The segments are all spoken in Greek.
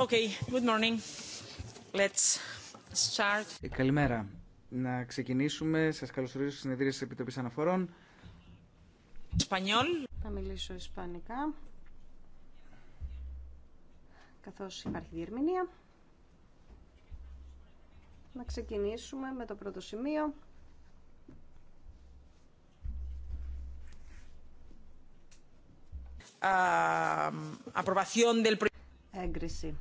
Okay, good morning. Let's start. Ε, καλημέρα. Να ξεκινήσουμε. Σας καλωσορίζω στη συνεδρία της Επιτροπής Αναφορών. Ισπανιόλ. Θα μιλήσω ισπανικά. Καθώς υπάρχει διερμηνία. Να ξεκινήσουμε με το πρώτο σημείο. Uh, del έγκριση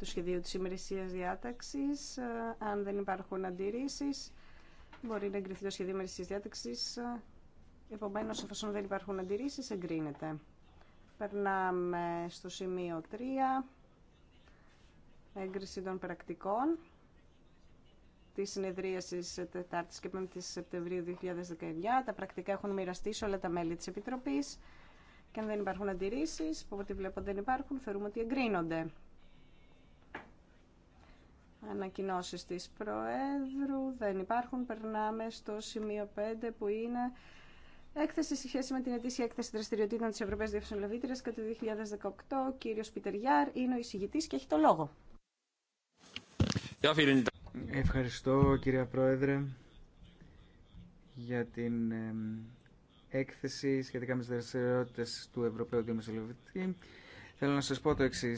το σχεδίου της ημερησίας διάταξης. Ε, αν δεν υπάρχουν αντιρρήσεις, μπορεί να εγκριθεί το σχεδίο ημερησίας διάταξης. Ε, επομένως, εφόσον δεν υπάρχουν αντιρρήσεις, εγκρίνεται. Περνάμε στο σημείο 3, έγκριση των πρακτικών τη συνεδρίαση 4η και 5η Σεπτεμβρίου 2019. Τα πρακτικά έχουν μοιραστεί σε όλα τα μέλη τη Επιτροπή. Και αν δεν υπάρχουν αντιρρήσει, που από ό,τι βλέπω δεν υπάρχουν, θεωρούμε ότι εγκρίνονται ανακοινώσεις της Προέδρου δεν υπάρχουν. Περνάμε στο σημείο 5 που είναι έκθεση σε σχέση με την ετήσια έκθεση δραστηριοτήτων της Ευρωπαϊκής Διευθυνσολαβήτριας κατά το 2018. Ο κύριος Γιάρ είναι ο εισηγητής και έχει το λόγο. Ευχαριστώ κυρία Πρόεδρε για την έκθεση σχετικά με τις δραστηριότητες του Ευρωπαίου Δημοσιολογητή. Θέλω να σας πω το εξή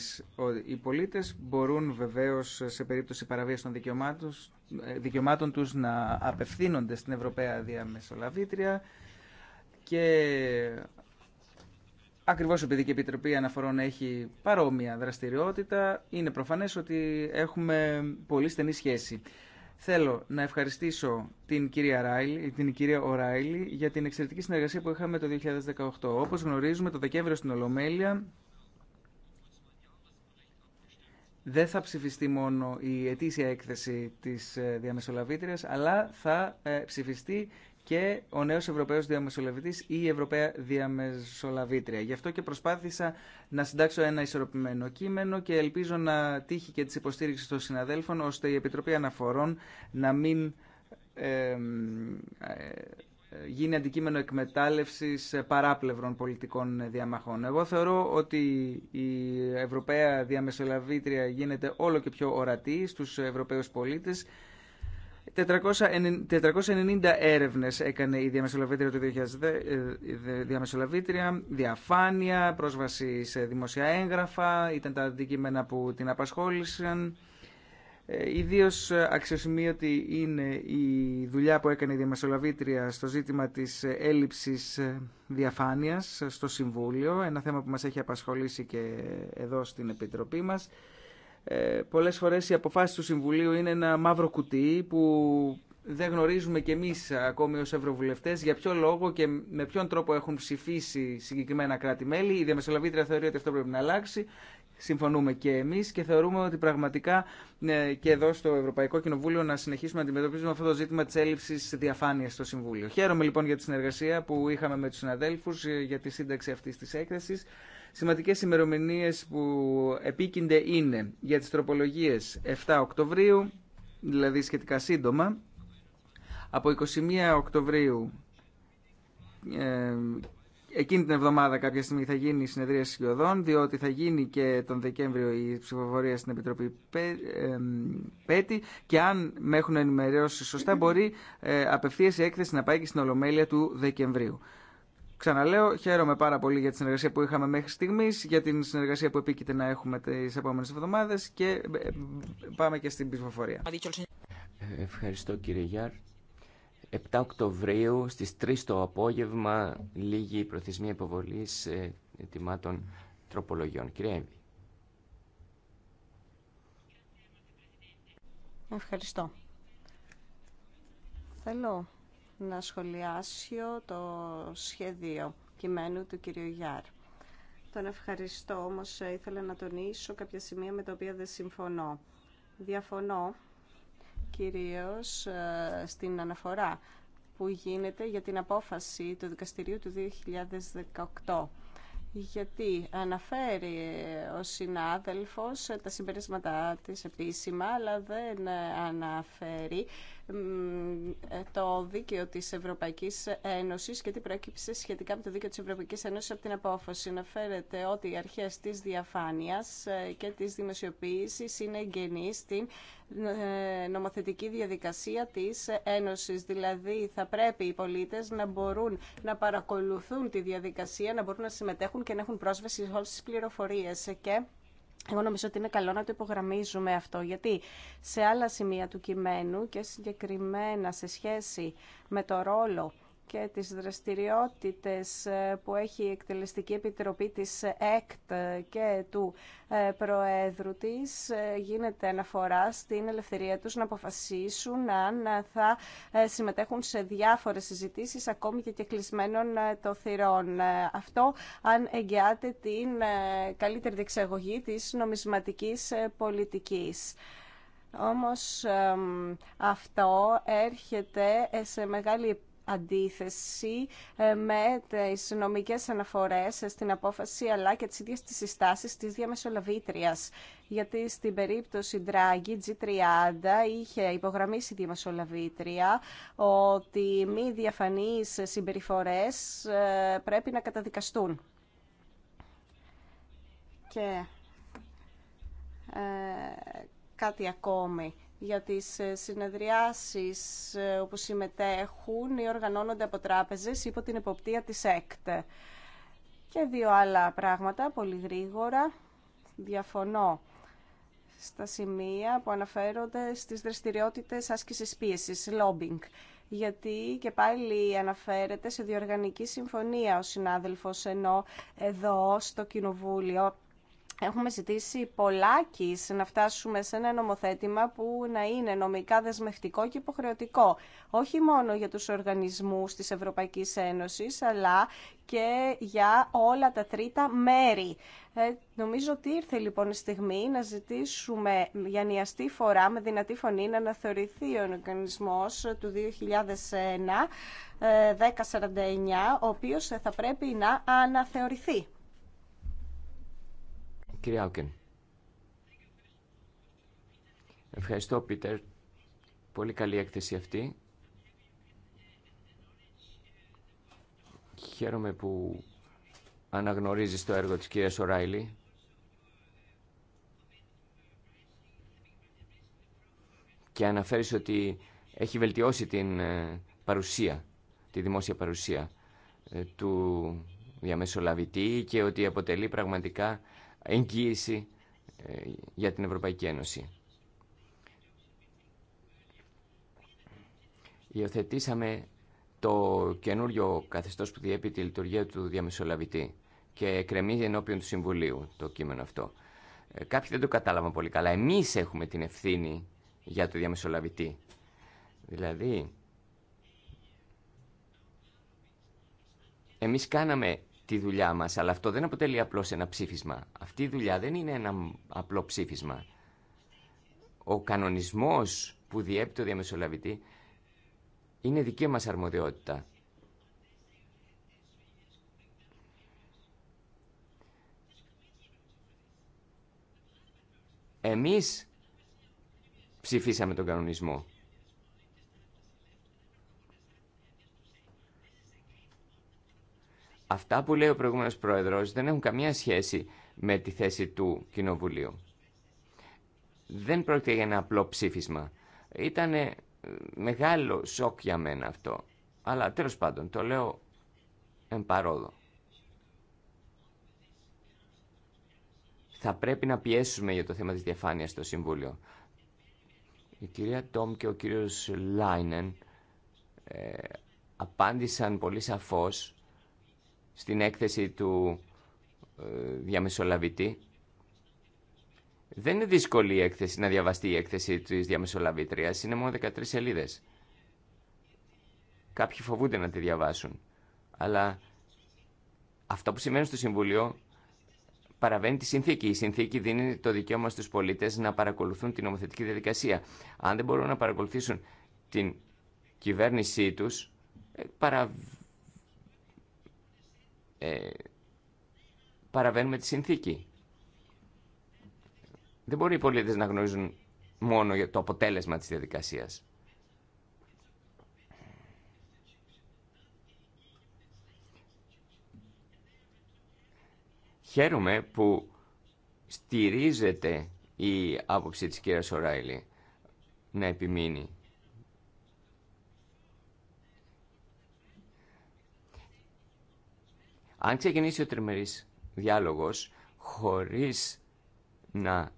οι πολίτες μπορούν βεβαίως σε περίπτωση παραβίασης των ε, δικαιωμάτων, του τους να απευθύνονται στην Ευρωπαία Διαμεσολαβήτρια και ακριβώς επειδή και η Επιτροπή Αναφορών έχει παρόμοια δραστηριότητα, είναι προφανές ότι έχουμε πολύ στενή σχέση. Θέλω να ευχαριστήσω την κυρία, Ράιλ, την κυρία Οράιλη για την εξαιρετική συνεργασία που είχαμε το 2018. Όπως γνωρίζουμε, το Δεκέμβριο στην Ολομέλεια δεν θα ψηφιστεί μόνο η ετήσια έκθεση της ε, διαμεσολαβήτριας, αλλά θα ε, ψηφιστεί και ο νέος Ευρωπαίος Διαμεσολαβητής ή η Ευρωπαία Διαμεσολαβήτρια. Γι' αυτό και προσπάθησα να συντάξω ένα ισορροπημένο κείμενο και ελπίζω να τύχει και της υποστήριξη των συναδέλφων, ώστε η Επιτροπή Αναφορών να μην ε, γίνει αντικείμενο εκμετάλλευσης παράπλευρων πολιτικών διαμαχών. Εγώ θεωρώ ότι η Ευρωπαία διαμεσολαβήτρια γίνεται όλο και πιο ορατή στους Ευρωπαίους πολίτες. 490 έρευνες έκανε η διαμεσολαβήτρια το 2010, ε, διαμεσολαβήτρια, διαφάνεια, πρόσβαση σε δημοσία έγγραφα, ήταν τα αντικείμενα που την απασχόλησαν. Ε, ιδίως αξιοσημείωτη είναι η δουλειά που έκανε η διαμεσολαβήτρια στο ζήτημα της έλλειψης διαφάνειας στο Συμβούλιο, ένα θέμα που μας έχει απασχολήσει και εδώ στην Επιτροπή μας. Ε, πολλές φορές η αποφάση του Συμβουλίου είναι ένα μαύρο κουτί που δεν γνωρίζουμε κι εμείς ακόμη ως Ευρωβουλευτές για ποιο λόγο και με ποιον τρόπο έχουν ψηφίσει συγκεκριμένα κράτη-μέλη. Η διαμεσολαβήτρια θεωρεί ότι αυτό πρέπει να αλλάξει συμφωνούμε και εμείς και θεωρούμε ότι πραγματικά ε, και εδώ στο Ευρωπαϊκό Κοινοβούλιο να συνεχίσουμε να αντιμετωπίζουμε αυτό το ζήτημα της έλλειψης διαφάνειας στο Συμβούλιο. Χαίρομαι λοιπόν για τη συνεργασία που είχαμε με τους συναδέλφους ε, για τη σύνταξη αυτής της έκθεσης. Σημαντικές ημερομηνίε που επίκυνται είναι για τις τροπολογίες 7 Οκτωβρίου, δηλαδή σχετικά σύντομα, από 21 Οκτωβρίου ε, εκείνη την εβδομάδα κάποια στιγμή θα γίνει η συνεδρία Σκιωδών, διότι θα γίνει και τον Δεκέμβριο η ψηφοφορία στην Επιτροπή Πέτη και αν με έχουν ενημερώσει σωστά μπορεί ε, απευθείας η έκθεση να πάει και στην Ολομέλεια του Δεκεμβρίου. Ξαναλέω, χαίρομαι πάρα πολύ για τη συνεργασία που είχαμε μέχρι στιγμή, για την συνεργασία που επίκειται να έχουμε τι επόμενε εβδομάδε και ε, ε, πάμε και στην ψηφοφορία. Ε, ευχαριστώ κύριε Γιάρ. 7 Οκτωβρίου στις 3 το απόγευμα λίγη η προθεσμία υποβολής ε, ετοιμάτων τροπολογιών. Κύριε Εύη. Ευχαριστώ. Θέλω να σχολιάσω το σχέδιο κειμένου του κυρίου Γιάρ. Τον ευχαριστώ, όμως ε, ήθελα να τονίσω κάποια σημεία με τα οποία δεν συμφωνώ. Διαφωνώ κυρίως ε, στην αναφορά που γίνεται για την απόφαση του δικαστηρίου του 2018 γιατί αναφέρει ο συνάδελφος ε, τα συμπερίσματά της επίσημα, αλλά δεν ε, αναφέρει ε, το δίκαιο της Ευρωπαϊκής Ένωσης και τι προέκυψε σχετικά με το δίκαιο της Ευρωπαϊκής Ένωσης από την απόφαση. Αναφέρεται ότι οι αρχές της διαφάνειας ε, και της δημοσιοποίησης είναι εγγενείς στην ε, νομοθετική διαδικασία της Ένωσης. Δηλαδή θα πρέπει οι πολίτες να μπορούν να παρακολουθούν τη διαδικασία, να μπορούν να συμμετέχουν και να έχουν πρόσβαση σε όλες τις πληροφορίες. Και εγώ νομίζω ότι είναι καλό να το υπογραμμίζουμε αυτό, γιατί σε άλλα σημεία του κειμένου και συγκεκριμένα σε σχέση με το ρόλο και τις δραστηριότητες ε, που έχει η Εκτελεστική Επιτροπή της ΕΚΤ και του ε, Προέδρου της ε, γίνεται αναφορά στην ελευθερία τους να αποφασίσουν αν θα συμμετέχουν σε διάφορες συζητήσεις ακόμη και κλεισμένων το θυρών. Αυτό αν εγγυάται την καλύτερη διεξαγωγή της νομισματικής πολιτικής. Όμως αυτό έρχεται σε μεγάλη αντίθεση ε, με τις νομικές αναφορές στην απόφαση αλλά και τις ίδιες τις συστάσεις της διαμεσολαβήτριας. Γιατί στην περιπτωση Draghi Ντράγκη G30 είχε υπογραμμίσει η διαμεσολαβήτρια ότι μη διαφανείς συμπεριφορές ε, πρέπει να καταδικαστούν. Και ε, κάτι ακόμη για τις ε, συνεδριάσεις ε, όπου συμμετέχουν ή οργανώνονται από τράπεζες υπό την εποπτεία της ΕΚΤ. Και δύο άλλα πράγματα, πολύ γρήγορα. Διαφωνώ στα σημεία που αναφέρονται στις δραστηριότητες άσκησης πίεσης, lobbying. Γιατί και πάλι αναφέρεται σε διοργανική συμφωνία ο συνάδελφος, ενώ εδώ στο Κοινοβούλιο Έχουμε ζητήσει πολλάκις να φτάσουμε σε ένα νομοθέτημα που να είναι νομικά δεσμευτικό και υποχρεωτικό. Όχι μόνο για τους οργανισμούς της Ευρωπαϊκής Ένωσης, αλλά και για όλα τα τρίτα μέρη. Ε, νομίζω ότι ήρθε λοιπόν η στιγμή να ζητήσουμε για νοιαστή φορά, με δυνατή φωνή, να αναθεωρηθεί ο οργανισμός του 2001-1049, ε, ο οποίος θα πρέπει να αναθεωρηθεί. Κύριε Άουκεν. Ευχαριστώ, Πίτερ. Πολύ καλή έκθεση αυτή. Χαίρομαι που αναγνωρίζεις το έργο της κυρίας Οράιλη. Και αναφέρεις ότι έχει βελτιώσει την ε, παρουσία, τη δημόσια παρουσία ε, του διαμεσολαβητή και ότι αποτελεί πραγματικά εγγύηση ε, για την Ευρωπαϊκή Ένωση. Υιοθετήσαμε το καινούριο καθεστώς που διέπει τη λειτουργία του διαμεσολαβητή και κρεμίζει ενώπιον του Συμβουλίου το κείμενο αυτό. Ε, κάποιοι δεν το κατάλαβαν πολύ καλά. Εμείς έχουμε την ευθύνη για το διαμεσολαβητή. Δηλαδή, εμείς κάναμε τη δουλειά μας, αλλά αυτό δεν αποτελεί απλώς ένα ψήφισμα. Αυτή η δουλειά δεν είναι ένα απλό ψήφισμα. Ο κανονισμός που διέπει το διαμεσολαβητή είναι δική μα αρμοδιότητα. Εμείς ψηφίσαμε τον κανονισμό. Αυτά που λέει ο προηγούμενος πρόεδρος δεν έχουν καμία σχέση με τη θέση του Κοινοβουλίου. Δεν πρόκειται για ένα απλό ψήφισμα. Ήταν ε, μεγάλο σοκ για μένα αυτό. Αλλά τέλος πάντων το λέω εν παρόδο. Θα πρέπει να πιέσουμε για το θέμα της διαφάνειας στο Συμβούλιο. Η κυρία Τόμ και ο κύριος Λάινεν ε, απάντησαν πολύ σαφώς στην έκθεση του ε, διαμεσολαβητή. Δεν είναι δύσκολη η έκθεση, να διαβαστεί η έκθεση της διαμεσολαβήτριας, είναι μόνο 13 σελίδες. Κάποιοι φοβούνται να τη διαβάσουν, αλλά αυτό που σημαίνει στο Συμβουλίο παραβαίνει τη συνθήκη. Η συνθήκη δίνει το δικαίωμα στους πολίτες να παρακολουθούν την νομοθετική διαδικασία. Αν δεν μπορούν να παρακολουθήσουν την κυβέρνησή τους, ε, ε, παραβαίνουμε τη συνθήκη. Δεν μπορεί οι πολίτες να γνωρίζουν μόνο για το αποτέλεσμα της διαδικασίας. Χαίρομαι που στηρίζεται η άποψη της κυρίας Οράιλη να επιμείνει Αν ξεκινήσει ο τριμερής διάλογος χωρίς να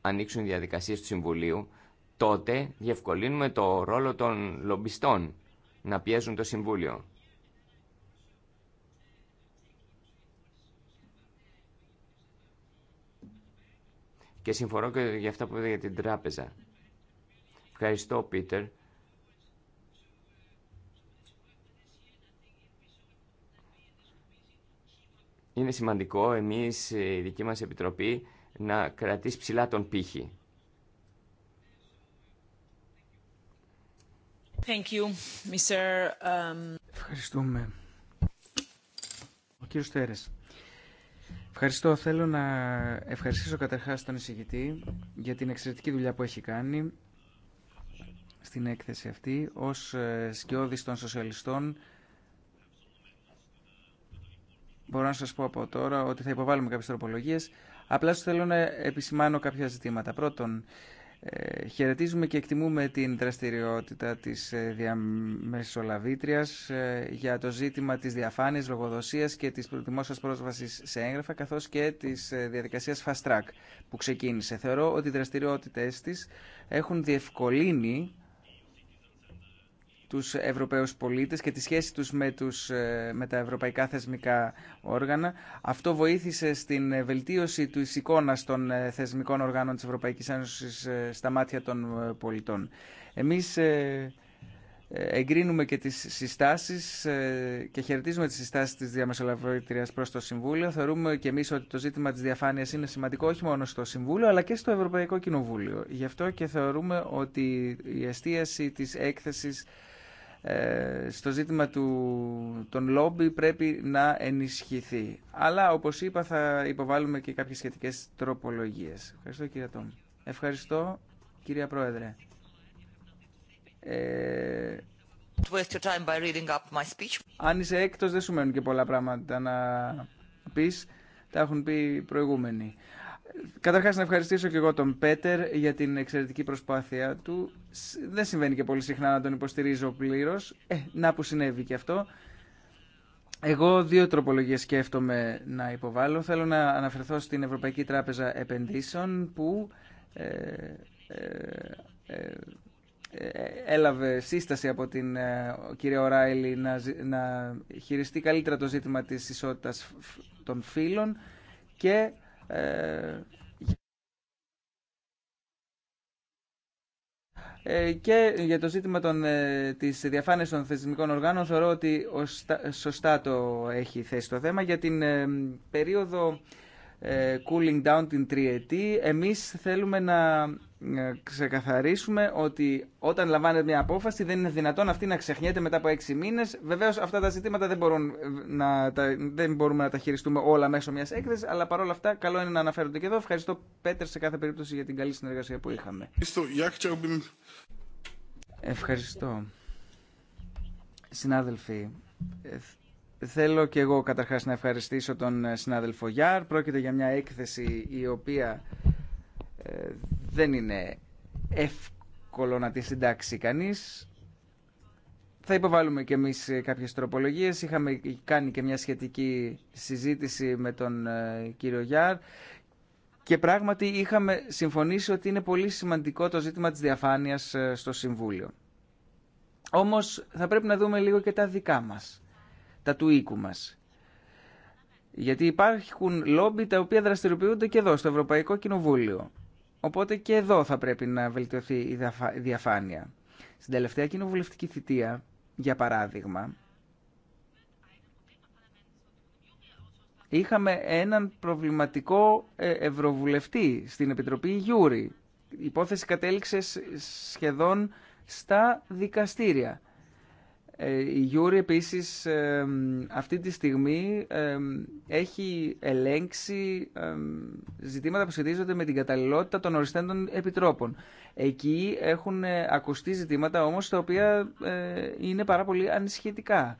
ανοίξουν διαδικασίες του Συμβουλίου, τότε διευκολύνουμε το ρόλο των λομπιστών να πιέζουν το Συμβούλιο. Και συμφωνώ και για αυτά που είπατε για την τράπεζα. Ευχαριστώ, Πίτερ. είναι σημαντικό εμείς, ε, η δική μας Επιτροπή, να κρατήσει ψηλά τον πύχη. Thank you, Mr. Um, Ευχαριστούμε. Ο κύριος Τέρες. Ευχαριστώ. Θέλω να ευχαριστήσω καταρχάς τον εισηγητή για την εξαιρετική δουλειά που έχει κάνει στην έκθεση αυτή. Ως ε, σκιώδης των σοσιαλιστών μπορώ να σας πω από τώρα ότι θα υποβάλουμε κάποιες τροπολογίες. Απλά σου θέλω να επισημάνω κάποια ζητήματα. Πρώτον, ε, χαιρετίζουμε και εκτιμούμε την δραστηριότητα της ε, διαμεσολαβήτριας ε, για το ζήτημα της διαφάνειας, λογοδοσίας και της προτιμώσας πρόσβασης σε έγγραφα καθώς και της ε, διαδικασίας fast track που ξεκίνησε. Θεωρώ ότι οι δραστηριότητες της έχουν διευκολύνει τους Ευρωπαίους πολίτες και τη σχέση τους με, ε, με τα ευρωπαϊκά θεσμικά όργανα. Αυτό βοήθησε στην ε, βελτίωση τη εικόνας των ε, θεσμικών οργάνων της Ευρωπαϊκής Ένωσης στα μάτια των πολιτών. Εμείς εγκρίνουμε και τις συστάσεις και χαιρετίζουμε τις συστάσεις της διαμεσολαβήτριας προς το Συμβούλιο. Θεωρούμε και εμείς ότι το ζήτημα της διαφάνειας είναι σημαντικό όχι μόνο στο Συμβούλιο αλλά και στο Ευρωπαϊκό Κοινοβούλιο. Γι' αυτό και θεωρούμε ότι η εστίαση της έκθεσης ε, στο ζήτημα του, των λόμπι πρέπει να ενισχυθεί. Αλλά, όπως είπα, θα υποβάλουμε και κάποιες σχετικές τροπολογίες. Ευχαριστώ, κύριε Τόμ. Ευχαριστώ, κυρία Πρόεδρε. Ε... Αν είσαι έκτος, δεν σου μένουν και πολλά πράγματα να πεις. Τα έχουν πει προηγούμενοι. Καταρχάς να ευχαριστήσω και εγώ τον Πέτερ για την εξαιρετική προσπάθεια του. Δεν συμβαίνει και πολύ συχνά να τον υποστηρίζω πλήρω. Ε, να που συνέβη και αυτό. Εγώ δύο τροπολογίες σκέφτομαι να υποβάλω. Θέλω να αναφερθώ στην Ευρωπαϊκή Τράπεζα Επενδύσεων που ε, ε, ε έλαβε σύσταση από την ε, κυρία Οράιλη να, να χειριστεί καλύτερα το ζήτημα της ισότητας των φύλων και ε, και για το ζήτημα των, ε, της διαφάνειας των θεσμικών οργάνων θεωρώ ότι σωστά το έχει θέσει το θέμα για την ε, περίοδο ε, cooling down την τριετή. Εμείς θέλουμε να ε, ξεκαθαρίσουμε ότι όταν λαμβάνεται μια απόφαση δεν είναι δυνατόν αυτή να ξεχνιέται μετά από έξι μήνες. Βεβαίως αυτά τα ζητήματα ε, δεν, μπορούμε να τα χειριστούμε όλα μέσω μιας έκθεσης, αλλά παρόλα αυτά καλό είναι να αναφέρονται και εδώ. Ευχαριστώ Πέτερ σε κάθε περίπτωση για την καλή συνεργασία που είχαμε. Ευχαριστώ. Συνάδελφοι, Θέλω και εγώ καταρχάς να ευχαριστήσω τον ε, συνάδελφο Γιάρ. Πρόκειται για μια έκθεση η οποία ε, δεν είναι εύκολο να τη συντάξει κανείς. Θα υποβάλουμε και εμείς ε, κάποιες τροπολογίες. Είχαμε κάνει και μια σχετική συζήτηση με τον κύριο Γιάρ. Και πράγματι είχαμε συμφωνήσει ότι είναι πολύ σημαντικό το ζήτημα της διαφάνειας στο Συμβούλιο. Όμως θα πρέπει να δούμε λίγο και τα δικά μας τα του οίκου μας. Γιατί υπάρχουν λόμπι τα οποία δραστηριοποιούνται και εδώ, στο Ευρωπαϊκό Κοινοβούλιο. Οπότε και εδώ θα πρέπει να βελτιωθεί η διαφάνεια. Στην τελευταία κοινοβουλευτική θητεία, για παράδειγμα, είχαμε έναν προβληματικό ε, ευρωβουλευτή στην Επιτροπή Γιούρι. Η υπόθεση κατέληξε σχεδόν στα δικαστήρια. Ε, η Γιούρη επίσης ε, αυτή τη στιγμή ε, έχει ελέγξει ζητήματα που σχετίζονται με την καταλληλότητα των οριστέντων επιτρόπων. Εκεί έχουν ακουστεί ζητήματα όμως τα οποία είναι πάρα πολύ ανησυχητικά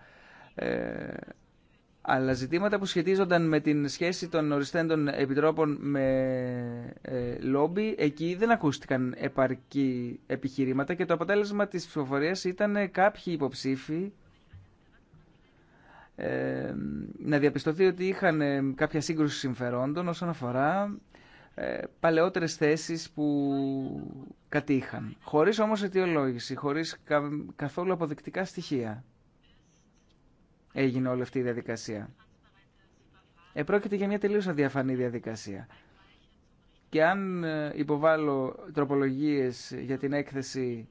αλλά ζητήματα που σχετίζονταν με την σχέση των οριστέντων επιτρόπων με ε, λόμπι, εκεί δεν ακούστηκαν επαρκή επιχειρήματα και το αποτέλεσμα της ψηφοφορίας ήταν κάποιοι υποψήφοι ε, να διαπιστωθεί ότι είχαν ε, κάποια σύγκρουση συμφερόντων όσον αφορά ε, παλαιότερες θέσεις που κατήχαν. Χωρίς όμως αιτιολόγηση, χωρίς καθόλου αποδεικτικά στοιχεία έγινε όλη αυτή η διαδικασία. Επρόκειται για μια τελείως αδιαφανή διαδικασία. Και αν ε, υποβάλω τροπολογίες για την έκθεση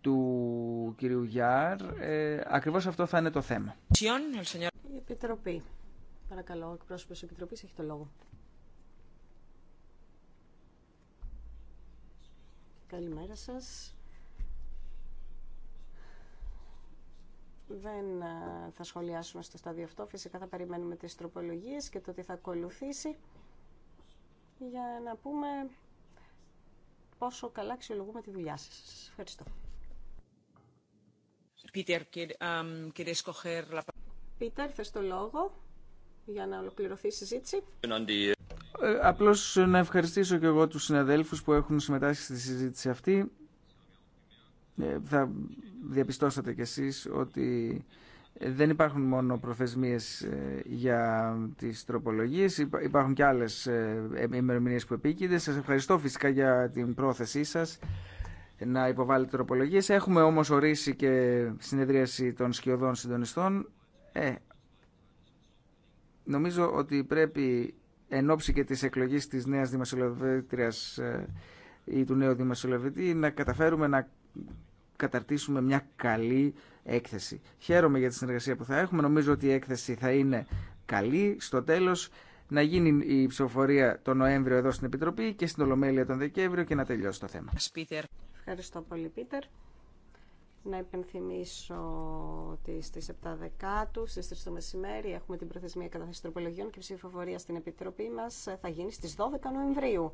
του κυρίου Γιάρ, ε, ακριβώς αυτό θα είναι το θέμα. Η Επιτροπή. Παρακαλώ, εκπρόσωπος Επιτροπής έχει το λόγο. Καλημέρα σας. δεν θα σχολιάσουμε στο στάδιο αυτό. Φυσικά θα περιμένουμε τις τροπολογίες και το τι θα ακολουθήσει για να πούμε πόσο καλά αξιολογούμε τη δουλειά σας. Σας ευχαριστώ. Πίτερ, θες το λόγο για να ολοκληρωθεί η συζήτηση. Ε, απλώς να ευχαριστήσω και εγώ τους συναδέλφους που έχουν συμμετάσχει στη συζήτηση αυτή. Ε, θα διαπιστώσατε κι εσείς ότι δεν υπάρχουν μόνο προθεσμίες ε, για τις τροπολογίες, υπάρχουν και άλλες ε, ημερομηνίε που επίκυνται. Σας ευχαριστώ φυσικά για την πρόθεσή σας να υποβάλλετε τροπολογίες. Έχουμε όμως ορίσει και συνεδρίαση των σκιωδών συντονιστών. Ε, νομίζω ότι πρέπει εν ώψη και της εκλογής της νέας δημοσιολογητρίας ή του νέου δημοσιολογητή να καταφέρουμε να καταρτήσουμε μια καλή έκθεση. Χαίρομαι για τη συνεργασία που θα έχουμε. Νομίζω ότι η έκθεση θα είναι καλή. Στο τέλος να γίνει η ψηφοφορία το Νοέμβριο εδώ στην Επιτροπή και στην Ολομέλεια τον Δεκέμβριο και να τελειώσει το θέμα. Ευχαριστώ πολύ, Πίτερ. Να υπενθυμίσω ότι στι 7 Δεκάτου, στι 3 το μεσημέρι, έχουμε την προθεσμία κατάθεση τροπολογιών και ψηφοφορία στην Επιτροπή μα θα γίνει στι 12 Νοεμβρίου.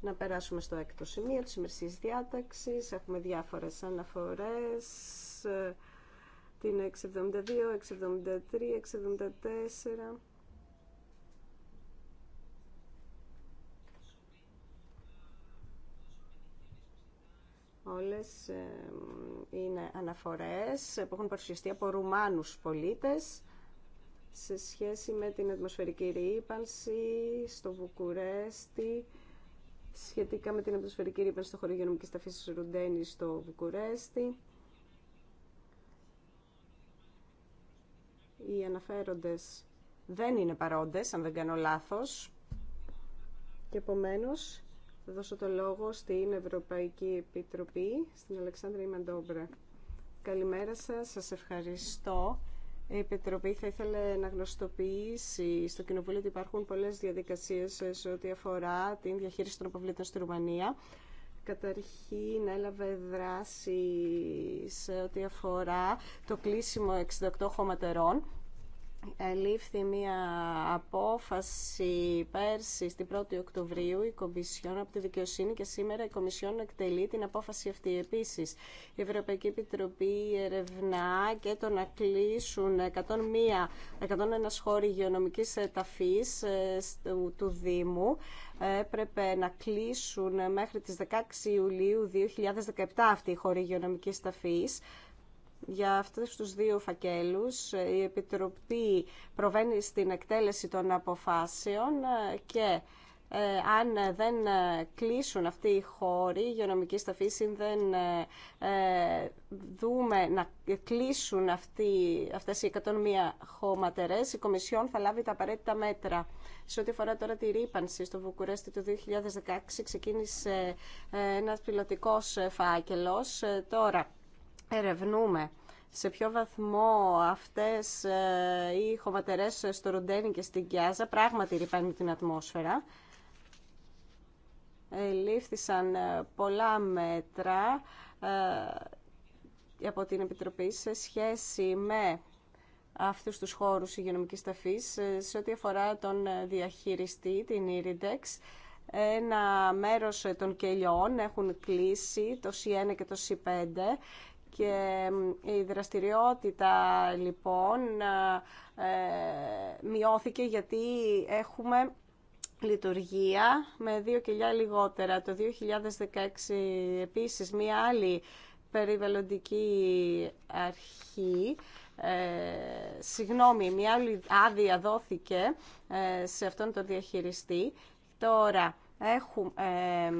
Να περάσουμε στο έκτο σημείο της ημερική διάταξης. Έχουμε διάφορες αναφορές. Την 672, 673, 674... Όλες ε, είναι αναφορές που έχουν παρουσιαστεί από Ρουμάνους πολίτες σε σχέση με την ατμοσφαιρική ρήπανση στο Βουκουρέστι σχετικά με την ατμοσφαιρική ρήπανση στο χωριό υγειονομικής ταφής Ρουντένη στο Βουκουρέστι. Οι αναφέροντες δεν είναι παρόντες, αν δεν κάνω λάθος. Και επομένως, θα δώσω το λόγο στην Ευρωπαϊκή Επιτροπή, στην Αλεξάνδρα Ιμαντόμπρα. Καλημέρα σας, σας ευχαριστώ η Επιτροπή θα ήθελε να γνωστοποιήσει στο Κοινοβούλιο ότι υπάρχουν πολλές διαδικασίες σε ό,τι αφορά την διαχείριση των αποβλήτων στη Ρουμανία. Καταρχήν έλαβε δράση σε ό,τι αφορά το κλείσιμο 68 χωματερών λήφθη μία απόφαση πέρσι στην 1η Οκτωβρίου η Κομισιόν από τη Δικαιοσύνη και σήμερα η Κομισιόν εκτελεί την απόφαση αυτή. Επίσης, η Ευρωπαϊκή Επιτροπή ερευνά και το να κλείσουν 101, 101 χώροι υγειονομικής ταφής ε, του Δήμου έπρεπε να κλείσουν μέχρι τις 16 Ιουλίου 2017 αυτή η χώρη υγειονομικής ταφής για αυτούς τους δύο φακέλους η Επιτροπή προβαίνει στην εκτέλεση των αποφάσεων και ε, αν δεν κλείσουν αυτοί οι χώροι, υγειονομική ταφή, ή δεν ε, ε, δούμε να κλείσουν αυτοί, αυτές οι 101 χωματερές, η Κομισιόν θα λάβει τα απαραίτητα μέτρα. Σε ό,τι αφορά τώρα τη ρήπανση στο Βουκουρέστι το 2016, ξεκίνησε ένας πιλωτικός φάκελος. Τώρα, ερευνούμε σε ποιο βαθμό αυτές ε, οι χωματερές στο Ροντένι και στην Κιάζα πράγματι ρηπαίνουν την ατμόσφαιρα. Λήφθησαν ε, πολλά μέτρα ε, από την Επιτροπή σε σχέση με αυτούς τους χώρους υγειονομικής ταφής σε ό,τι αφορά τον διαχειριστή, την Ήριντεξ, Ένα μέρος των κελιών έχουν κλείσει, το C1 και το C5 και η δραστηριότητα λοιπόν ε, μειώθηκε γιατί έχουμε λειτουργία με δύο κελιά λιγότερα. Το 2016 επίσης μία άλλη περιβαλλοντική αρχή ε, συγγνώμη, μια άλλη άδεια δόθηκε ε, σε αυτόν τον διαχειριστή. Τώρα, έχουμε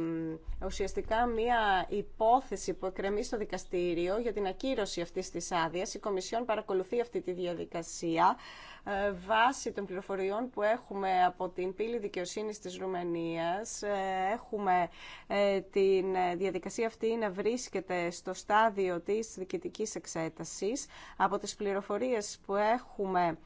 ουσιαστικά μία υπόθεση που εκκρεμεί στο δικαστήριο για την ακύρωση αυτής της άδειας. Η Κομισιόν παρακολουθεί αυτή τη διαδικασία ε, βάσει των πληροφοριών που έχουμε από την πύλη δικαιοσύνης της Ρουμανίας. Ε, έχουμε ε, τη ε, διαδικασία αυτή να βρίσκεται στο στάδιο της διοικητικής εξέτασης. Από τις πληροφορίες που έχουμε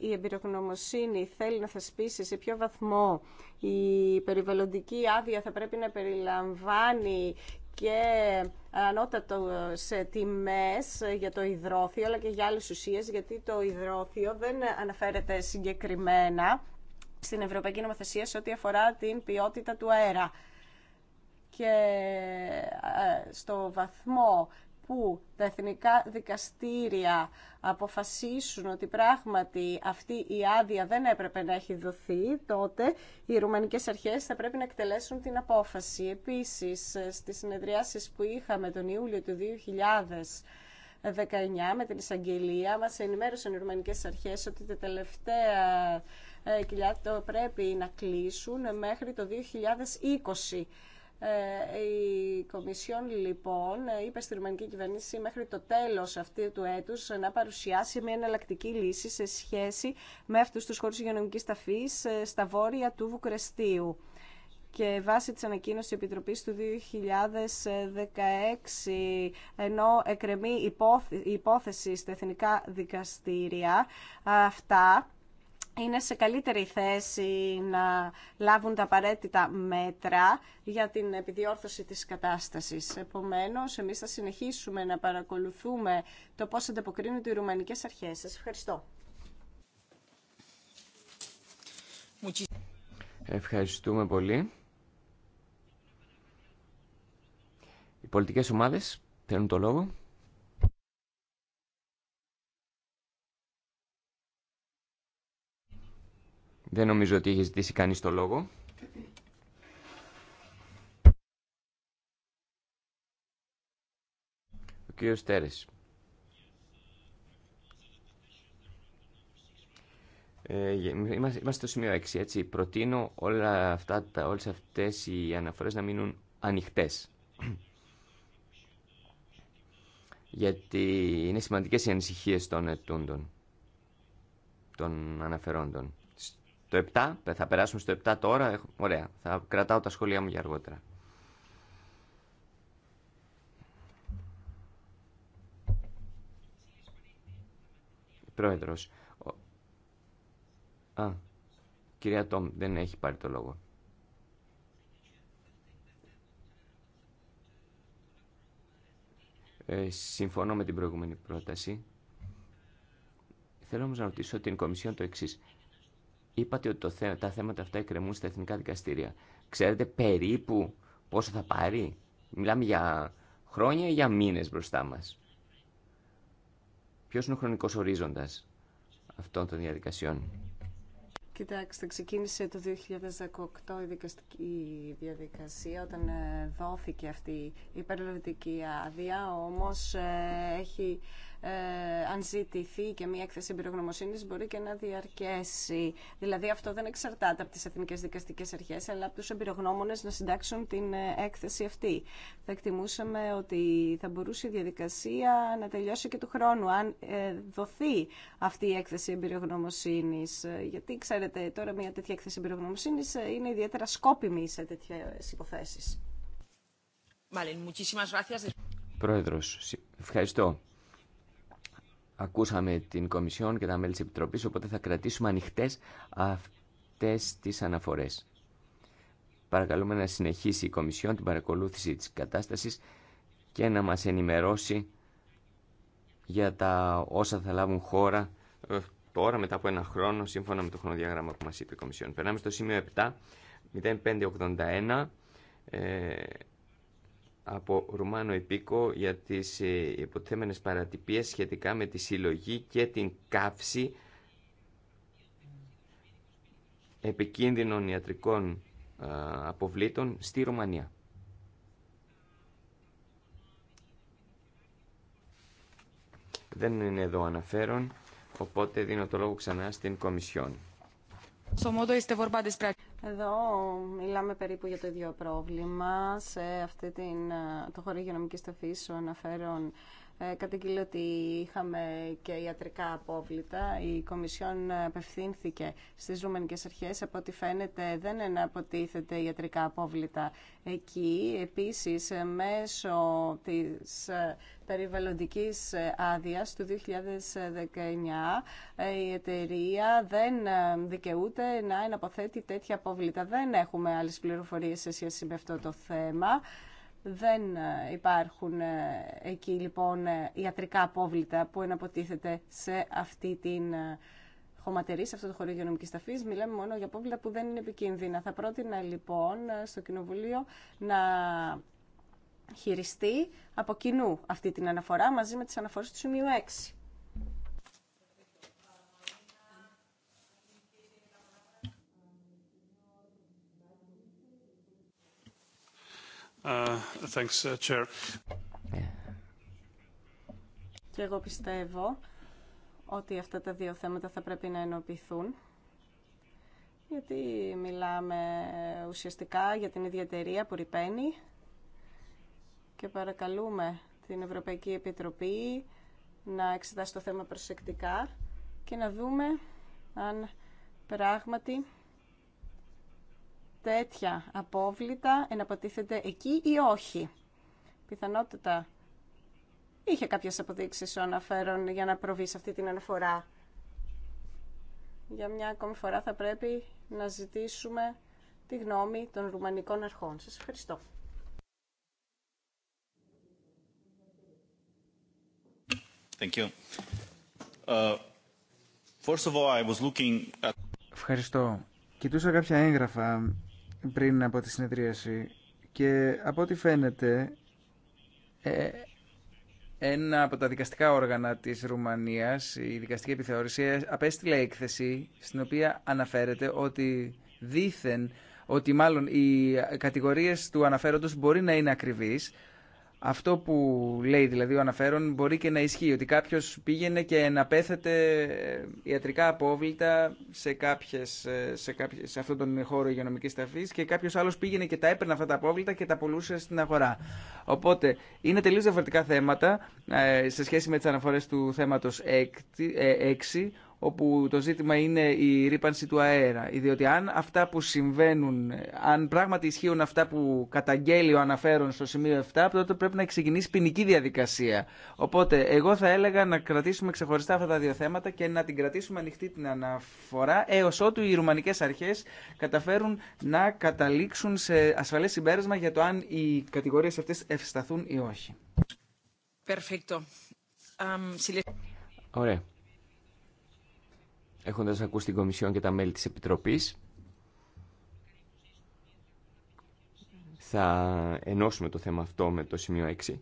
η εμπειρογνωμοσύνη θέλει να θεσπίσει σε ποιο βαθμό η περιβαλλοντική άδεια θα πρέπει να περιλαμβάνει και σε τιμές για το υδρόθιο αλλά και για άλλες ουσίες γιατί το υδρόθιο δεν αναφέρεται συγκεκριμένα στην Ευρωπαϊκή Νομοθεσία σε ό,τι αφορά την ποιότητα του αέρα. Και ε, στο βαθμό που τα εθνικά δικαστήρια αποφασίσουν ότι πράγματι αυτή η άδεια δεν έπρεπε να έχει δοθεί, τότε οι ρουμανικές αρχές θα πρέπει να εκτελέσουν την απόφαση. Επίσης, στις συνεδριάσεις που είχαμε τον Ιούλιο του 2019 με την εισαγγελία μας ενημέρωσαν οι ρουμανικές αρχές ότι τα τελευταία ε, κοιλιά το πρέπει να κλείσουν μέχρι το 2020. Ε, η Κομισιόν λοιπόν είπε στη Ρουμανική κυβέρνηση μέχρι το τέλος αυτού του έτους να παρουσιάσει μια εναλλακτική λύση σε σχέση με αυτούς τους χώρους υγειονομικής ταφής ε, στα βόρεια του Βουκρεστίου. Και βάσει της ανακοίνωσης της Επιτροπής του 2016, ενώ εκρεμεί η υπόθεση στα εθνικά δικαστήρια, αυτά είναι σε καλύτερη θέση να λάβουν τα απαραίτητα μέτρα για την επιδιόρθωση της κατάστασης. Επομένως, εμείς θα συνεχίσουμε να παρακολουθούμε το πώς ανταποκρίνονται οι ρουμανικές αρχές. Σας ευχαριστώ. Ευχαριστούμε πολύ. Οι πολιτικές ομάδες θέλουν το λόγο. Δεν νομίζω ότι είχε ζητήσει κανεί το λόγο. Ο κύριος ε, Είμαστε, είμαστε, στο σημείο 6, έτσι. Προτείνω όλα αυτά, τα, όλες αυτές οι αναφορές να μείνουν ανοιχτές. Γιατί είναι σημαντικές οι ανησυχίες των ετούντων, των αναφερόντων. Το 7, θα περάσουμε στο 7 τώρα. Ωραία, θα κρατάω τα σχόλιά μου για αργότερα. Πρόεδρος. Α, κυρία Τόμ, δεν έχει πάρει το λόγο. Ε, συμφωνώ με την προηγούμενη πρόταση. Θέλω όμως να ρωτήσω την Κομισιόν το εξής. Είπατε ότι τα θέματα αυτά εκκρεμούν στα εθνικά δικαστήρια. Ξέρετε περίπου πόσο θα πάρει. Μιλάμε για χρόνια ή για μήνες μπροστά μας. Ποιος είναι ο χρονικός ορίζοντας αυτών των διαδικασιών. Κοιτάξτε, ξεκίνησε το 2018 η δικαστική διαδικασία όταν ε, δόθηκε αυτή η περιληπτική άδεια, όμως ε, έχει ε, αν ζητηθεί και μια έκθεση εμπειρογνωμοσύνης μπορεί και να διαρκέσει. Δηλαδή αυτό δεν εξαρτάται από τις εθνικές δικαστικές αρχές, αλλά από τους εμπειρογνώμονες να συντάξουν την ε, έκθεση αυτή. Θα εκτιμούσαμε ότι θα μπορούσε η διαδικασία να τελειώσει και του χρόνου, αν ε, δοθεί αυτή η έκθεση εμπειρογνωμοσύνης. Γιατί ξέρετε, τώρα μια τέτοια έκθεση εμπειρογνωμοσύνης είναι ιδιαίτερα σκόπιμη σε τέτοιες υποθέσεις. Πρόεδρος, ευχαριστώ ακούσαμε την Κομισιόν και τα μέλη της Επιτροπής, οπότε θα κρατήσουμε ανοιχτές αυτές τις αναφορές. Παρακαλούμε να συνεχίσει η Κομισιόν την παρακολούθηση της κατάστασης και να μας ενημερώσει για τα όσα θα λάβουν χώρα ε, τώρα μετά από ένα χρόνο σύμφωνα με το χρονοδιάγραμμα που μας είπε η Κομισιόν. Περνάμε στο σημείο 7, 0581, ε, από Ρουμάνο Επίκο για τις ε, υποτιθέμενες παρατυπίες σχετικά με τη συλλογή και την καύση επικίνδυνων ιατρικών ε, αποβλήτων στη Ρουμανία. Δεν είναι εδώ αναφέρον, οπότε δίνω το λόγο ξανά στην Κομισιόν. Εδώ μιλάμε περίπου για το ίδιο πρόβλημα σε αυτή την, το υγειονομική υγειονομικής ο αναφέρον ε, καταγγείλει ότι είχαμε και ιατρικά απόβλητα. Η Κομισιόν απευθύνθηκε στι Ρουμανικέ Αρχές. Από ό,τι φαίνεται δεν αποτίθεται ιατρικά απόβλητα εκεί. Επίσης, μέσω τη ε, περιβαλλοντική ε, άδεια του 2019 η εταιρεία δεν δικαιούται να εναποθέτει τέτοια απόβλητα. Δεν έχουμε άλλε πληροφορίες σε σχέση με αυτό το θέμα. Δεν ε, υπάρχουν ε, εκεί λοιπόν ε, ιατρικά απόβλητα που εναποτίθεται σε αυτή την χωματερή, σε αυτό το χωρίο υγειονομική ταφή. Μιλάμε μόνο για απόβλητα που δεν είναι επικίνδυνα. Θα πρότεινα λοιπόν στο Κοινοβουλίο να χειριστεί από κοινού αυτή την αναφορά μαζί με τις αναφορές του σημείου 6. Uh, uh, και εγώ πιστεύω ότι αυτά τα δύο θέματα θα πρέπει να ενοποιηθούν γιατί μιλάμε ουσιαστικά για την ίδια εταιρεία που ρηπαίνει και παρακαλούμε την Ευρωπαϊκή Επιτροπή να εξετάσει το θέμα προσεκτικά και να δούμε αν πράγματι τέτοια απόβλητα εναποτίθεται εκεί ή όχι. Πιθανότητα είχε κάποιες αποδείξεις ο αναφέρον για να προβεί σε αυτή την αναφορά. Για μια ακόμη φορά θα πρέπει να ζητήσουμε τη γνώμη των ρουμανικών αρχών. Σας ευχαριστώ. Thank you. Uh, first of all, I Ευχαριστώ. Κοιτούσα κάποια έγγραφα πριν από τη συνεδρίαση και από ό,τι φαίνεται ε, ένα από τα δικαστικά όργανα της Ρουμανίας, η δικαστική επιθεώρηση, ε, απέστειλε έκθεση στην οποία αναφέρεται ότι δήθεν ότι μάλλον οι κατηγορίες του αναφέροντος μπορεί να είναι ακριβείς, αυτό που λέει δηλαδή ο αναφέρον μπορεί και να ισχύει ότι κάποιος πήγαινε και να πέθεται ε, ιατρικά απόβλητα σε, κάποιες, ε, σε, κάποιες, σε αυτόν τον χώρο υγειονομικής ταφής και κάποιος άλλος πήγαινε και τα έπαιρνε αυτά τα απόβλητα και τα πολλούσε στην αγορά. Οπότε είναι τελείως διαφορετικά θέματα ε, σε σχέση με τις αναφορές του θέματος 6 όπου το ζήτημα είναι η ρήπανση του αέρα. Διότι αν αυτά που συμβαίνουν, αν πράγματι ισχύουν αυτά που καταγγέλει ο αναφέρον στο σημείο 7, τότε πρέπει να ξεκινήσει ποινική διαδικασία. Οπότε, εγώ θα έλεγα να κρατήσουμε ξεχωριστά αυτά τα δύο θέματα και να την κρατήσουμε ανοιχτή την αναφορά, έω ότου οι ρουμανικέ αρχέ καταφέρουν να καταλήξουν σε ασφαλέ συμπέρασμα για το αν οι κατηγορίε αυτέ ευσταθούν ή όχι. Perfecto. Um, Ωραία έχοντας ακούσει την Κομισιόν και τα μέλη της Επιτροπής, θα ενώσουμε το θέμα αυτό με το σημείο 6.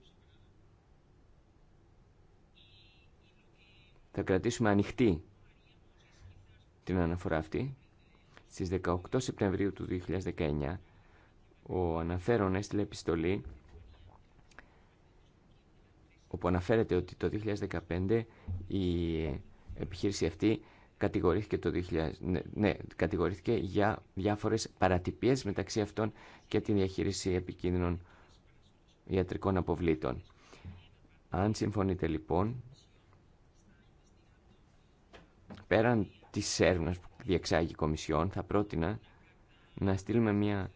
Θα κρατήσουμε ανοιχτή την αναφορά αυτή. Στις 18 Σεπτεμβρίου του 2019, ο αναφέρον έστειλε επιστολή όπου αναφέρεται ότι το 2015 η επιχείρηση αυτή κατηγορήθηκε, το 2000, ναι, ναι για διάφορες παρατυπίες μεταξύ αυτών και τη διαχείριση επικίνδυνων ιατρικών αποβλήτων. Αν συμφωνείτε λοιπόν, πέραν της έρευνα που διεξάγει η Κομισιόν, θα πρότεινα να στείλουμε μια...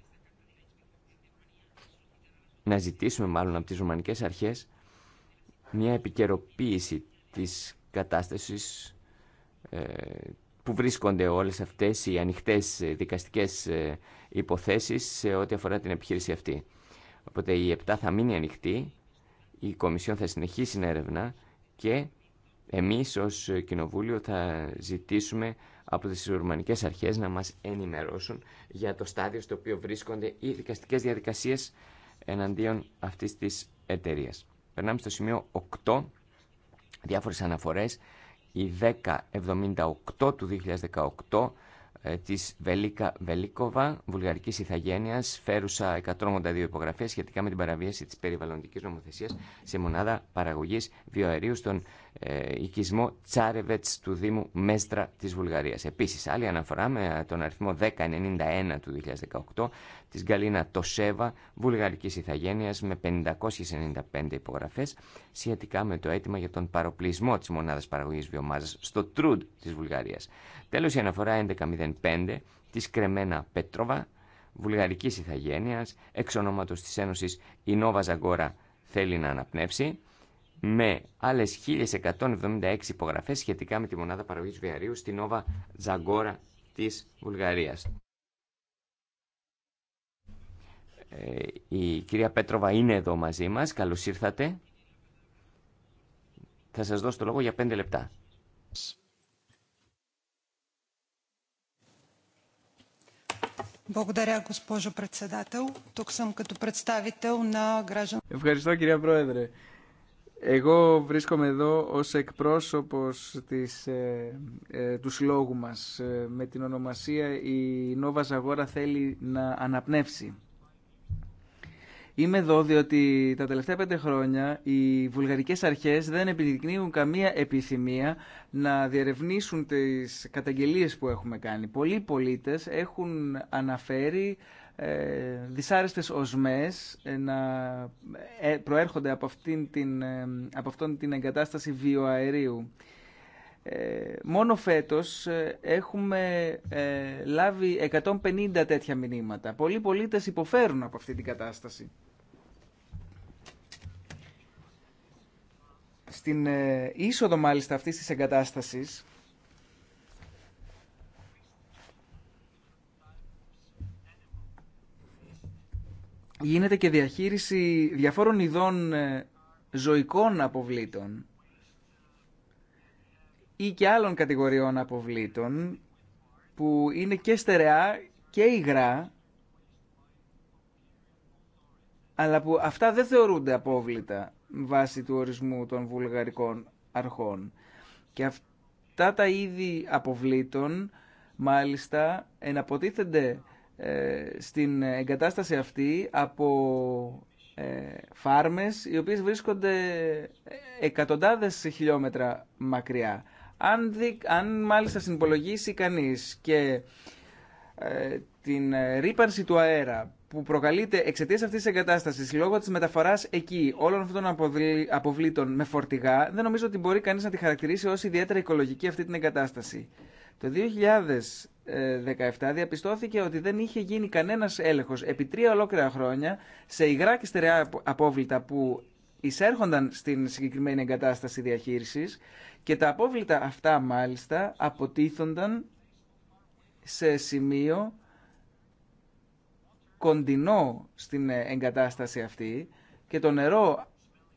να ζητήσουμε μάλλον από τις Ρωμανικές Αρχές μια επικαιροποίηση της κατάστασης ε, που βρίσκονται όλες αυτές οι ανοιχτές ε, δικαστικές ε, υποθέσεις σε ό,τι αφορά την επιχείρηση αυτή. Οπότε η ΕΠΤΑ θα μείνει ανοιχτή, η Κομισιόν θα συνεχίσει να έρευνα και εμείς ως Κοινοβούλιο θα ζητήσουμε από τις Ρουμανικές Αρχές να μας ενημερώσουν για το στάδιο στο οποίο βρίσκονται οι δικαστικές διαδικασίες εναντίον αυτής της εταιρείας. Περνάμε στο σημείο 8, διάφορες αναφορές η 1078 του 2018 ε, της Βελίκα Βελίκοβα, βουλγαρικής ηθαγένειας, φέρουσα 182 υπογραφές σχετικά με την παραβίαση της περιβαλλοντικής νομοθεσίας σε μονάδα παραγωγής βιοαερίου στον ε, οικισμό Τσάρεβετς του Δήμου Μέστρα τη Βουλγαρία. Επίση, άλλη αναφορά με τον αριθμό 1091 του 2018 της Γκαλίνα Τοσέβα, βουλγαρικής ηθαγένεια, με 595 υπογραφέ σχετικά με το αίτημα για τον παροπλισμό τη μονάδα παραγωγή βιομάζας στο Τρούντ τη Βουλγαρίας. Τέλος, η αναφορά 1105 τη Κρεμένα Πέτροβα, βουλγαρική ηθαγένεια, εξ ονόματο της Ένωση η Νόβα Ζαγκόρα θέλει να αναπνεύσει με άλλε 1.176 υπογραφέ σχετικά με τη μονάδα παραγωγή βιαρίου στην Όβα Τζαγκόρα της Βουλγαρίας. Ε, η κυρία Πέτροβα είναι εδώ μαζί μας. Καλώς ήρθατε. Θα σας δώσω το λόγο για 5 λεπτά. Ευχαριστώ κυρία Πρόεδρε. Εγώ βρίσκομαι εδώ ως εκπρόσωπος της, ε, ε, του συλλόγου μας. Ε, με την ονομασία η Νόβα Ζαγόρα θέλει να αναπνεύσει. Είμαι εδώ διότι τα τελευταία πέντε χρόνια οι βουλγαρικές αρχές δεν επιδεικνύουν καμία επιθυμία να διερευνήσουν τις καταγγελίες που έχουμε κάνει. Πολλοί πολίτες έχουν αναφέρει ε, δυσάρεστες οσμές ε, να ε, προέρχονται από, αυτήν την, από αυτόν την εγκατάσταση βιοαερίου. μόνο φέτος έχουμε λάβει 150 τέτοια μηνύματα. Πολλοί πολίτες υποφέρουν από αυτή την κατάσταση. Στην είσοδο μάλιστα αυτής της εγκατάστασης γίνεται και διαχείριση διαφόρων ειδών ε, ζωικών αποβλήτων ή και άλλων κατηγοριών αποβλήτων που είναι και στερεά και υγρά αλλά που αυτά δεν θεωρούνται απόβλητα βάσει του ορισμού των βουλγαρικών αρχών. Και αυτά τα είδη αποβλήτων μάλιστα εναποτίθενται ε, στην εγκατάσταση αυτή από ε, φάρμες οι οποίες βρίσκονται ε, εκατοντάδες χιλιόμετρα μακριά. Αν, δι, αν μάλιστα συνυπολογίσει κανείς και την ρήπανση του αέρα που προκαλείται εξαιτία αυτή τη εγκατάσταση λόγω τη μεταφορά εκεί όλων αυτών των αποβλήτων με φορτηγά, δεν νομίζω ότι μπορεί κανεί να τη χαρακτηρίσει ω ιδιαίτερα οικολογική αυτή την εγκατάσταση. Το 2017 διαπιστώθηκε ότι δεν είχε γίνει κανένας έλεγχος επί τρία ολόκληρα χρόνια σε υγρά και στερεά απόβλητα που εισέρχονταν στην συγκεκριμένη εγκατάσταση διαχείρισης και τα απόβλητα αυτά μάλιστα αποτίθονταν σε σημείο κοντινό στην ε, εγκατάσταση αυτή και το νερό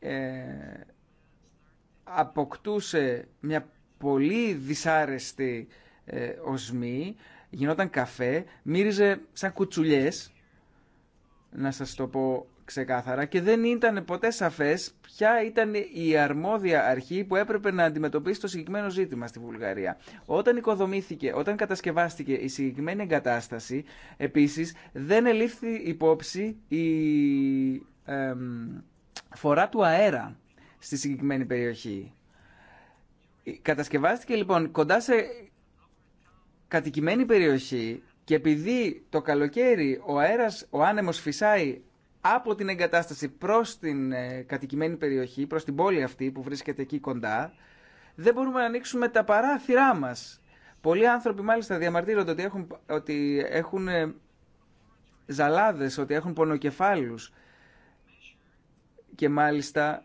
ε, αποκτούσε μια πολύ δυσάρεστη ε, οσμή, γινόταν καφέ, μύριζε σαν κουτσουλιές, να σας το πω ξεκάθαρα, και δεν ήταν ποτέ σαφές ποια ήταν η αρμόδια αρχή που έπρεπε να αντιμετωπίσει το συγκεκριμένο ζήτημα στη Βουλγαρία. Όταν οικοδομήθηκε, όταν κατασκευάστηκε η συγκεκριμένη εγκατάσταση, επίσης δεν ελήφθη υπόψη η φορά του αέρα στη συγκεκριμένη περιοχή. Κατασκευάστηκε λοιπόν κοντά σε κατοικημένη περιοχή και επειδή το καλοκαίρι ο αέρας, ο άνεμος φυσάει από την εγκατάσταση προς την ε, κατοικημένη περιοχή, προς την πόλη αυτή που βρίσκεται εκεί κοντά, δεν μπορούμε να ανοίξουμε τα παράθυρά μας. Πολλοί άνθρωποι μάλιστα διαμαρτύρονται ότι έχουν, ότι έχουν ε, ζαλάδες, ότι έχουν πονοκεφάλους και μάλιστα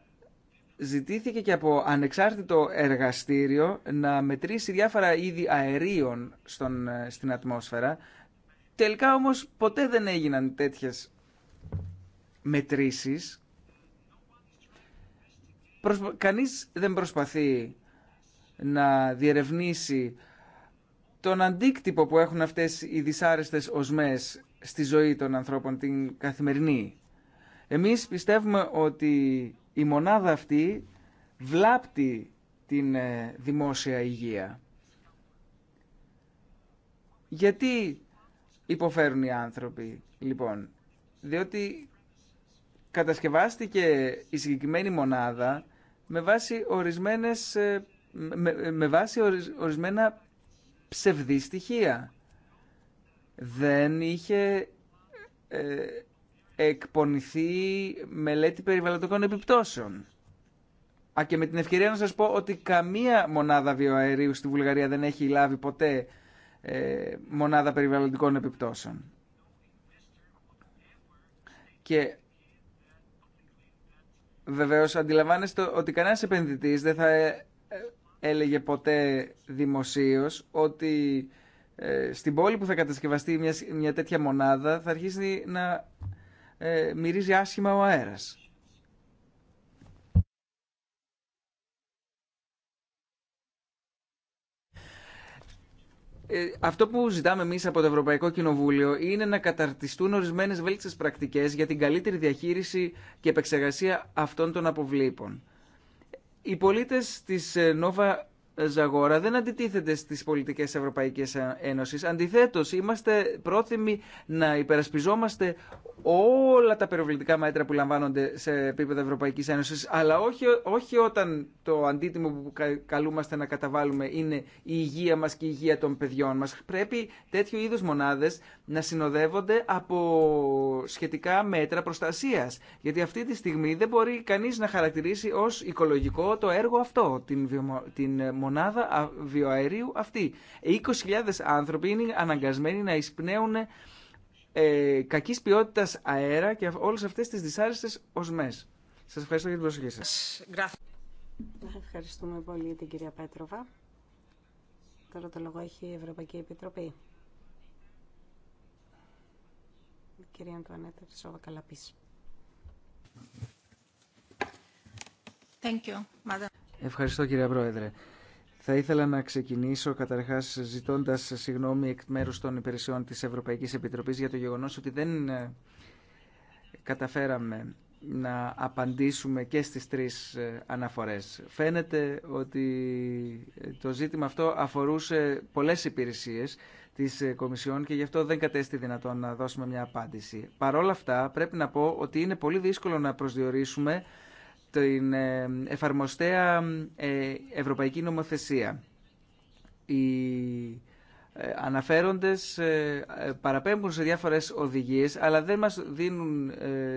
ζητήθηκε και από ανεξάρτητο εργαστήριο να μετρήσει διάφορα είδη αερίων στον, ε, στην ατμόσφαιρα. Τελικά όμως ποτέ δεν έγιναν τέτοιες μετρήσεις. Προσπα... Κανείς δεν προσπαθεί να διερευνήσει τον αντίκτυπο που έχουν αυτές οι δυσάρεστες οσμές στη ζωή των ανθρώπων την καθημερινή. Εμείς πιστεύουμε ότι η μονάδα αυτή βλάπτει την ε, δημόσια υγεία. Γιατί υποφέρουν οι άνθρωποι, λοιπόν. Διότι κατασκευάστηκε η συγκεκριμένη μονάδα με βάση, ορισμένες, ε, με, βάση ορισμένα ψευδή στοιχεία. Δεν είχε ε, εκπονηθεί μελέτη περιβαλλοντικών επιπτώσεων. Α, και με την ευκαιρία να σας πω ότι καμία μονάδα βιοαερίου στη Βουλγαρία δεν έχει λάβει ποτέ ε, μονάδα περιβαλλοντικών επιπτώσεων. Και βεβαίως αντιλαμβάνεστε ότι κανένας επενδυτής δεν θα ε, ε, έλεγε ποτέ δημοσίως ότι στην πόλη που θα κατασκευαστεί μια, μια τέτοια μονάδα θα αρχίσει να ε, μυρίζει άσχημα ο αέρας. Ε, αυτό που ζητάμε εμεί από το Ευρωπαϊκό Κοινοβούλιο είναι να καταρτιστούν ορισμένε βέλτιστε πρακτικέ για την καλύτερη διαχείριση και επεξεργασία αυτών των αποβλήπων. Οι πολίτε τη ε, Νόβα Ζαγόρα δεν αντιτίθεται στι πολιτικέ Ευρωπαϊκή Ένωση. Αντιθέτω, είμαστε πρόθυμοι να υπερασπιζόμαστε όλα τα περιβλητικά μέτρα που λαμβάνονται σε επίπεδο Ευρωπαϊκής Ένωσης, αλλά όχι, όχι όταν το αντίτιμο που καλούμαστε να καταβάλουμε είναι η υγεία μας και η υγεία των παιδιών μας. Πρέπει τέτοιου είδους μονάδες να συνοδεύονται από σχετικά μέτρα προστασίας, γιατί αυτή τη στιγμή δεν μπορεί κανείς να χαρακτηρίσει ως οικολογικό το έργο αυτό, την, την μονάδα βιοαερίου αυτή. 20.000 άνθρωποι είναι αναγκασμένοι να εισπνέουν ε, κακής ποιότητας αέρα και όλε αυτές τις δυσάρεστε οσμές. Σα ευχαριστώ για την προσοχή σα. Ευχαριστούμε πολύ την κυρία Πέτροβα. Τώρα το λόγο έχει η Ευρωπαϊκή Επιτροπή. κυρία Αντωνέτα Καλαπής. Thank you, Madam. Ευχαριστώ κυρία Πρόεδρε. Θα ήθελα να ξεκινήσω καταρχάς ζητώντας συγγνώμη εκ μέρους των υπηρεσιών της Ευρωπαϊκής Επιτροπής για το γεγονός ότι δεν ε, καταφέραμε να απαντήσουμε και στις τρεις ε, αναφορές. Φαίνεται ότι ε, το ζήτημα αυτό αφορούσε πολλές υπηρεσίες της Κομισιόν και γι' αυτό δεν κατέστη δυνατόν να δώσουμε μια απάντηση. Παρ' όλα αυτά πρέπει να πω ότι είναι πολύ δύσκολο να προσδιορίσουμε την ε, εφαρμοστέα ε, ευρωπαϊκή νομοθεσία. Οι ε, αναφέροντες παραπέμπουν σε διάφορες οδηγίες, αλλά δεν μας δίνουν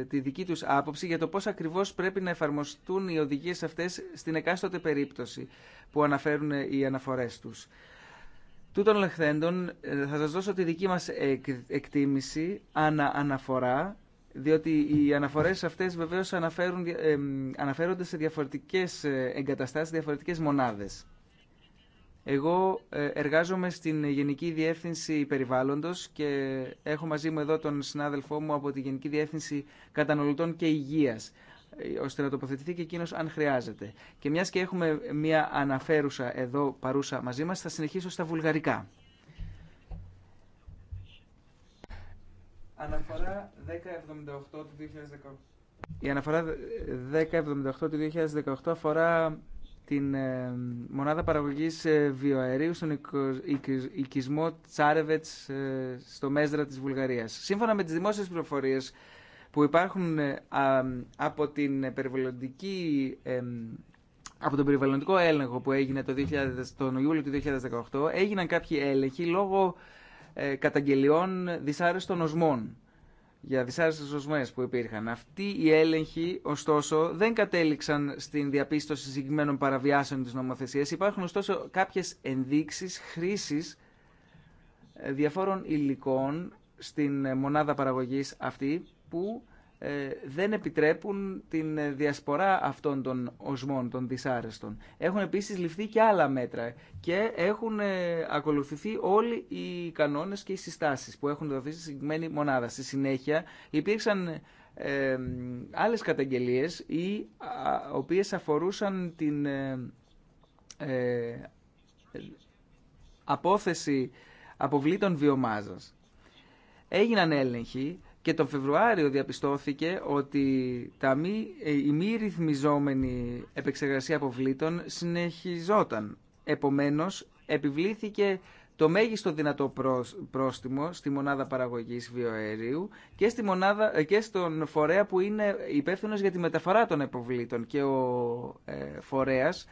τη δική τους άποψη για το πώς ακριβώς πρέπει να εφαρμοστούν οι οδηγίες αυτές στην εκάστοτε περίπτωση που αναφέρουν οι αναφορές τους. Τούτων λεχθέντων θα σας δώσω τη δική μας εκτίμηση ανά αναφορά διότι οι αναφορές αυτές βεβαίως αναφέρουν, αναφέρονται σε διαφορετικές ε, εγκαταστάσεις, διαφορετικές μονάδες. Εγώ ε, εργάζομαι στην Γενική Διεύθυνση Περιβάλλοντος και έχω μαζί μου εδώ τον συνάδελφό μου από τη Γενική Διεύθυνση Καταναλωτών και Υγείας ε, ώστε να τοποθετηθεί και εκείνο αν χρειάζεται. Και μιας και έχουμε μια αναφέρουσα εδώ παρούσα μαζί μας, θα συνεχίσω στα βουλγαρικά. Αναφορά 1078 του 2018. Η αναφορά 1078 του 2018 αφορά την ε, μονάδα παραγωγής ε, βιοαερίου στον οικισμό Τσάρεβετς ε, στο Μέζρα της Βουλγαρίας. Σύμφωνα με τις δημόσιες πληροφορίες που υπάρχουν από, την από τον περιβαλλοντικό έλεγχο που έγινε το 2000, τον Ιούλιο του 2018, έγιναν κάποιοι έλεγχοι λόγω ε, καταγγελιών δυσάρεστων οσμών για δυσάρεστες οσμές που υπήρχαν. Αυτοί οι έλεγχοι, ωστόσο, δεν κατέληξαν στην διαπίστωση συγκεκριμένων παραβιάσεων της νομοθεσίας. Υπάρχουν, ωστόσο, κάποιες ενδείξεις χρήσης ε, διαφόρων υλικών στην μονάδα παραγωγής αυτή που ε, δεν επιτρέπουν την διασπορά αυτών των οσμών, των δυσάρεστων. Έχουν επίσης ληφθεί και άλλα μέτρα και έχουν ε, ακολουθηθεί όλοι οι κανόνες και οι συστάσεις που έχουν δοθεί στη συγκεκριμένη μονάδα. Στη συνέχεια υπήρξαν ε, άλλες καταγγελίες οι οποίες αφορούσαν την ε, ε, απόθεση αποβλήτων βιομάζας. Έγιναν έλεγχοι και τον Φεβρουάριο διαπιστώθηκε ότι τα μη, ε, η μη ρυθμιζόμενη επεξεργασία αποβλήτων συνεχιζόταν. Επομένως, επιβλήθηκε το μέγιστο δυνατό πρόστιμο στη μονάδα παραγωγής βιοαερίου και, στη μονάδα, ε, και στον φορέα που είναι υπεύθυνος για τη μεταφορά των αποβλήτων και ο ε, φορέας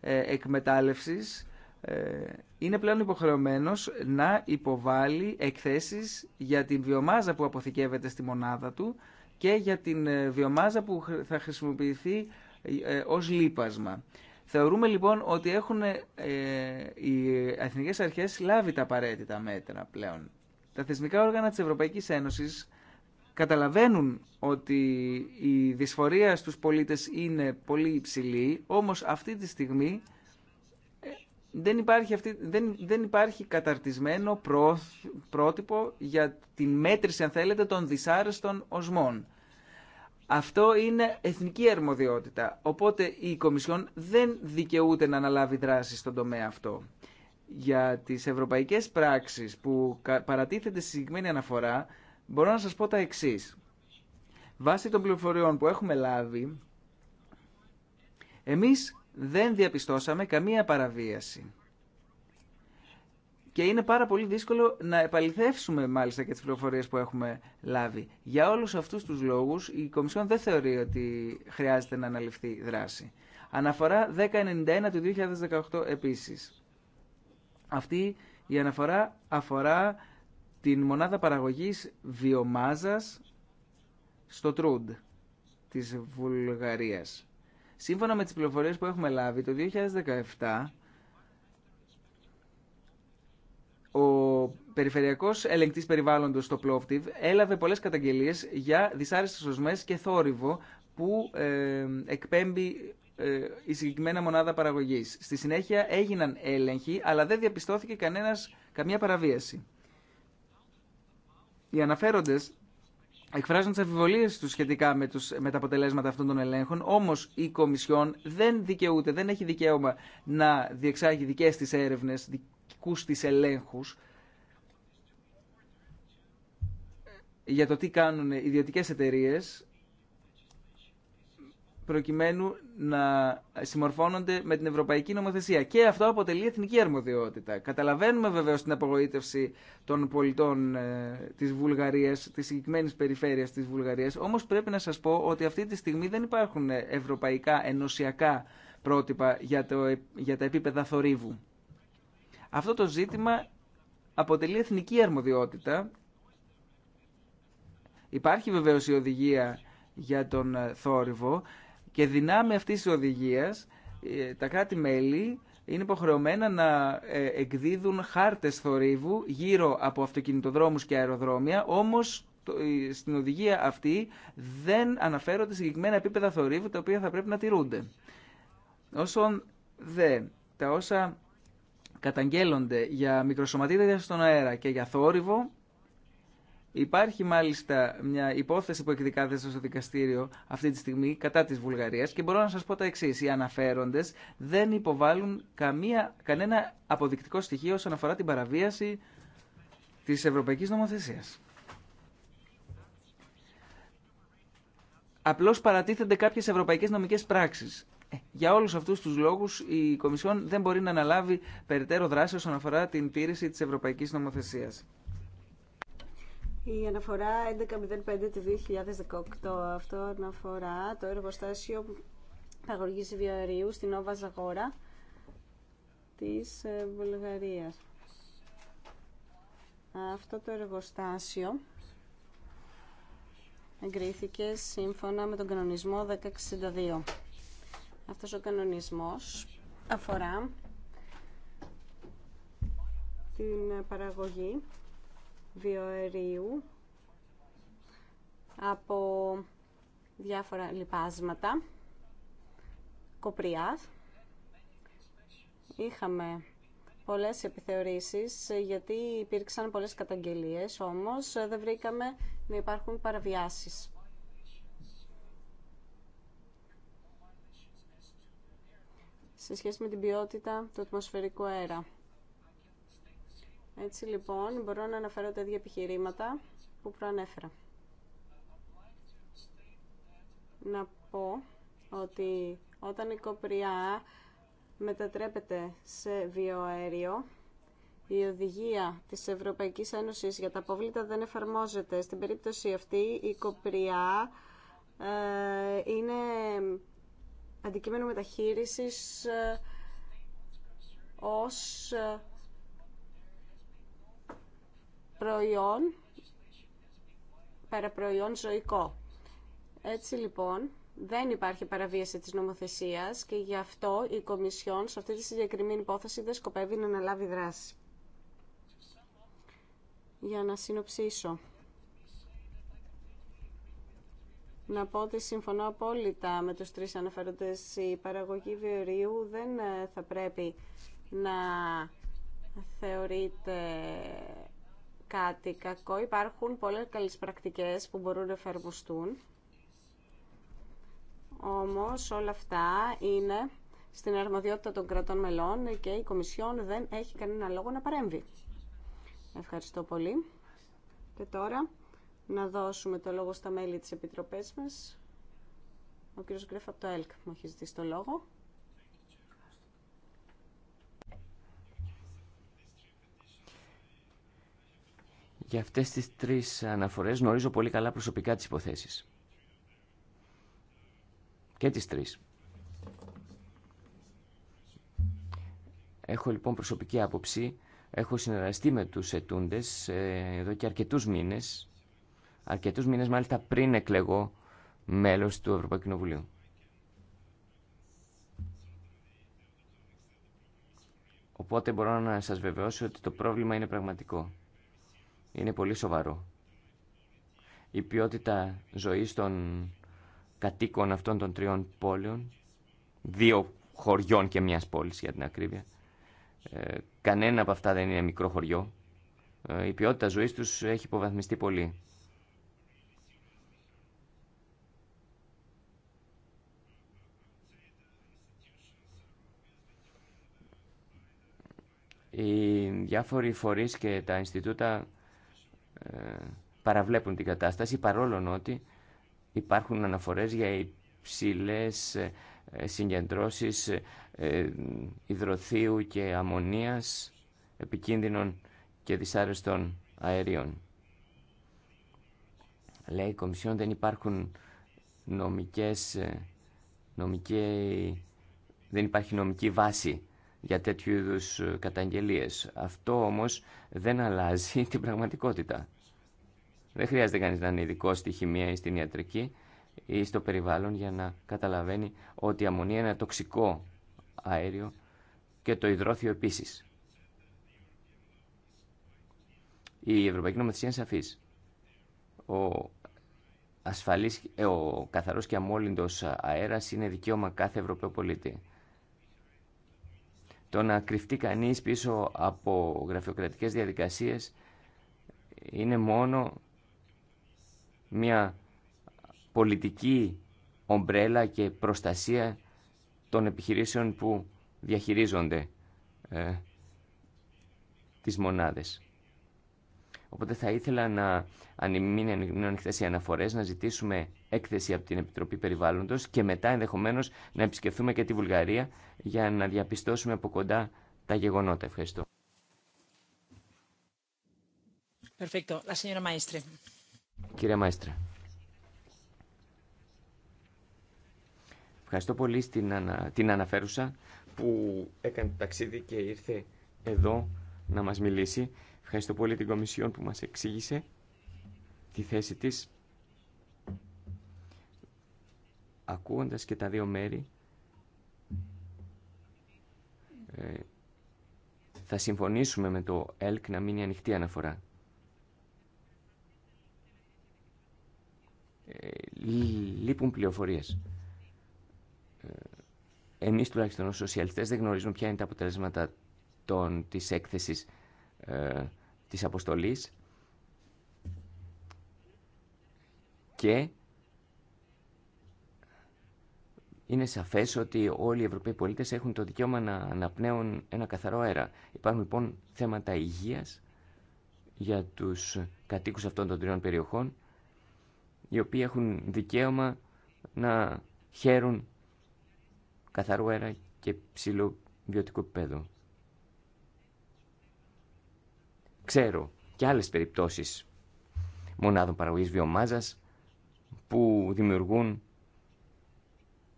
ε, εκμετάλλευσης ε, είναι πλέον υποχρεωμένος να υποβάλει εκθέσεις για την βιομάζα που αποθηκεύεται στη μονάδα του και για την ε, βιομάζα που θα χρησιμοποιηθεί ε, ως λίπασμα. Θεωρούμε λοιπόν ότι έχουν οι εθνικές αρχές λάβει τα απαραίτητα μέτρα πλέον. Τα θεσμικά όργανα της Ευρωπαϊκής Ένωσης καταλαβαίνουν ότι η δυσφορία στους πολίτες είναι πολύ υψηλή, όμως αυτή τη στιγμή δεν υπάρχει, αυτή, δεν, δεν υπάρχει καταρτισμένο πρότυπο για τη μέτρηση, αν θέλετε, των δυσάρεστων οσμών. Αυτό είναι εθνική αρμοδιότητα, οπότε η Κομισιόν δεν δικαιούται να αναλάβει δράση στον τομέα αυτό. Για τις ευρωπαϊκές πράξεις που παρατίθεται στη συγκεκριμένη αναφορά, μπορώ να σας πω τα εξής. Βάσει των πληροφοριών που έχουμε λάβει, εμείς δεν διαπιστώσαμε καμία παραβίαση. Και είναι πάρα πολύ δύσκολο να επαληθεύσουμε μάλιστα και τις πληροφορίες που έχουμε λάβει. Για όλους αυτούς τους λόγους η Κομισιόν δεν θεωρεί ότι χρειάζεται να αναλυφθεί δράση. Αναφορά 1091 του 2018 επίσης. Αυτή η αναφορά αφορά την μονάδα παραγωγής βιομάζας στο Τρούντ της Βουλγαρίας. Σύμφωνα με τις πληροφορίες που έχουμε λάβει, το 2017 ο περιφερειακός ελεγκτής περιβάλλοντος στο Πλόφτιβ έλαβε πολλές καταγγελίες για δυσάρεστες οσμές και θόρυβο που ε, εκπέμπει ε, η συγκεκριμένα μονάδα παραγωγής. Στη συνέχεια έγιναν έλεγχοι, αλλά δεν διαπιστώθηκε κανένας, καμία παραβίαση. Οι αναφέροντες εκφράζουν τι αμφιβολίε του σχετικά με, τους, με τα αποτελέσματα αυτών των ελέγχων. Όμω η Κομισιόν δεν δικαιούται, δεν έχει δικαίωμα να διεξάγει δικέ τη έρευνε, δικού τη ελέγχου για το τι κάνουν ιδιωτικέ εταιρείε προκειμένου να συμμορφώνονται με την ευρωπαϊκή νομοθεσία. Και αυτό αποτελεί εθνική αρμοδιότητα. Καταλαβαίνουμε βεβαίως την απογοήτευση των πολιτών ε, της Βουλγαρίας, της συγκεκριμένη περιφέρειας της Βουλγαρίας, όμως πρέπει να σας πω ότι αυτή τη στιγμή δεν υπάρχουν ευρωπαϊκά ενωσιακά πρότυπα για, το, για τα επίπεδα θορύβου. Αυτό το ζήτημα αποτελεί εθνική αρμοδιότητα. Υπάρχει βεβαίως η οδηγία για τον ε, θόρυβο και δυνάμει αυτής της οδηγίας ε, τα κράτη-μέλη είναι υποχρεωμένα να ε, εκδίδουν χάρτες θορύβου γύρω από αυτοκινητοδρόμους και αεροδρόμια, όμως ε, στην οδηγία αυτή δεν αναφέρονται συγκεκριμένα επίπεδα θορύβου τα οποία θα πρέπει να τηρούνται. Όσον δε τα όσα καταγγέλλονται για μικροσωματίδια στον αέρα και για θόρυβο Υπάρχει μάλιστα μια υπόθεση που εκδικάζεται στο δικαστήριο αυτή τη στιγμή κατά της Βουλγαρίας και μπορώ να σας πω τα εξή. Οι αναφέροντες δεν υποβάλλουν καμία, κανένα αποδεικτικό στοιχείο όσον αφορά την παραβίαση της Ευρωπαϊκής Νομοθεσίας. Απλώς παρατίθενται κάποιες ευρωπαϊκές νομικές πράξεις. Ε, για όλου αυτού του λόγου, η Κομισιόν δεν μπορεί να αναλάβει περαιτέρω δράση όσον αφορά την τήρηση τη ευρωπαϊκή νομοθεσία. Η αναφορά 1105 του 2018 αυτό αναφορά το εργοστάσιο αγωγής βιαριού στην Όβα Ζαγόρα της ε, Βουλγαρίας. Αυτό το εργοστάσιο εγκρίθηκε σύμφωνα με τον κανονισμό 1062. Αυτός ο κανονισμός αφορά την παραγωγή βιοερίου, από διάφορα λιπάσματα κοπριάς. Είχαμε πολλές επιθεωρήσεις γιατί υπήρξαν πολλές καταγγελίες, όμως δεν βρήκαμε να υπάρχουν παραβιάσεις. σε σχέση με την ποιότητα του ατμοσφαιρικού αέρα. Έτσι λοιπόν μπορώ να αναφέρω τα ίδια επιχειρήματα που προανέφερα. Να πω ότι όταν η κοπριά μετατρέπεται σε βιοαέριο, η οδηγία της Ευρωπαϊκής Ένωσης για τα απόβλητα δεν εφαρμόζεται. Στην περίπτωση αυτή η κοπριά ε, είναι αντικείμενο μεταχείρισης ε, ως ε, προϊόν, παραπροϊόν ζωικό. Έτσι λοιπόν, δεν υπάρχει παραβίαση της νομοθεσίας και γι' αυτό η Κομισιόν σε αυτή τη συγκεκριμένη υπόθεση δεν σκοπεύει να αναλάβει δράση. Για να συνοψίσω. Να πω ότι συμφωνώ απόλυτα με τους τρεις αναφέροντες. Η παραγωγή βιορίου δεν ε, θα πρέπει να θεωρείται κάτι κακό. Υπάρχουν πολλές καλές πρακτικές που μπορούν να εφαρμοστούν. Όμως όλα αυτά είναι στην αρμοδιότητα των κρατών μελών και η Κομισιόν δεν έχει κανένα λόγο να παρέμβει. Ευχαριστώ πολύ. Και τώρα να δώσουμε το λόγο στα μέλη της Επιτροπής μας. Ο κύριος Γκρέφα από το ΕΛΚ μου έχει ζητήσει το λόγο. Για αυτές τις τρεις αναφορές γνωρίζω πολύ καλά προσωπικά τις υποθέσεις. Και τις τρεις. Έχω λοιπόν προσωπική άποψη. Έχω συνεργαστεί με τους ετούντες ε, εδώ και αρκετούς μήνες. Αρκετούς μήνες μάλιστα πριν εκλεγώ μέλος του Ευρωπαϊκού Κοινοβουλίου. Οπότε μπορώ να σας βεβαιώσω ότι το πρόβλημα είναι πραγματικό είναι πολύ σοβαρό. Η ποιότητα ζωής των κατοίκων αυτών των τριών πόλεων, δύο χωριών και μιας πόλης για την ακρίβεια, ε, κανένα από αυτά δεν είναι μικρό χωριό, ε, η ποιότητα ζωής τους έχει υποβαθμιστεί πολύ. Οι διάφοροι φορείς και τα Ινστιτούτα παραβλέπουν την κατάσταση παρόλο ότι υπάρχουν αναφορές για υψηλές ε, συγκεντρώσεις ε, υδροθείου και αμμονίας επικίνδυνων και δυσάρεστων αερίων. Λέει η Κομισιόν δεν υπάρχουν νομικές, ε, νομική, δεν υπάρχει νομική βάση για τέτοιου είδου ε, καταγγελίες. Αυτό όμως δεν αλλάζει την πραγματικότητα. Δεν χρειάζεται κανεί να είναι ειδικό στη χημεία ή στην ιατρική ή στο περιβάλλον για να καταλαβαίνει ότι η αμμονία είναι ένα τοξικό αέριο και το υδρόθιο επίσης. Η Ευρωπαϊκή Νομοθεσία είναι σαφής. Ο, ασφαλής, ε, ο καθαρός και αμόλυντος αέρα είναι δικαίωμα κάθε Ευρωπαίου πολίτη. Το να κρυφτεί κανείς πίσω από γραφειοκρατικές διαδικασίες είναι μόνο μια πολιτική ομπρέλα και προστασία των επιχειρήσεων που διαχειρίζονται ε, τις μονάδες. Οπότε θα ήθελα να μην είναι ανοιχτέ οι αναφορέ, να ζητήσουμε έκθεση από την Επιτροπή Περιβάλλοντο και μετά ενδεχομένω να επισκεφθούμε και τη Βουλγαρία για να διαπιστώσουμε από κοντά τα γεγονότα. Ευχαριστώ. Perfecto. La señora Maestre. Κύριε Ευχαριστώ πολύ στην ανα... την αναφέρουσα που έκανε ταξίδι και ήρθε εδώ να μας μιλήσει. Ευχαριστώ πολύ την Κομισιόν που μας εξήγησε τη θέση της ακούγοντας και τα δύο μέρη ε, θα συμφωνήσουμε με το ΕΛΚ να μείνει ανοιχτή αναφορά. Ε, λείπουν πληροφορίες. Ε, εμείς τουλάχιστον ως σοσιαλιστές δεν γνωρίζουμε ποια είναι τα αποτελέσματα των, της έκθεσης ε, της αποστολής και είναι σαφές ότι όλοι οι Ευρωπαίοι πολίτες έχουν το δικαίωμα να αναπνέουν ένα καθαρό αέρα. Υπάρχουν λοιπόν θέματα υγείας για τους κατοίκους αυτών των τριών περιοχών οι οποίοι έχουν δικαίωμα να χαίρουν καθαρό αέρα και ψηλό βιωτικό επίπεδο. Ξέρω και άλλες περιπτώσεις μονάδων παραγωγής βιομάζας που δημιουργούν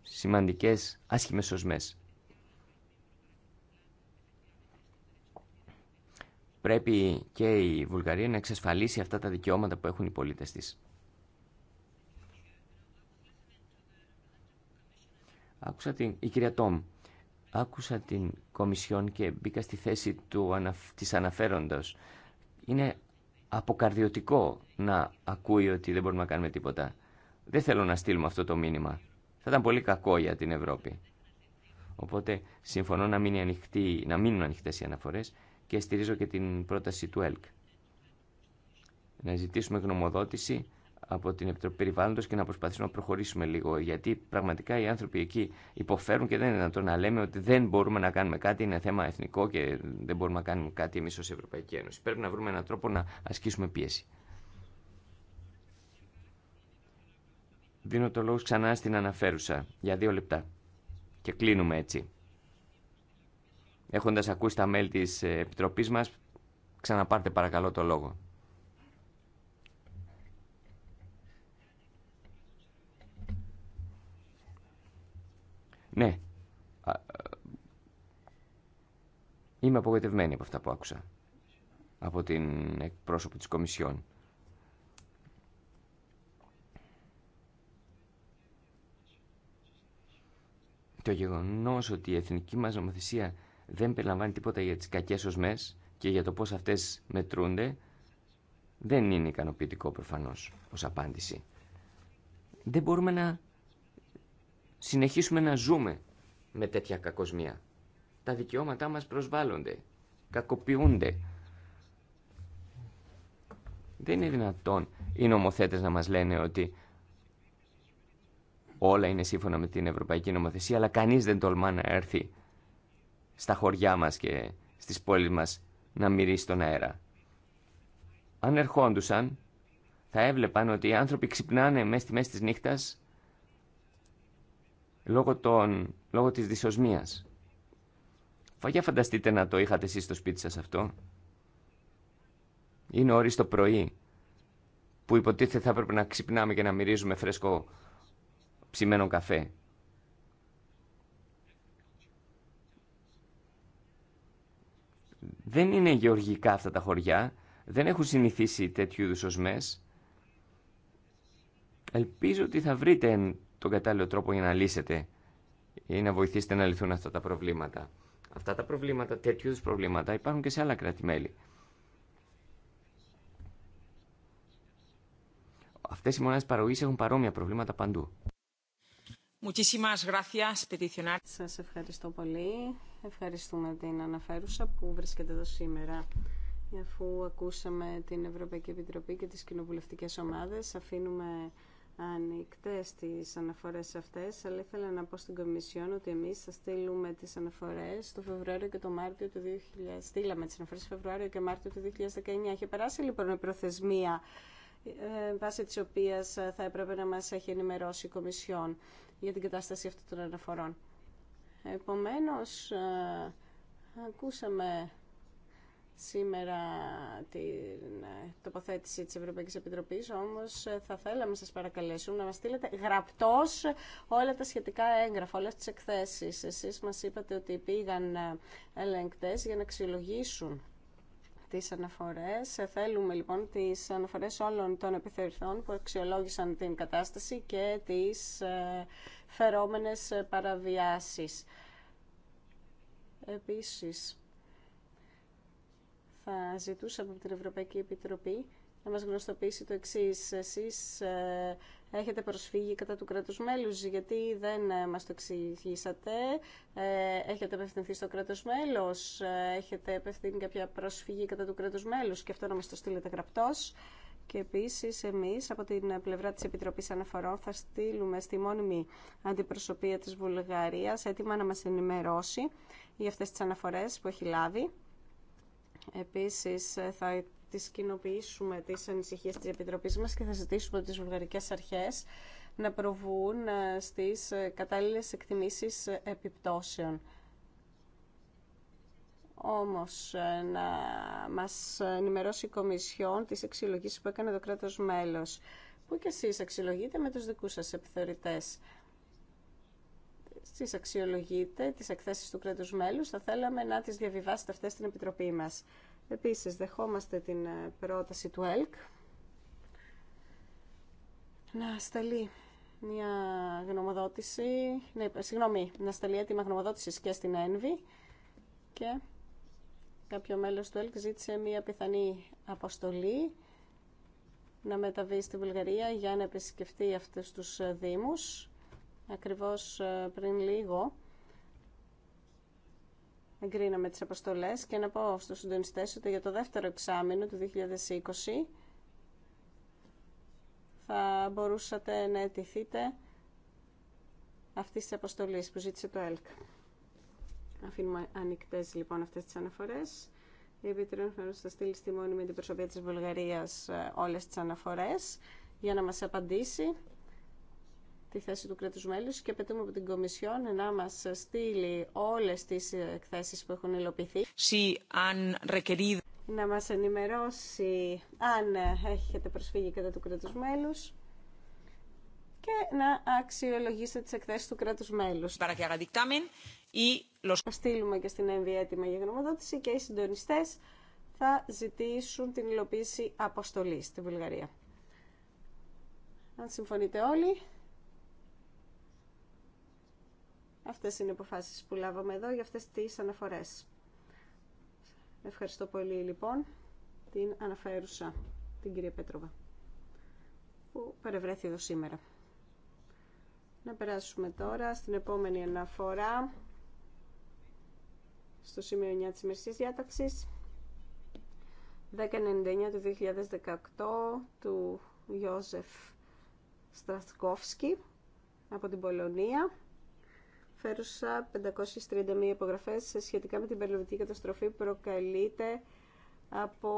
σημαντικές άσχημες σωσμές. Πρέπει και η Βουλγαρία να εξασφαλίσει αυτά τα δικαιώματα που έχουν οι πολίτες της. Άκουσα την... Η κυρία Τόμ, άκουσα την Κομισιόν και μπήκα στη θέση του, της αναφέροντος. Είναι αποκαρδιωτικό να ακούει ότι δεν μπορούμε να κάνουμε τίποτα. Δεν θέλω να στείλουμε αυτό το μήνυμα. Θα ήταν πολύ κακό για την Ευρώπη. Οπότε συμφωνώ να, μείνει ανοιχτή, να μείνουν ανοιχτέ οι αναφορέ και στηρίζω και την πρόταση του ΕΛΚ. Να ζητήσουμε γνωμοδότηση από την Επιτροπή Περιβάλλοντο και να προσπαθήσουμε να προχωρήσουμε λίγο. Γιατί πραγματικά οι άνθρωποι εκεί υποφέρουν και δεν είναι δυνατόν να λέμε ότι δεν μπορούμε να κάνουμε κάτι, είναι θέμα εθνικό και δεν μπορούμε να κάνουμε κάτι εμεί ω Ευρωπαϊκή Ένωση. Πρέπει να βρούμε έναν τρόπο να ασκήσουμε πίεση. Δίνω το λόγο ξανά στην αναφέρουσα για δύο λεπτά και κλείνουμε έτσι. Έχοντας ακούσει τα μέλη της Επιτροπής μας, ξαναπάρτε παρακαλώ το λόγο. Ναι, ε, είμαι απογοητευμένη από αυτά που άκουσα από την εκπρόσωπο της Κομισιόν. Το γεγονός ότι η εθνική μας νομοθεσία δεν περιλαμβάνει τίποτα για τις κακές οσμές και για το πώς αυτές μετρούνται δεν είναι ικανοποιητικό προφανώς ως απάντηση. Δεν μπορούμε να συνεχίσουμε να ζούμε με τέτοια κακοσμία. Τα δικαιώματά μας προσβάλλονται, κακοποιούνται. Δεν είναι δυνατόν οι νομοθέτες να μας λένε ότι όλα είναι σύμφωνα με την Ευρωπαϊκή Νομοθεσία, αλλά κανείς δεν τολμά να έρθει στα χωριά μας και στις πόλεις μας να μυρίσει τον αέρα. Αν ερχόντουσαν, θα έβλεπαν ότι οι άνθρωποι ξυπνάνε μέσα στη μέση της νύχτας λόγω, των, λόγω της δυσοσμίας. Για φανταστείτε να το είχατε εσείς στο σπίτι σας αυτό. Είναι όρις το πρωί που υποτίθεται θα έπρεπε να ξυπνάμε και να μυρίζουμε φρέσκο ψημένο καφέ. Δεν είναι γεωργικά αυτά τα χωριά, δεν έχουν συνηθίσει τέτοιου είδους οσμές. Ελπίζω ότι θα βρείτε τον κατάλληλο τρόπο για να λύσετε ή να βοηθήσετε να λυθούν αυτά τα προβλήματα. Αυτά τα προβλήματα, τέτοιου είδου προβλήματα υπάρχουν και σε άλλα κράτη-μέλη. Αυτέ οι μονάδε παραγωγή έχουν παρόμοια προβλήματα παντού. Σα ευχαριστώ πολύ. Ευχαριστούμε την αναφέρουσα που βρίσκεται εδώ σήμερα. Αφού ακούσαμε την Ευρωπαϊκή Επιτροπή και τις κοινοβουλευτικέ ομάδες, αφήνουμε ανοιχτέ τι αναφορέ αυτέ, αλλά ήθελα να πω στην Κομισιόν ότι εμείς θα στείλουμε τις αναφορές το Φεβρουάριο και το Μάρτιο του 2000. Στείλαμε τις αναφορές Φεβρουάριο και Μάρτιο του 2019. Έχει περάσει λοιπόν η προθεσμία ε, βάσει τη οποία ε, θα έπρεπε να μας έχει ενημερώσει η Κομισιόν για την κατάσταση αυτών των αναφορών. Επομένω, ε, ακούσαμε σήμερα την ε, τοποθέτηση της Ευρωπαϊκής Επιτροπής, όμως ε, θα θέλαμε σας παρακαλέσουμε να μας στείλετε γραπτός όλα τα σχετικά έγγραφα, όλες τις εκθέσεις. Εσείς μας είπατε ότι πήγαν ε, ελεγκτές για να αξιολογήσουν τις αναφορές. Θέλουμε λοιπόν τις αναφορές όλων των επιθεωρηθών που αξιολόγησαν την κατάσταση και τις φερόμενες παραβιάσεις. Επίσης, θα ζητούσα από την Ευρωπαϊκή Επιτροπή να μας γνωστοποιήσει το εξή Εσείς ε, έχετε προσφύγει κατά του κράτους μέλους, γιατί δεν ε, μας το εξηγήσατε. Ε, έχετε απευθυνθεί στο κράτος μέλος, έχετε απευθύνει κάποια προσφύγη κατά του κράτους μέλους και αυτό να μας το στείλετε γραπτός. Και επίση, εμεί, από την πλευρά τη Επιτροπή Αναφορών θα στείλουμε στη μόνιμη αντιπροσωπεία τη Βουλγαρίας έτοιμα να μα ενημερώσει για αυτέ τι αναφορέ που έχει λάβει Επίσης ε, θα τις κοινοποιήσουμε τις ανησυχίες της Επιτροπής μας και θα ζητήσουμε τις βουλγαρικές αρχές να προβούν ε, στις ε, κατάλληλες εκτιμήσεις επιπτώσεων. Όμως, να μας ενημερώσει η Κομισιόν τις εξυλογήσεις που έκανε το κράτος μέλος, που και εσείς αξιολογείτε με τους δικούς σας επιθεωρητές στις αξιολογείτε τις εκθέσεις του κράτους μέλους, θα θέλαμε να τις διαβιβάσετε αυτές στην Επιτροπή μας. Επίσης, δεχόμαστε την ε, πρόταση του ΕΛΚ να σταλεί μια γνωμοδότηση, ναι, συγγνώμη, να σταλεί έτοιμα γνωμοδότηση και στην ΕΝΒΗ και κάποιο μέλος του ΕΛΚ ζήτησε μια πιθανή αποστολή να μεταβεί στη Βουλγαρία για να επισκεφτεί αυτούς τους ε, δήμους Ακριβώς ε, πριν λίγο εγκρίναμε τις αποστολές και να πω στους συντονιστές ότι για το δεύτερο εξάμεινο του 2020 θα μπορούσατε να αιτηθείτε αυτής της αποστολής που ζήτησε το ΕΛΚ. Αφήνουμε ανοιχτέ λοιπόν αυτές τις αναφορές. Η Επιτροπή θα στείλει στη μόνιμη την προσωπία της Βουλγαρίας ε, όλες τις αναφορές για να μας απαντήσει τη θέση του κράτους μέλους και απαιτούμε από την Κομισιόν να μας στείλει όλες τις εκθέσεις που έχουν υλοποιηθεί. Sí, να μας ενημερώσει αν έχετε προσφύγει κατά του κράτους μέλους και να αξιολογήσετε τις εκθέσεις του κράτους μέλους. Para que Θα στείλουμε και στην ΕΜΒΙ έτοιμα για γνωμοδότηση και οι συντονιστές θα ζητήσουν την υλοποίηση αποστολής στη Βουλγαρία. Αν συμφωνείτε όλοι, Αυτές είναι οι αποφάσεις που λάβαμε εδώ για αυτές τις αναφορές. Ευχαριστώ πολύ λοιπόν την αναφέρουσα, την κυρία Πέτροβα, που παρευρέθη εδώ σήμερα. Να περάσουμε τώρα στην επόμενη αναφορά, στο σημείο 9 της Μερσής διάταξης, 1099 του 2018 του Ιώζεφ Στρασκόφσκι, από την Πολωνία ενδιαφέρουσα 531 υπογραφές σχετικά με την περιοδική καταστροφή που προκαλείται από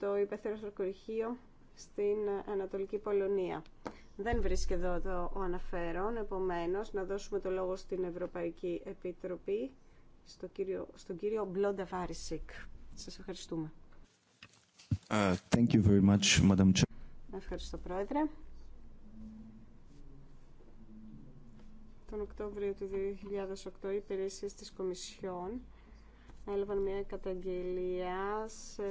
το υπεύθυνο σαρκορυχείο στην Ανατολική Πολωνία. Δεν βρίσκεται εδώ το ο αναφέρον, επομένως να δώσουμε το λόγο στην Ευρωπαϊκή Επιτροπή, στο κύριο, στον κύριο Μπλόντα Βάρισικ. Σας ευχαριστούμε. Uh, thank you very much, Madam Ευχαριστώ, Πρόεδρε. τον Οκτώβριο του 2008 οι υπηρεσίες της Κομισιόν έλαβαν μια καταγγελία σε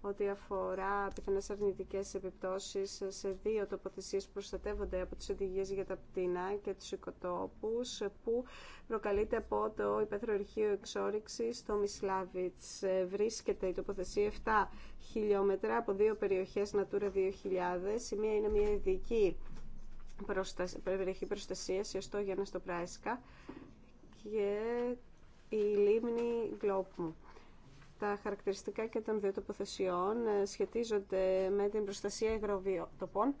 ό,τι αφορά πιθανές αρνητικές επιπτώσεις σε δύο τοποθεσίες που προστατεύονται από τις οδηγίες για τα πτηνά και τους οικοτόπους που προκαλείται από το υπαίθρο αρχείο εξόριξη στο Μισλάβιτς. Βρίσκεται η τοποθεσία 7 χιλιόμετρα από δύο περιοχές Natura 2000. Η μία είναι μια ειδική περιοχή προστασίας, η να στο πράσικα και η λίμνη Γκλόπμου. Τα χαρακτηριστικά και των δύο τοποθεσιών ε, σχετίζονται με την προστασία υγροβιοτοπών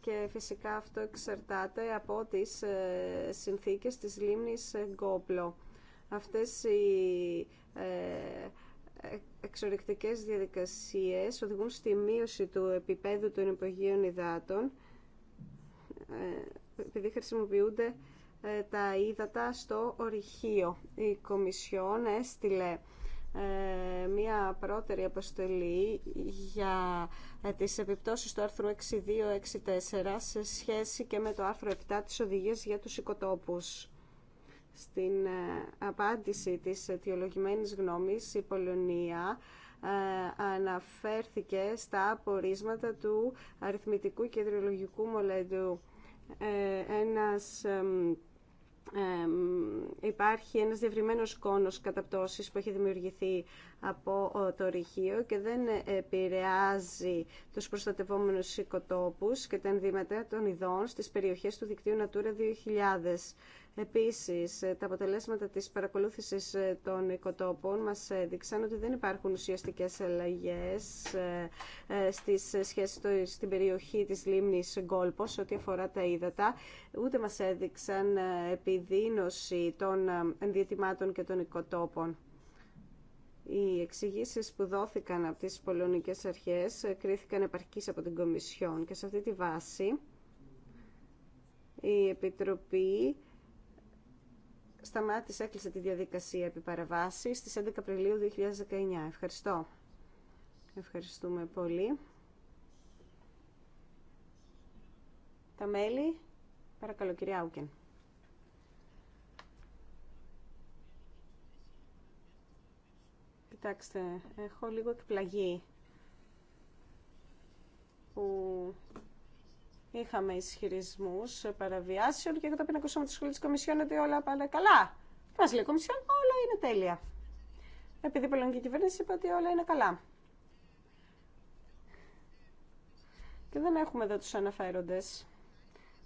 και φυσικά αυτό εξαρτάται από τις ε, συνθήκες της λίμνης Γκόπλο. Αυτές οι ε, εξορρυκτικές διαδικασίες οδηγούν στη μείωση του επίπεδου των υπογείων υδάτων ε, επειδή χρησιμοποιούνται ε, τα ύδατα στο ορυχείο. Η Κομισιόν έστειλε ε, μία πρώτερη αποστολή για τις επιπτώσεις του άρθρου 6264 σε σχέση και με το άρθρο 7 της Οδηγίας για τους οικοτόπους. Στην απάντηση της αιτιολογημένης γνώμης, η Πολωνία αναφέρθηκε στα απορίσματα του αριθμητικού και ιδρυολογικού μολέντου ε, ένας υπάρχει ένας διευρυμένος κόνος καταπτώσης που έχει δημιουργηθεί από το ρηχείο και δεν επηρεάζει τους προστατευόμενους οικοτόπους και τα ενδύματα των ειδών στις περιοχές του δικτύου Natura 2000. Επίσης, ε, τα αποτελέσματα της παρακολούθησης ε, των οικοτόπων μας έδειξαν ότι δεν υπάρχουν ουσιαστικές αλλαγές ε, στις σχέσεις στην περιοχή της λίμνης Γκόλπος ό,τι αφορά τα ύδατα. Ούτε μας έδειξαν επιδείνωση των ενδιατημάτων και των οικοτόπων. Οι εξηγήσει που δόθηκαν από τις πολωνικές αρχές κρίθηκαν επαρκείς από την Κομισιόν και σε αυτή τη βάση η Επιτροπή σταμάτησε, έκλεισε τη διαδικασία επί παραβάση στις 11 Απριλίου 2019. Ευχαριστώ. Ευχαριστούμε πολύ. Τα μέλη, παρακαλώ κυρία Άουκεν. Κοιτάξτε, έχω λίγο εκπλαγή που Είχαμε ισχυρισμού παραβιάσεων και κατόπιν ακούσαμε τη σχολή τη Κομισιόν ότι όλα πάνε καλά. Τι μα λέει η Κομισιόν, όλα είναι τέλεια. Επειδή η πολωνική κυβέρνηση είπε ότι όλα είναι καλά. Και δεν έχουμε εδώ του αναφέροντες.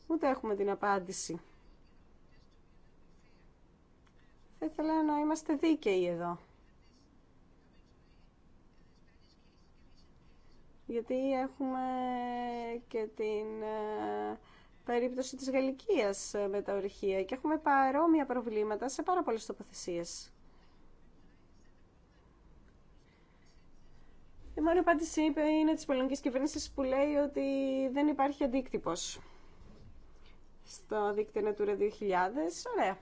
Ούτε έχουμε την απάντηση. Θα ήθελα να είμαστε δίκαιοι εδώ. γιατί έχουμε και την ε, περίπτωση της Γαλλικίας με τα ορυχεία και έχουμε παρόμοια προβλήματα σε πάρα πολλές τοποθεσίες. Η μόνη απάντηση είναι της πολιτικής κυβέρνησης που λέει ότι δεν υπάρχει αντίκτυπος στο δίκτυο Natura 2000. Ωραία.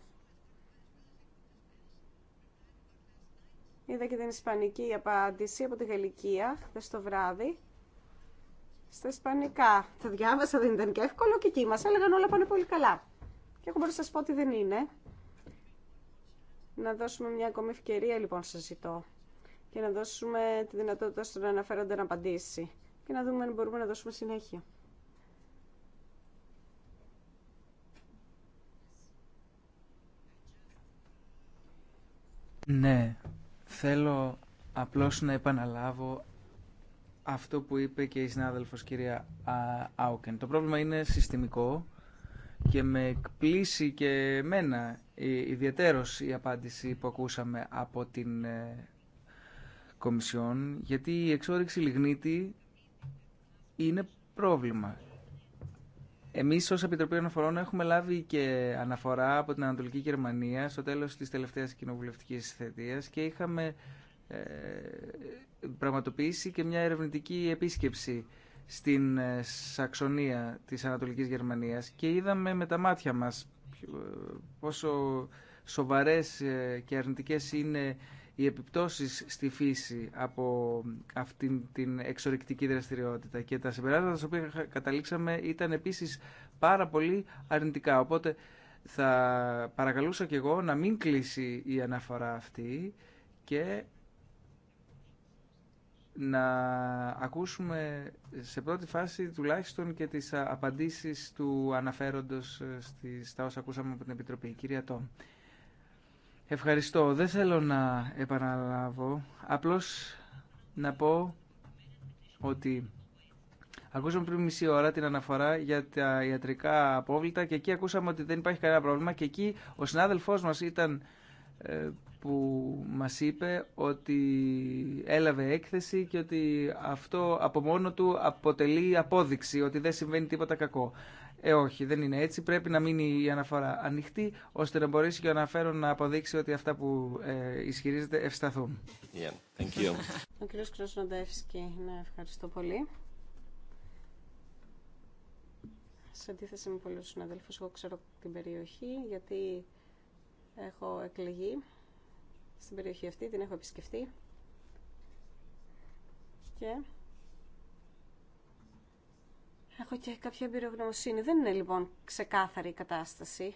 Είδα και την ισπανική απάντηση από τη Γαλλικία χθε το βράδυ στα ισπανικά. Τα διάβασα, δεν ήταν και εύκολο και εκεί μα έλεγαν όλα πάνε πολύ καλά. Και έχω μπορώ να σα πω ότι δεν είναι. Να δώσουμε μια ακόμη ευκαιρία λοιπόν σα ζητώ και να δώσουμε τη δυνατότητα στον αναφέροντα να απαντήσει και να δούμε αν μπορούμε να δώσουμε συνέχεια. Ναι, θέλω απλώς να επαναλάβω αυτό που είπε και η συνάδελφος κυρία Άουκεν. Το πρόβλημα είναι συστημικό και με εκπλήσει και μένα ε, ιδιαίτερος η απάντηση που ακούσαμε από την ε, Κομισιόν γιατί η εξόριξη λιγνίτη είναι πρόβλημα. Εμείς ως Επιτροπή Αναφορών έχουμε λάβει και αναφορά από την Ανατολική Γερμανία στο τέλος της τελευταίας κοινοβουλευτικής θετίας και είχαμε ε, πραγματοποιήσει και μια ερευνητική επίσκεψη στην ε, Σαξονία της Ανατολικής Γερμανίας και είδαμε με τα μάτια μας ε, πόσο σοβαρές ε, και αρνητικές είναι οι επιπτώσεις στη φύση από αυτήν την εξορρυκτική δραστηριότητα και τα συμπεράσματα τα οποία καταλήξαμε ήταν επίσης πάρα πολύ αρνητικά. Οπότε θα παρακαλούσα και εγώ να μην κλείσει η αναφορά αυτή και να ακούσουμε σε πρώτη φάση τουλάχιστον και τις απαντήσεις του αναφέροντος ε, στα όσα ακούσαμε από την Επιτροπή. Κυρία Τόμ. Ευχαριστώ. Δεν θέλω να επαναλάβω. Απλώς να πω ότι ακούσαμε πριν μισή ώρα την αναφορά για τα ιατρικά απόβλητα και εκεί ακούσαμε ότι δεν υπάρχει κανένα πρόβλημα και εκεί ο συνάδελφός μας ήταν ε, που μας είπε ότι έλαβε έκθεση και ότι αυτό από μόνο του αποτελεί απόδειξη ότι δεν συμβαίνει τίποτα κακό. Ε, όχι, δεν είναι έτσι. Πρέπει να μείνει η αναφορά ανοιχτή, ώστε να μπορέσει και ο αναφέρον να αποδείξει ότι αυτά που ε, ισχυρίζεται ευσταθούν. Yeah, thank you. Ο κ. Κροσνοντεύσκη, να ευχαριστώ πολύ. Σε αντίθεση με πολλούς συναδέλφους, εγώ ξέρω την περιοχή, γιατί έχω εκλεγεί στην περιοχή αυτή, την έχω επισκεφτεί και έχω και κάποια εμπειρογνωμοσύνη. Δεν είναι λοιπόν ξεκάθαρη η κατάσταση.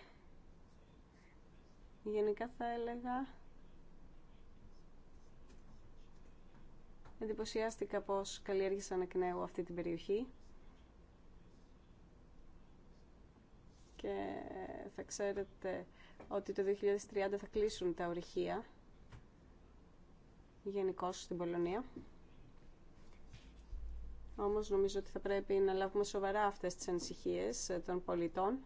Γενικά θα έλεγα εντυπωσιάστηκα πως καλλιέργησαν εκ νέου αυτή την περιοχή. και θα ξέρετε ότι το 2030 θα κλείσουν τα ορυχεία γενικώ στην Πολωνία. Όμως νομίζω ότι θα πρέπει να λάβουμε σοβαρά αυτές τις ανησυχίες ε, των πολιτών.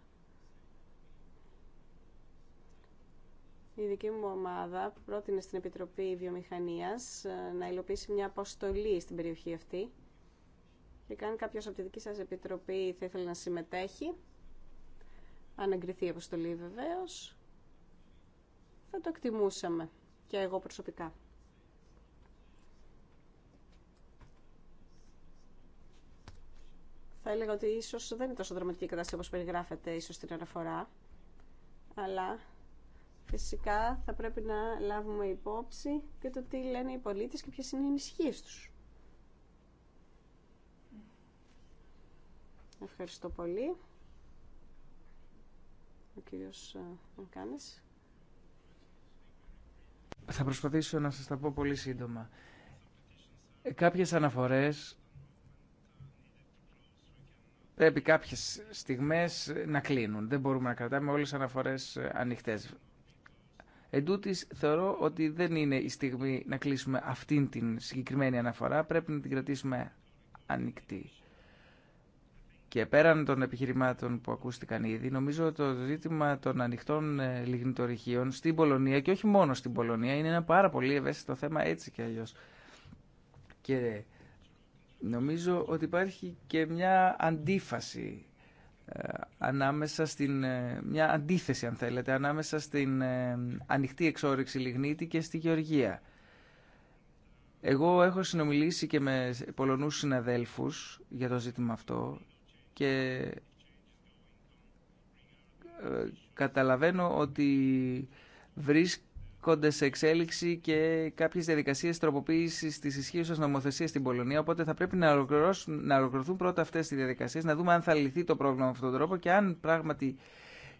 Η δική μου ομάδα πρότεινε στην Επιτροπή Βιομηχανίας ε, να υλοποιήσει μια αποστολή στην περιοχή αυτή και αν κάποιο από τη δική σας Επιτροπή θα ήθελε να συμμετέχει, αν εγκριθεί η αποστολή βεβαίως, θα το εκτιμούσαμε και εγώ προσωπικά. θα έλεγα ότι ίσως δεν είναι τόσο δραματική η κατάσταση όπως περιγράφεται ίσως στην αναφορά, αλλά φυσικά θα πρέπει να λάβουμε υπόψη και το τι λένε οι πολίτες και ποιες είναι οι ενισχύες τους. Ευχαριστώ πολύ. Ο κύριος ε, κάνεις Θα προσπαθήσω να σας τα πω πολύ σύντομα. Κάποιες αναφορές πρέπει κάποιες στιγμές να κλείνουν. Δεν μπορούμε να κρατάμε όλες τις αναφορές ε, ανοιχτές. Εν τούτης, θεωρώ ότι δεν είναι η στιγμή να κλείσουμε αυτήν την συγκεκριμένη αναφορά. Πρέπει να την κρατήσουμε ανοιχτή. Και πέραν των επιχειρημάτων που ακούστηκαν ήδη, νομίζω ότι το ζήτημα των ανοιχτών ε, λιγνητορυχίων στην Πολωνία και όχι μόνο στην Πολωνία είναι ένα πάρα πολύ ευαίσθητο θέμα έτσι και αλλιώς. Και νομίζω ότι υπάρχει και μια αντίφαση ε, ανάμεσα στην, ε, μια αντίθεση αν θέλετε, ανάμεσα στην ε, ανοιχτή εξόριξη λιγνίτη και στη γεωργία. Εγώ έχω συνομιλήσει και με Πολωνούς συναδέλφους για το ζήτημα αυτό και καταλαβαίνω ότι βρίσκει βρίσκονται σε εξέλιξη και κάποιε διαδικασίε τροποποίηση τη ισχύουσα νομοθεσία στην Πολωνία. Οπότε θα πρέπει να, να ολοκληρωθούν πρώτα αυτέ τι διαδικασίε, να δούμε αν θα λυθεί το πρόβλημα με αυτόν τον τρόπο και αν πράγματι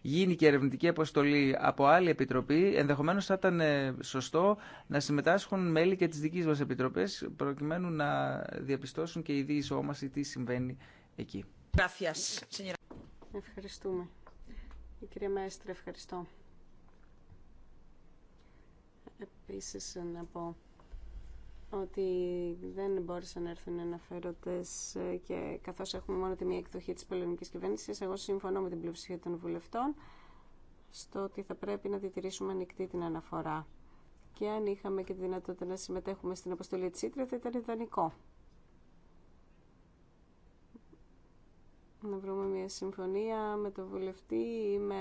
γίνει και ερευνητική αποστολή από άλλη επιτροπή, ενδεχομένω θα ήταν ε, σωστό να συμμετάσχουν μέλη και τη δική μα επιτροπή, προκειμένου να διαπιστώσουν και οι δύο ισόμαστε τι συμβαίνει εκεί. Ευχαριστούμε. Η κυρία Μέστρε, ευχαριστώ. Επίσης να πω ότι δεν μπόρεσαν να έρθουν αναφέροντε ε, και καθώς έχουμε μόνο τη μία εκδοχή τη πολεμική κυβέρνηση. εγώ συμφωνώ με την πλειοψηφία των βουλευτών στο ότι θα πρέπει να διατηρήσουμε ανοιχτή την αναφορά. Και αν είχαμε και τη δυνατότητα να συμμετέχουμε στην αποστολή τη Ήτρα θα ήταν ιδανικό. Να βρούμε μια συμφωνία με τον βουλευτή ή με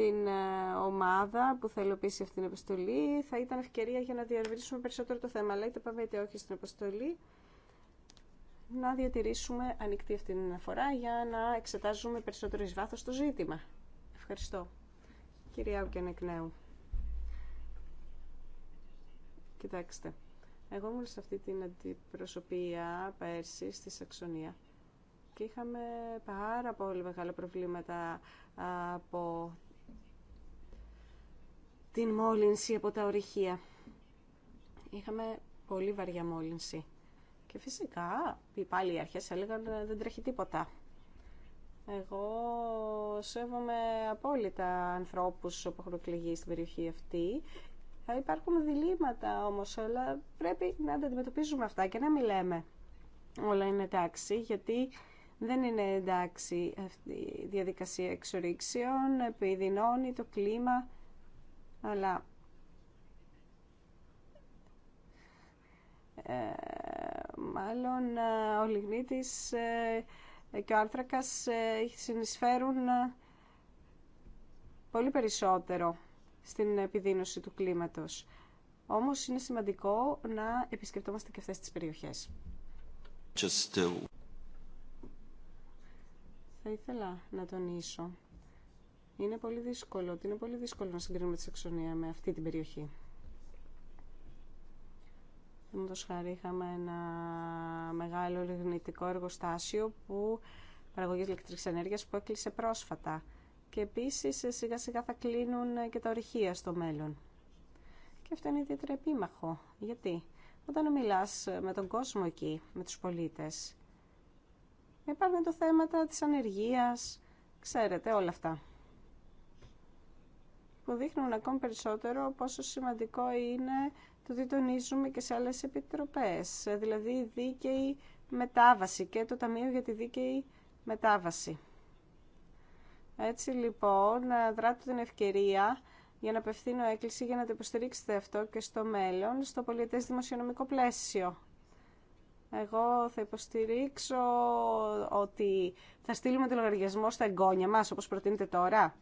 την ε, ομάδα που θα υλοποιήσει αυτή την επιστολή. Θα ήταν ευκαιρία για να διαρευνήσουμε περισσότερο το θέμα. Αλλά πάμε είτε όχι στην αποστολή να διατηρήσουμε ανοιχτή αυτή την αναφορά για να εξετάζουμε περισσότερο εις βάθος το ζήτημα. Ευχαριστώ. Κυρία Άουκεν εκ νέου. Κοιτάξτε, εγώ ήμουν σε αυτή την αντιπροσωπεία πέρσι στη Σαξονία και είχαμε πάρα πολύ μεγάλα προβλήματα από την μόλυνση από τα ορυχεία. Είχαμε πολύ βαριά μόλυνση. Και φυσικά, οι πάλι οι αρχές έλεγαν ε, δεν τρέχει τίποτα. Εγώ σέβομαι απόλυτα ανθρώπους που έχουν εκλεγεί στην περιοχή αυτή. Θα ε, υπάρχουν διλήμματα όμως, αλλά πρέπει να τα αντιμετωπίζουμε αυτά και να λέμε. Όλα είναι εντάξει, γιατί δεν είναι εντάξει αυτή η διαδικασία εξορίξεων, επιδεινώνει το κλίμα αλλά ε, μάλλον ε, ο Λιγνίτης ε, και ο Άνθρακας συνεισφέρουν πολύ περισσότερο στην επιδείνωση του κλίματος. Όμως είναι σημαντικό να επισκεπτόμαστε και αυτές τις περιοχές. Just... Uh, Θα ήθελα να τονίσω είναι πολύ δύσκολο, είναι πολύ δύσκολο να συγκρίνουμε τη Σαξονία με αυτή την περιοχή. Με το χάρη είχαμε ένα μεγάλο λιγνητικό εργοστάσιο που παραγωγής ηλεκτρικής ενέργειας που έκλεισε πρόσφατα. Και επίσης ε, σιγά σιγά θα κλείνουν ε, και τα ορυχεία στο μέλλον. Και αυτό είναι ιδιαίτερα επίμαχο. Γιατί όταν μιλάς ε, με τον κόσμο εκεί, με τους πολίτες, υπάρχουν το θέματα της ανεργίας, ξέρετε όλα αυτά που δείχνουν ακόμη περισσότερο πόσο σημαντικό είναι το τι τονίζουμε και σε άλλες επιτροπές, δηλαδή η δίκαιη μετάβαση και το Ταμείο για τη Δίκαιη Μετάβαση. Έτσι λοιπόν, δράτω την ευκαιρία για να απευθύνω έκκληση για να το υποστηρίξετε αυτό και στο μέλλον, στο πολιτές δημοσιονομικό πλαίσιο. Εγώ θα υποστηρίξω ότι θα στείλουμε το λογαριασμό στα εγγόνια μας, όπως προτείνετε τώρα.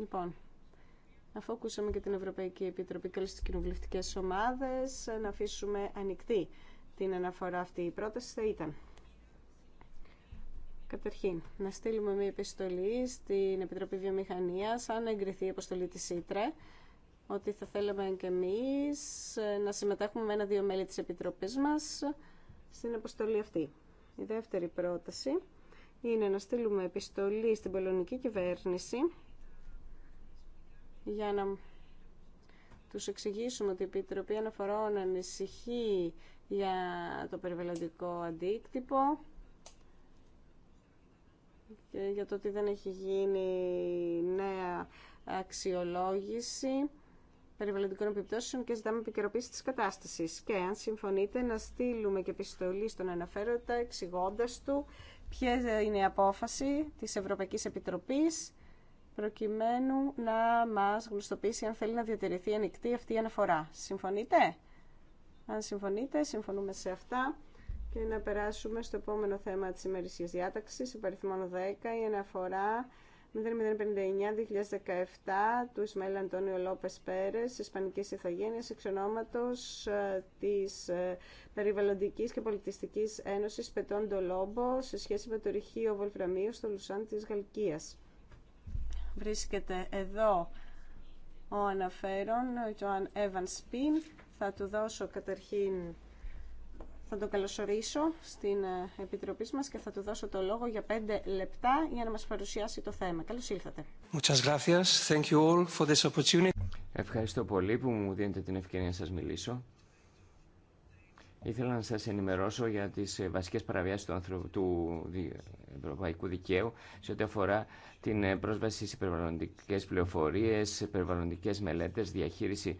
Λοιπόν, αφού ακούσαμε και την Ευρωπαϊκή Επιτροπή και όλες τις κοινοβουλευτικές ομάδες, να αφήσουμε ανοιχτή την αναφορά αυτή. Η πρόταση θα ήταν... Καταρχήν, να στείλουμε μια επιστολή στην Επιτροπή Βιομηχανίας, αν εγκριθεί η αποστολή της ΣΥτΡΕ, ότι θα θέλαμε και εμείς να συμμετέχουμε με ένα-δύο μέλη της Επιτροπής μας στην αποστολή αυτή. Η δεύτερη πρόταση είναι να στείλουμε επιστολή στην πολωνική κυβέρνηση για να τους εξηγήσουμε ότι η Επιτροπή Αναφορών ανησυχεί για το περιβαλλοντικό αντίκτυπο και για το ότι δεν έχει γίνει νέα αξιολόγηση περιβαλλοντικών επιπτώσεων και ζητάμε επικαιροποίηση της κατάστασης. Και αν συμφωνείτε να στείλουμε και επιστολή στον αναφέροντα εξηγώντα του ποια είναι η απόφαση της Ευρωπαϊκής Επιτροπής προκειμένου να μας γνωστοποιήσει αν θέλει να διατηρηθεί ανοιχτή αυτή η αναφορά. Συμφωνείτε? Αν συμφωνείτε, συμφωνούμε σε αυτά. Και να περάσουμε στο επόμενο θέμα της ημερησίας διάταξης, υπαριθμόν 10, η αναφορά 0059-2017 του Ισμαήλ Αντώνιο Λόπες Πέρες, Ισπανικής Ιθαγένειας, εξ ονόματος ε, της ε, Περιβαλλοντικής και Πολιτιστικής Ένωσης Πετών Ντολόμπο, σε σχέση με το ρηχείο Βολφραμίου στο Λουσάν της Γαλλικίας βρίσκεται εδώ ο αναφέρον, ο Ιωάν Εύαν Σπιν. Θα του δώσω καταρχήν, θα τον καλωσορίσω στην ε, Επιτροπή μας και θα του δώσω το λόγο για πέντε λεπτά για να μας παρουσιάσει το θέμα. Καλώς ήλθατε. Ευχαριστώ πολύ που μου δίνετε την ευκαιρία να σας μιλήσω. Ήθελα να σας ενημερώσω για τις ε, βασικές παραβιάσεις του, του ευρωπαϊκού δικαίου σε ό,τι αφορά την ε, πρόσβαση σε περιβαλλοντικές πληροφορίες, περιβαλλοντικές μελέτες, διαχείριση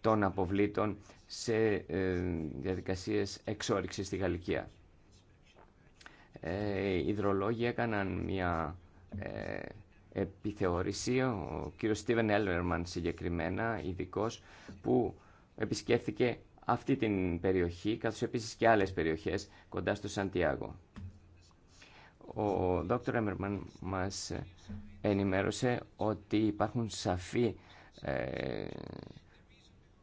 των αποβλήτων σε ε, διαδικασίες εξόριξης στη Γαλλικία. Οι υδρολόγοι έκαναν μια επιθεώρηση, ο κύριος Στίβεν Έλμερμαν συγκεκριμένα, ειδικό, που επισκέφθηκε αυτή την περιοχή, καθώς επίσης και άλλες περιοχές κοντά στο Σαντιάγο. Ο Δόκτωρ Έμερμαν μας ενημέρωσε ότι υπάρχουν σαφή, ε,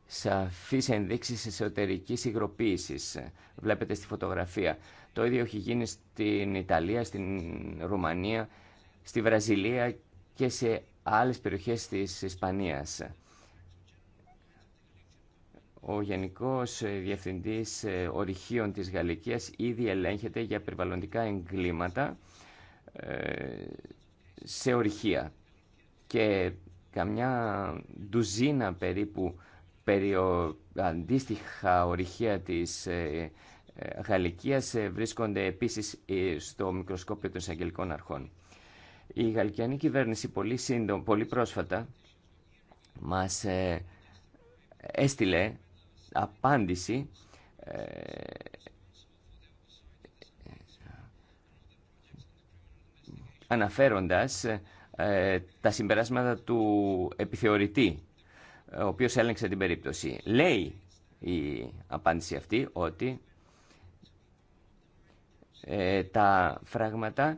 σαφείς ενδείξεις εσωτερικής υγροποίησης. Βλέπετε στη φωτογραφία. Το ίδιο έχει γίνει στην Ιταλία, στην Ρουμανία, στη Βραζιλία και σε άλλες περιοχές της Ισπανίας. Ο Γενικός Διευθυντής ε, Ορυχείων της Γαλλικίας ήδη ελέγχεται για περιβαλλοντικά εγκλήματα ε, σε ορυχεία και καμιά ντουζίνα περίπου περιο... αντίστοιχα ορυχεία της ε, Γαλλικίας βρίσκονται επίσης στο μικροσκόπιο των εισαγγελικών αρχών. Η γαλλικιανή κυβέρνηση πολύ, σύντο, πολύ πρόσφατα μας έστειλε απάντηση ε, αναφέροντας ε, τα συμπεράσματα του επιθεωρητή, ο οποίος έλεγξε την περίπτωση. Λέει η απάντηση αυτή ότι ε, τα φράγματα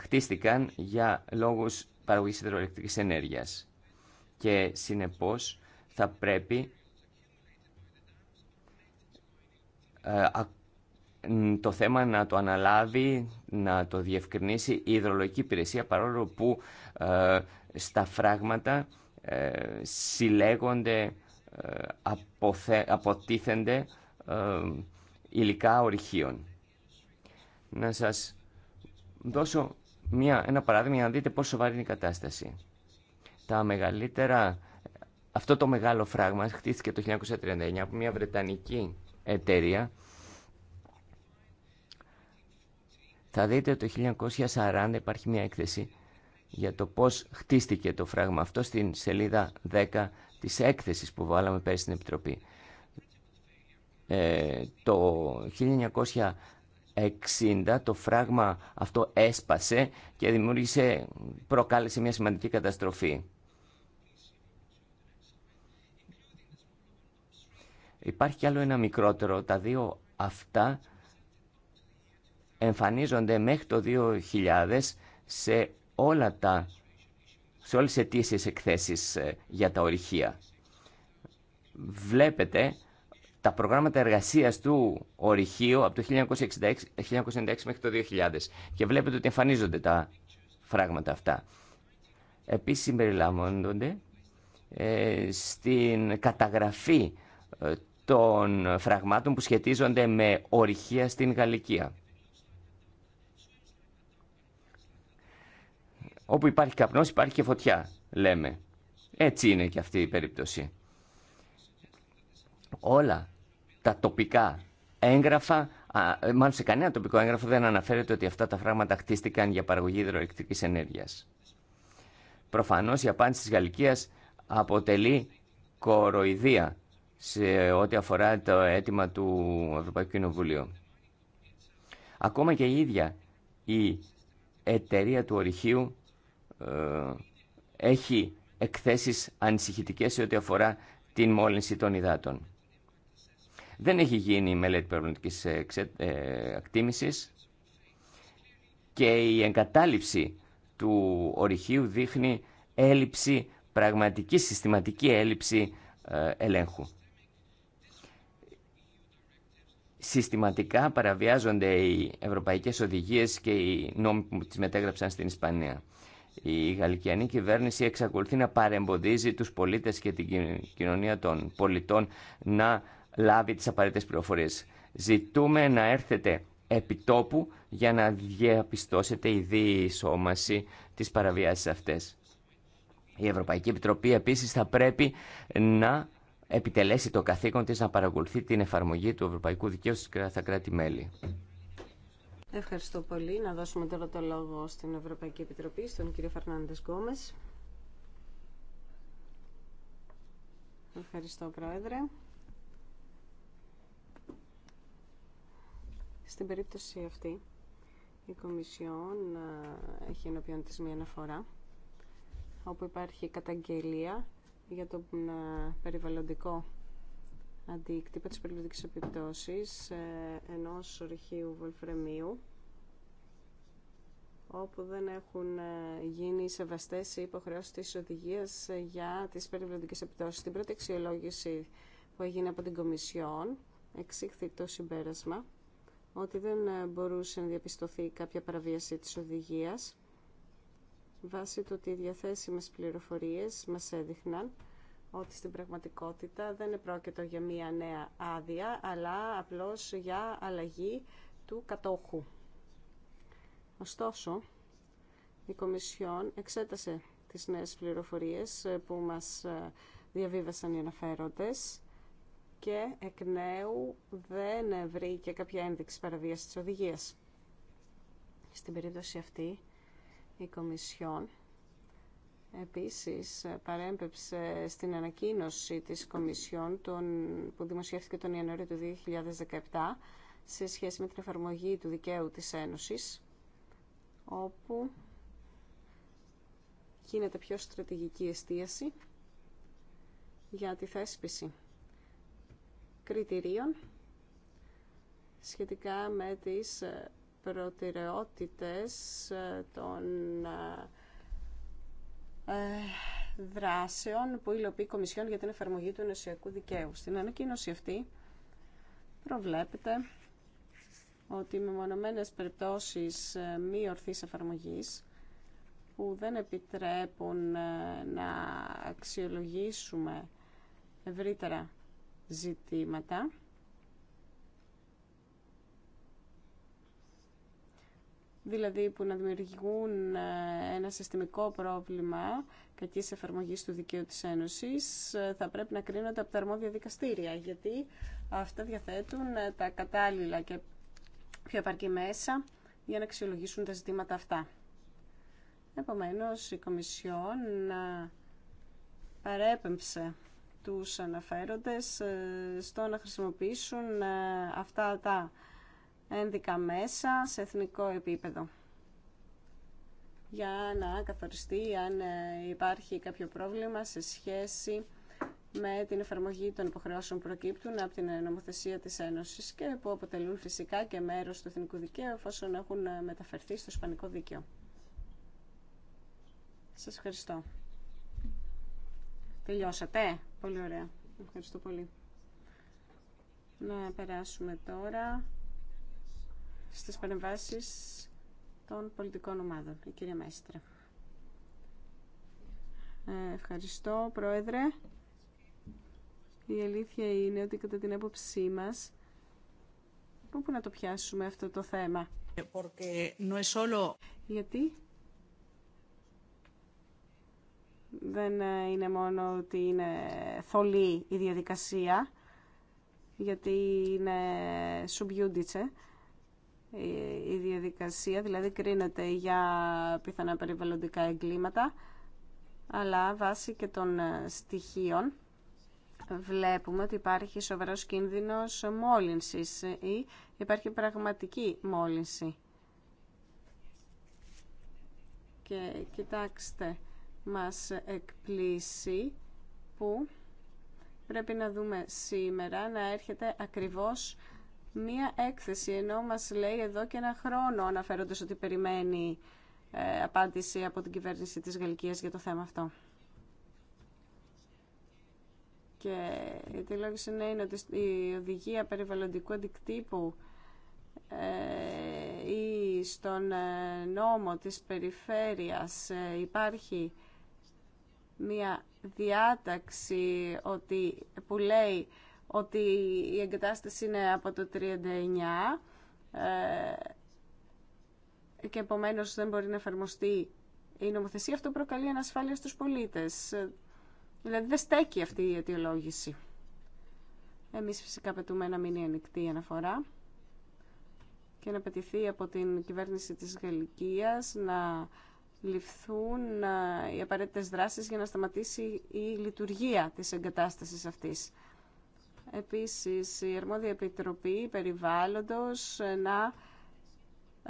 χτίστηκαν για λόγους παραγωγής υδροελεκτρικής ενέργειας και συνεπώς θα πρέπει Ε, το θέμα να το αναλάβει, να το διευκρινίσει η υδρολογική υπηρεσία παρόλο που ε, στα φράγματα ε, συλλέγονται, ε, αποτίθενται υλικά ορυχείων. Να σας δώσω μια, ένα παράδειγμα για να δείτε πόσο σοβαρή είναι η κατάσταση. Τα μεγαλύτερα, αυτό το μεγάλο φράγμα χτίστηκε το 1939 από μια Βρετανική εταιρεία, θα δείτε ότι το 1940 υπάρχει μια έκθεση για το πώς χτίστηκε το φράγμα αυτό στην σελίδα 10 της έκθεσης που βάλαμε πέρσι στην Επιτροπή. Ε, το 1960 το φράγμα αυτό έσπασε και δημιούργησε, προκάλεσε μια σημαντική καταστροφή. Υπάρχει κι άλλο ένα μικρότερο. Τα δύο αυτά εμφανίζονται μέχρι το 2000 σε, όλα τα, σε όλες τις αιτήσεις εκθέσεις ε, για τα ορυχεία. Βλέπετε τα προγράμματα εργασίας του ορυχείου από το 1966, 1996 μέχρι το 2000 και βλέπετε ότι εμφανίζονται τα φράγματα αυτά. Επίσης συμπεριλαμβάνονται ε, στην καταγραφή ε, των φραγμάτων που σχετίζονται με ορυχία στην Γαλλικία. Όπου υπάρχει καπνός υπάρχει και φωτιά, λέμε. Έτσι είναι και αυτή η περίπτωση. Όλα τα τοπικά έγγραφα, μάλλον σε κανένα τοπικό έγγραφο δεν αναφέρεται ότι αυτά τα φράγματα χτίστηκαν για παραγωγή υδροελεκτρικής ενέργειας. Προφανώς η απάντηση της Γαλλικίας αποτελεί κοροϊδία σε ό,τι αφορά το αίτημα του Ευρωπαϊκού Κοινοβουλίου. Ακόμα και η ίδια η εταιρεία του ορυχείου ε, έχει εκθέσεις ανησυχητικές σε ό,τι αφορά την μόλυνση των υδάτων. Δεν έχει γίνει μελέτη περιβαλλοντικής ε, ε, εκτίμησης και η εγκατάλειψη του ορυχείου δείχνει έλλειψη, πραγματική συστηματική έλλειψη ελέγχου συστηματικά παραβιάζονται οι ευρωπαϊκές οδηγίες και οι νόμοι που τις μετέγραψαν στην Ισπανία. Η γαλλικιανή κυβέρνηση εξακολουθεί να παρεμποδίζει τους πολίτες και την κοινωνία των πολιτών να λάβει τις απαραίτητες πληροφορίες. Ζητούμε να έρθετε επιτόπου για να διαπιστώσετε η διεισόμαση της παραβιάσης αυτές. Η Ευρωπαϊκή Επιτροπή επίσης θα πρέπει να επιτελέσει το καθήκον της να παρακολουθεί την εφαρμογή του ευρωπαϊκού δικαίου στα κράτη-μέλη. Ευχαριστώ πολύ. Να δώσουμε τώρα το λόγο στην Ευρωπαϊκή Επιτροπή, στον κύριο Φερνάντες Γκόμες. Ευχαριστώ, Πρόεδρε. Στην περίπτωση αυτή, η Κομισιόν ε, έχει ενώπιον της μία αναφορά, όπου υπάρχει καταγγελία για τον ε, περιβαλλοντικό αντίκτυπο της περιβαλλοντικής επιπτώσεις ε, ενός ορυχείου βολφρεμίου όπου δεν έχουν ε, γίνει σεβαστές οι υποχρεώσεις της οδηγίας για τις περιβαλλοντικές επιπτώσεις. Στην πρώτη αξιολόγηση που έγινε από την Κομισιόν εξήχθη το συμπέρασμα ότι δεν μπορούσε να διαπιστωθεί κάποια παραβίαση της οδηγίας βάσει του ότι οι διαθέσιμες πληροφορίες μας έδειχναν ότι στην πραγματικότητα δεν επρόκειτο για μία νέα άδεια, αλλά απλώς για αλλαγή του κατόχου. Ωστόσο, η Κομισιόν εξέτασε τις νέες πληροφορίες που μας ε, διαβίβασαν οι αναφέροντες και εκ νέου δεν βρήκε κάποια ένδειξη παραβίασης της οδηγίας. Στην περίπτωση αυτή, η Κομισιόν επίσης παρέμπεψε στην ανακοίνωση της Κομισιόν που δημοσιεύθηκε τον Ιανουάριο του 2017 σε σχέση με την εφαρμογή του δικαίου της Ένωσης όπου γίνεται πιο στρατηγική εστίαση για τη θέσπιση κριτηρίων σχετικά με τις ε, προτεραιότητες ε, των ε, ε, δράσεων που υλοποιεί η Κομισιόν για την εφαρμογή του ενωσιακού δικαίου. Στην ανακοίνωση αυτή προβλέπεται ότι με μονομένες περιπτώσεις μη ορθής εφαρμογής που δεν επιτρέπουν να αξιολογήσουμε ευρύτερα ζητήματα δηλαδή που να δημιουργούν ε, ένα συστημικό πρόβλημα κακή εφαρμογή του δικαίου της Ένωσης, ε, θα πρέπει να κρίνονται από τα αρμόδια δικαστήρια, γιατί αυτά διαθέτουν ε, τα κατάλληλα και πιο επαρκή μέσα για να αξιολογήσουν τα ζητήματα αυτά. Επομένως, η Κομισιόν παρέπεμψε τους αναφέροντες στο να χρησιμοποιήσουν αυτά τα ένδικα μέσα σε εθνικό επίπεδο για να καθοριστεί αν ε, υπάρχει κάποιο πρόβλημα σε σχέση με την εφαρμογή των υποχρεώσεων που προκύπτουν από την ε, νομοθεσία της Ένωσης και που αποτελούν φυσικά και μέρος του εθνικού δικαίου εφόσον έχουν ε, μεταφερθεί στο ισπανικό δίκαιο. Σας ευχαριστώ. Τελειώσατε. Πολύ ωραία. Ευχαριστώ πολύ. Να περάσουμε τώρα στις παρεμβάσεις των πολιτικών ομάδων. Η κυρία Μέστρα. Ε, ευχαριστώ, Πρόεδρε. Η αλήθεια είναι ότι κατά την έποψή μας, πού να το πιάσουμε αυτό το θέμα. Γιατί δεν ε, είναι μόνο ότι είναι θολή η διαδικασία, γιατί είναι σουμπιούντιτσε, η διαδικασία, δηλαδή κρίνεται για πιθανά περιβαλλοντικά εγκλήματα, αλλά βάσει και των ε, στοιχείων βλέπουμε ότι υπάρχει σοβαρός κίνδυνος μόλυνσης ή υπάρχει πραγματική μόλυνση. Και κοιτάξτε, μας εκπλήσει που πρέπει να δούμε σήμερα να έρχεται ακριβώς μία έκθεση, ενώ μας λέει εδώ και ένα χρόνο αναφέροντας ότι περιμένει ε, απάντηση από την κυβέρνηση της Γαλλικίας για το θέμα αυτό. Και η τηλόγηση ναι, είναι ότι η οδηγία περιβαλλοντικού αντικτύπου ε, ή στον ε, νόμο της περιφέρειας υπάρχει μία διάταξη ότι, που λέει ότι η εγκατάσταση είναι από το 39 ε, και επομένως δεν μπορεί να εφαρμοστεί η νομοθεσία, αυτό προκαλεί ανασφάλεια στους πολίτες. Δηλαδή δεν στέκει αυτή η αιτιολόγηση. Εμείς φυσικά πετούμε να είναι ανοιχτή αναφορά και να πετηθεί από την κυβέρνηση της Γαλλικίας να ληφθούν ε, οι απαραίτητες δράσεις για να σταματήσει η λειτουργία της εγκατάστασης αυτής επίσης η Ερμόδια Επιτροπή Περιβάλλοντος να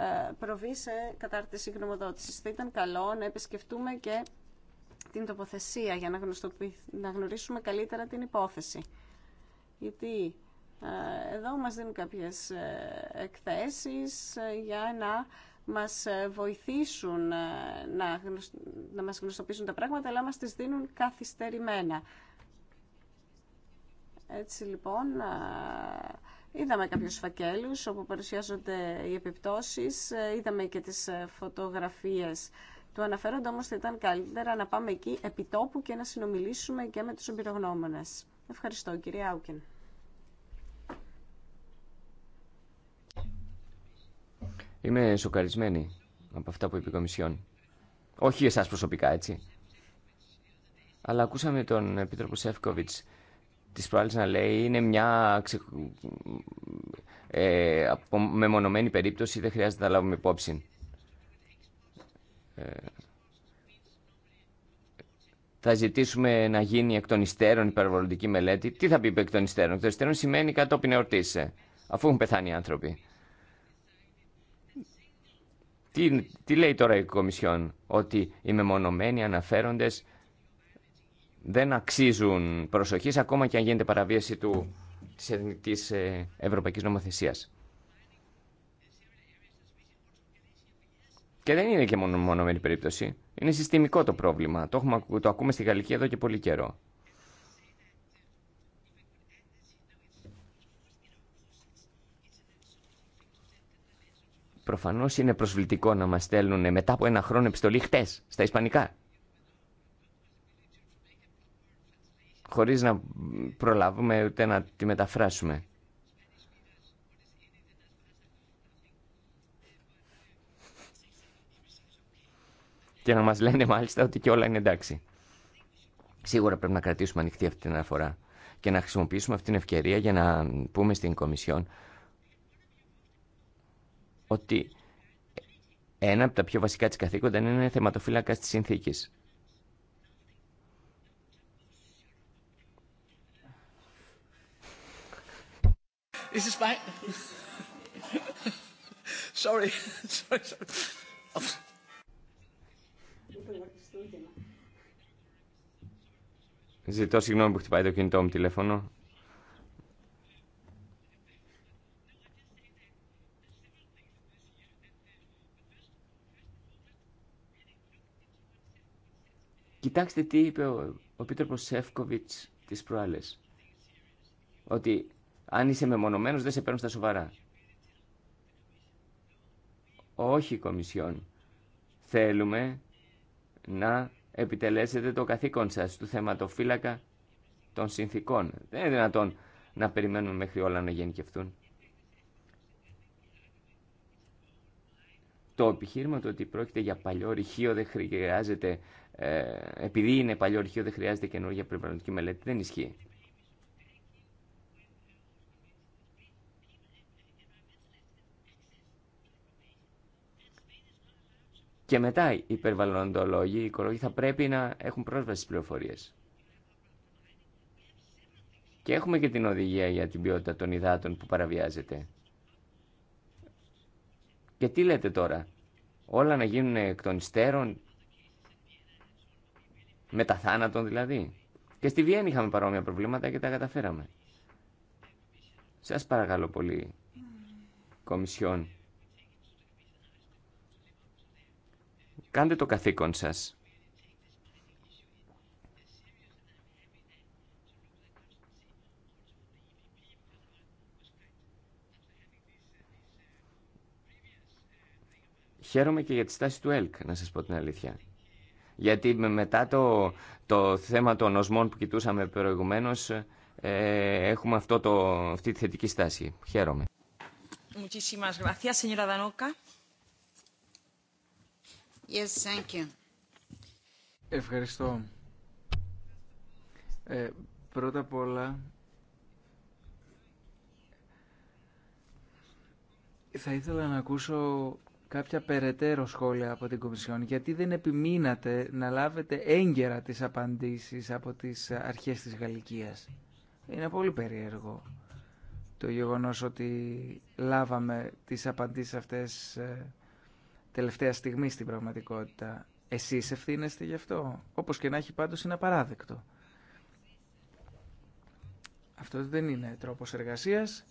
ε, προβεί σε κατάρτιση γνωμοδότησης. Θα ήταν καλό να επισκεφτούμε και την τοποθεσία για να, να γνωρίσουμε καλύτερα την υπόθεση. Γιατί ε, εδώ μας δίνουν κάποιες ε, εκθέσεις για να μας βοηθήσουν να, να μας γνωστοποιήσουν τα πράγματα, αλλά μας τις δίνουν καθυστερημένα. Έτσι λοιπόν, είδαμε κάποιους φακέλους όπου παρουσιάζονται οι επιπτώσεις, είδαμε και τις φωτογραφίες του αναφέροντα όμως ότι ήταν καλύτερα να πάμε εκεί επιτόπου και να συνομιλήσουμε και με τους εμπειρογνώμονες. Ευχαριστώ κύριε Άουκεν. Είμαι σοκαρισμένη από αυτά που είπε η Κομισιόν. Όχι εσάς προσωπικά, έτσι. Αλλά ακούσαμε τον Επίτροπο Σεύκοβιτς Τη προάλλη να λέει είναι μια ε, μεμονωμένη περίπτωση, δεν χρειάζεται να λάβουμε υπόψη. Ε, θα ζητήσουμε να γίνει εκ των υστέρων υπερβολοντική μελέτη. Τι θα πει εκ των υστέρων. Εκ των υστέρων σημαίνει κατόπιν εορτής, ε, αφού έχουν πεθάνει οι άνθρωποι. Τι, τι λέει τώρα η Κομισιόν, ότι οι μεμονωμένοι αναφέροντες δεν αξίζουν προσοχής ακόμα και αν γίνεται παραβίαση του, της, της ε, ευρωπαϊκής νομοθεσίας. Και δεν είναι και μόνο την περίπτωση. Είναι συστημικό το πρόβλημα. Το, έχουμε, το ακούμε στη Γαλλική εδώ και πολύ καιρό. Προφανώς είναι προσβλητικό να μας στέλνουν μετά από ένα χρόνο επιστολή χτες στα Ισπανικά. χωρίς να προλάβουμε ούτε να τη μεταφράσουμε. Και να μας λένε μάλιστα ότι και όλα είναι εντάξει. Σίγουρα πρέπει να κρατήσουμε ανοιχτή αυτή την αναφορά και να χρησιμοποιήσουμε αυτή την ευκαιρία για να πούμε στην Κομισιόν ότι ένα από τα πιο βασικά της καθήκοντα είναι θεματοφύλακα της συνθήκης. Is this back? sorry. sorry, sorry. Ζητώ συγγνώμη που χτυπάει το κινητό μου τηλέφωνο. Κοιτάξτε τι είπε ο, ο Πίτροπος Σεύκοβιτς τις προάλλες. Ότι αν είσαι μεμονωμένος δεν σε παίρνουν στα σοβαρά. Όχι Κομισιόν. Θέλουμε να επιτελέσετε το καθήκον σας του θεματοφύλακα των συνθήκων. Δεν είναι δυνατόν να περιμένουμε μέχρι όλα να γενικευτούν. Το επιχείρημα το ότι πρόκειται για παλιό ρηχείο δεν χρειάζεται, ε, επειδή είναι παλιό ρηχείο δεν χρειάζεται καινούργια περιβαλλοντική μελέτη, δεν ισχύει. Και μετά οι υπερβαλλοντολόγοι, οι οικολόγοι θα πρέπει να έχουν πρόσβαση στις πληροφορίες. Και έχουμε και την οδηγία για την ποιότητα των υδάτων που παραβιάζεται. Και τι λέτε τώρα, όλα να γίνουν εκ των υστέρων, τα θάνατον δηλαδή. Και στη Βιέννη είχαμε παρόμοια προβλήματα και τα καταφέραμε. Σας παρακαλώ πολύ, Κομισιόν, Κάντε το καθήκον σας. Χαίρομαι και για τη στάση του ΕΛΚ, να σας πω την αλήθεια. Γιατί μετά το, το θέμα των οσμών που κοιτούσαμε προηγουμένως, ε, έχουμε αυτό το, αυτή τη θετική στάση. Χαίρομαι. Muchísimas gracias, señora Ευχαριστώ. Ε, πρώτα απ' όλα, θα ήθελα να ακούσω κάποια περαιτέρω σχόλια από την Κομισιόν. Γιατί δεν επιμείνατε να λάβετε έγκαιρα τις απαντήσεις από τις αρχές της Γαλλικίας. Είναι πολύ περίεργο το γεγονός ότι λάβαμε τις απαντήσεις αυτές ε, τελευταία στιγμή στην πραγματικότητα. Εσείς ευθύνεστε γι' αυτό. Όπως και να έχει πάντω είναι απαράδεκτο. Αυτό δεν είναι τρόπος εργασίας.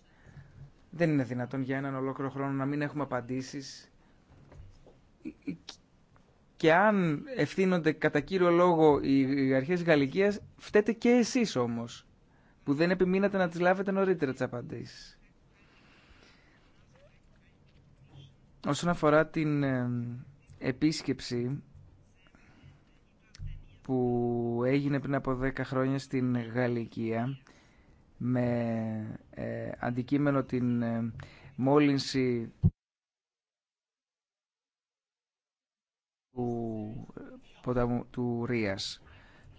Δεν είναι δυνατόν για έναν ολόκληρο χρόνο να μην έχουμε απαντήσεις. Και αν ευθύνονται κατά κύριο λόγο οι αρχέ Γαλλικία, φταίτε και εσείς όμως, που δεν επιμείνατε να τι λάβετε νωρίτερα τι απαντήσει. Όσον αφορά την ε, επίσκεψη που έγινε πριν από 10 χρόνια στην Γαλλικία με ε, αντικείμενο την ε, μόλυνση του ποταμού του Ρίας.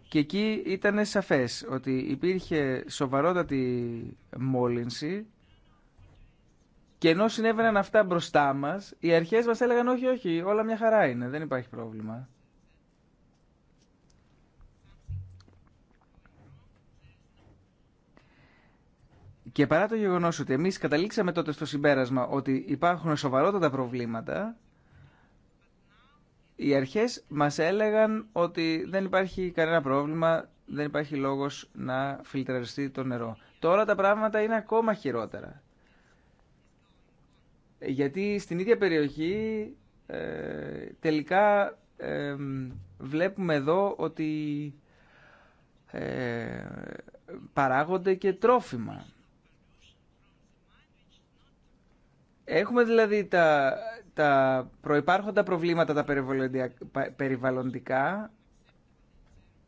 Και εκεί ήταν σαφές ότι υπήρχε σοβαρότατη μόλυνση και ενώ συνέβαιναν αυτά μπροστά μας, οι αρχές μας έλεγαν όχι, όχι, όλα μια χαρά είναι, δεν υπάρχει πρόβλημα. Και παρά το γεγονός ότι εμείς καταλήξαμε τότε στο συμπέρασμα ότι υπάρχουν σοβαρότατα προβλήματα, οι αρχές μας έλεγαν ότι δεν υπάρχει κανένα πρόβλημα, δεν υπάρχει λόγος να φιλτραριστεί το νερό. Τώρα τα πράγματα είναι ακόμα χειρότερα. Γιατί στην ίδια περιοχή ε, τελικά ε, βλέπουμε εδώ ότι ε, παράγονται και τρόφιμα. Έχουμε δηλαδή τα, τα προϋπάρχοντα προβλήματα τα περιβαλλοντικά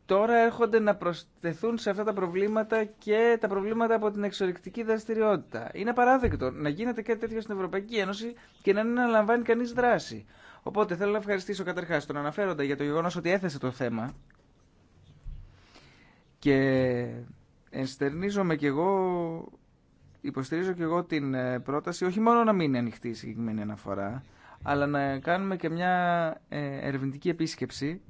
τώρα έρχονται να προσθεθούν σε αυτά τα προβλήματα και τα προβλήματα από την εξορρυκτική δραστηριότητα. Είναι απαράδεκτο να γίνεται κάτι τέτοιο στην Ευρωπαϊκή Ένωση και να μην αναλαμβάνει κανεί δράση. Οπότε θέλω να ευχαριστήσω καταρχά τον αναφέροντα για το γεγονό ότι έθεσε το θέμα. Και ενστερνίζομαι κι εγώ, υποστηρίζω κι εγώ την ε, πρόταση, όχι μόνο να μην είναι ανοιχτή η συγκεκριμένη αναφορά, αλλά να κάνουμε και μια ε, ερευνητική επίσκεψη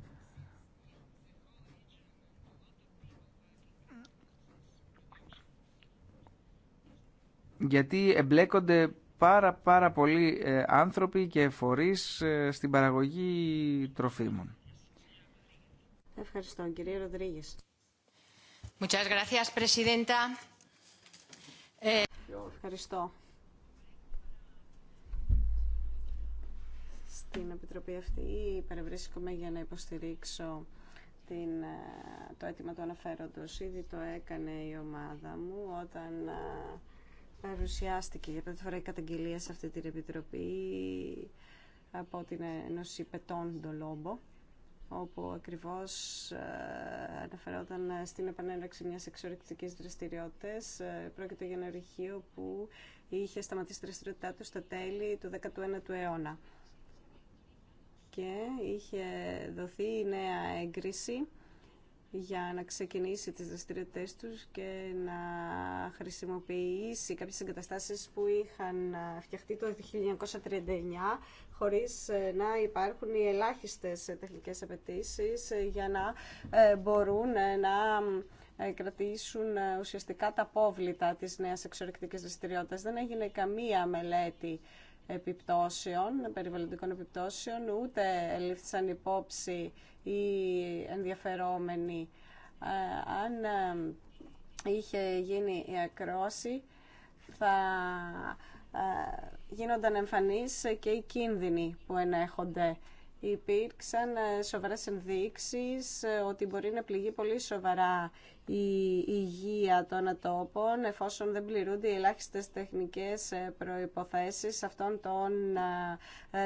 γιατί εμπλέκονται πάρα πάρα πολλοί ε, άνθρωποι και φορείς ε, στην παραγωγή τροφίμων. Ευχαριστώ κύριε Ροδρίγης. Muchas gracias, Presidenta. Ε, Ευχαριστώ. Στην Επιτροπή αυτή παρευρίσκομαι για να υποστηρίξω την, το αίτημα του αναφέροντος. Ήδη το έκανε η ομάδα μου όταν παρουσιάστηκε για πρώτη φορά η καταγγελία σε αυτή την επιτροπή από την Ένωση Πετών Ντολόμπο όπου ακριβώς ε, αναφερόταν στην επανέναρξη μιας εξορρυκτικής δραστηριότητας. Ε, πρόκειται για ένα ρηχείο που είχε σταματήσει τη δραστηριότητά του στα τέλη του 19ου αιώνα και είχε δοθεί η νέα έγκριση για να ξεκινήσει τις δραστηριότητε τους και να χρησιμοποιήσει κάποιες εγκαταστάσεις που είχαν ε, φτιαχτεί το 1939 χωρίς ε, να υπάρχουν οι ελάχιστες τεχνικές απαιτήσει ε, για να μπορούν να κρατήσουν ουσιαστικά τα πόβλητα της νέας εξορρυκτικής δραστηριότητα. Δεν έγινε καμία μελέτη επιπτώσεων, περιβαλλοντικών επιπτώσεων, ούτε λήφθησαν υπόψη οι ενδιαφερόμενοι. Ε, αν ε, είχε γίνει η ακρόση, θα ε, γίνονταν εμφανείς και οι κίνδυνοι που ενέχονται υπήρξαν ε, σοβαρές ενδείξεις ε, ότι μπορεί να πληγεί πολύ σοβαρά η υγεία των ατόπων εφόσον δεν πληρούνται οι ελάχιστες τεχνικές ε, προϋποθέσεις αυτών των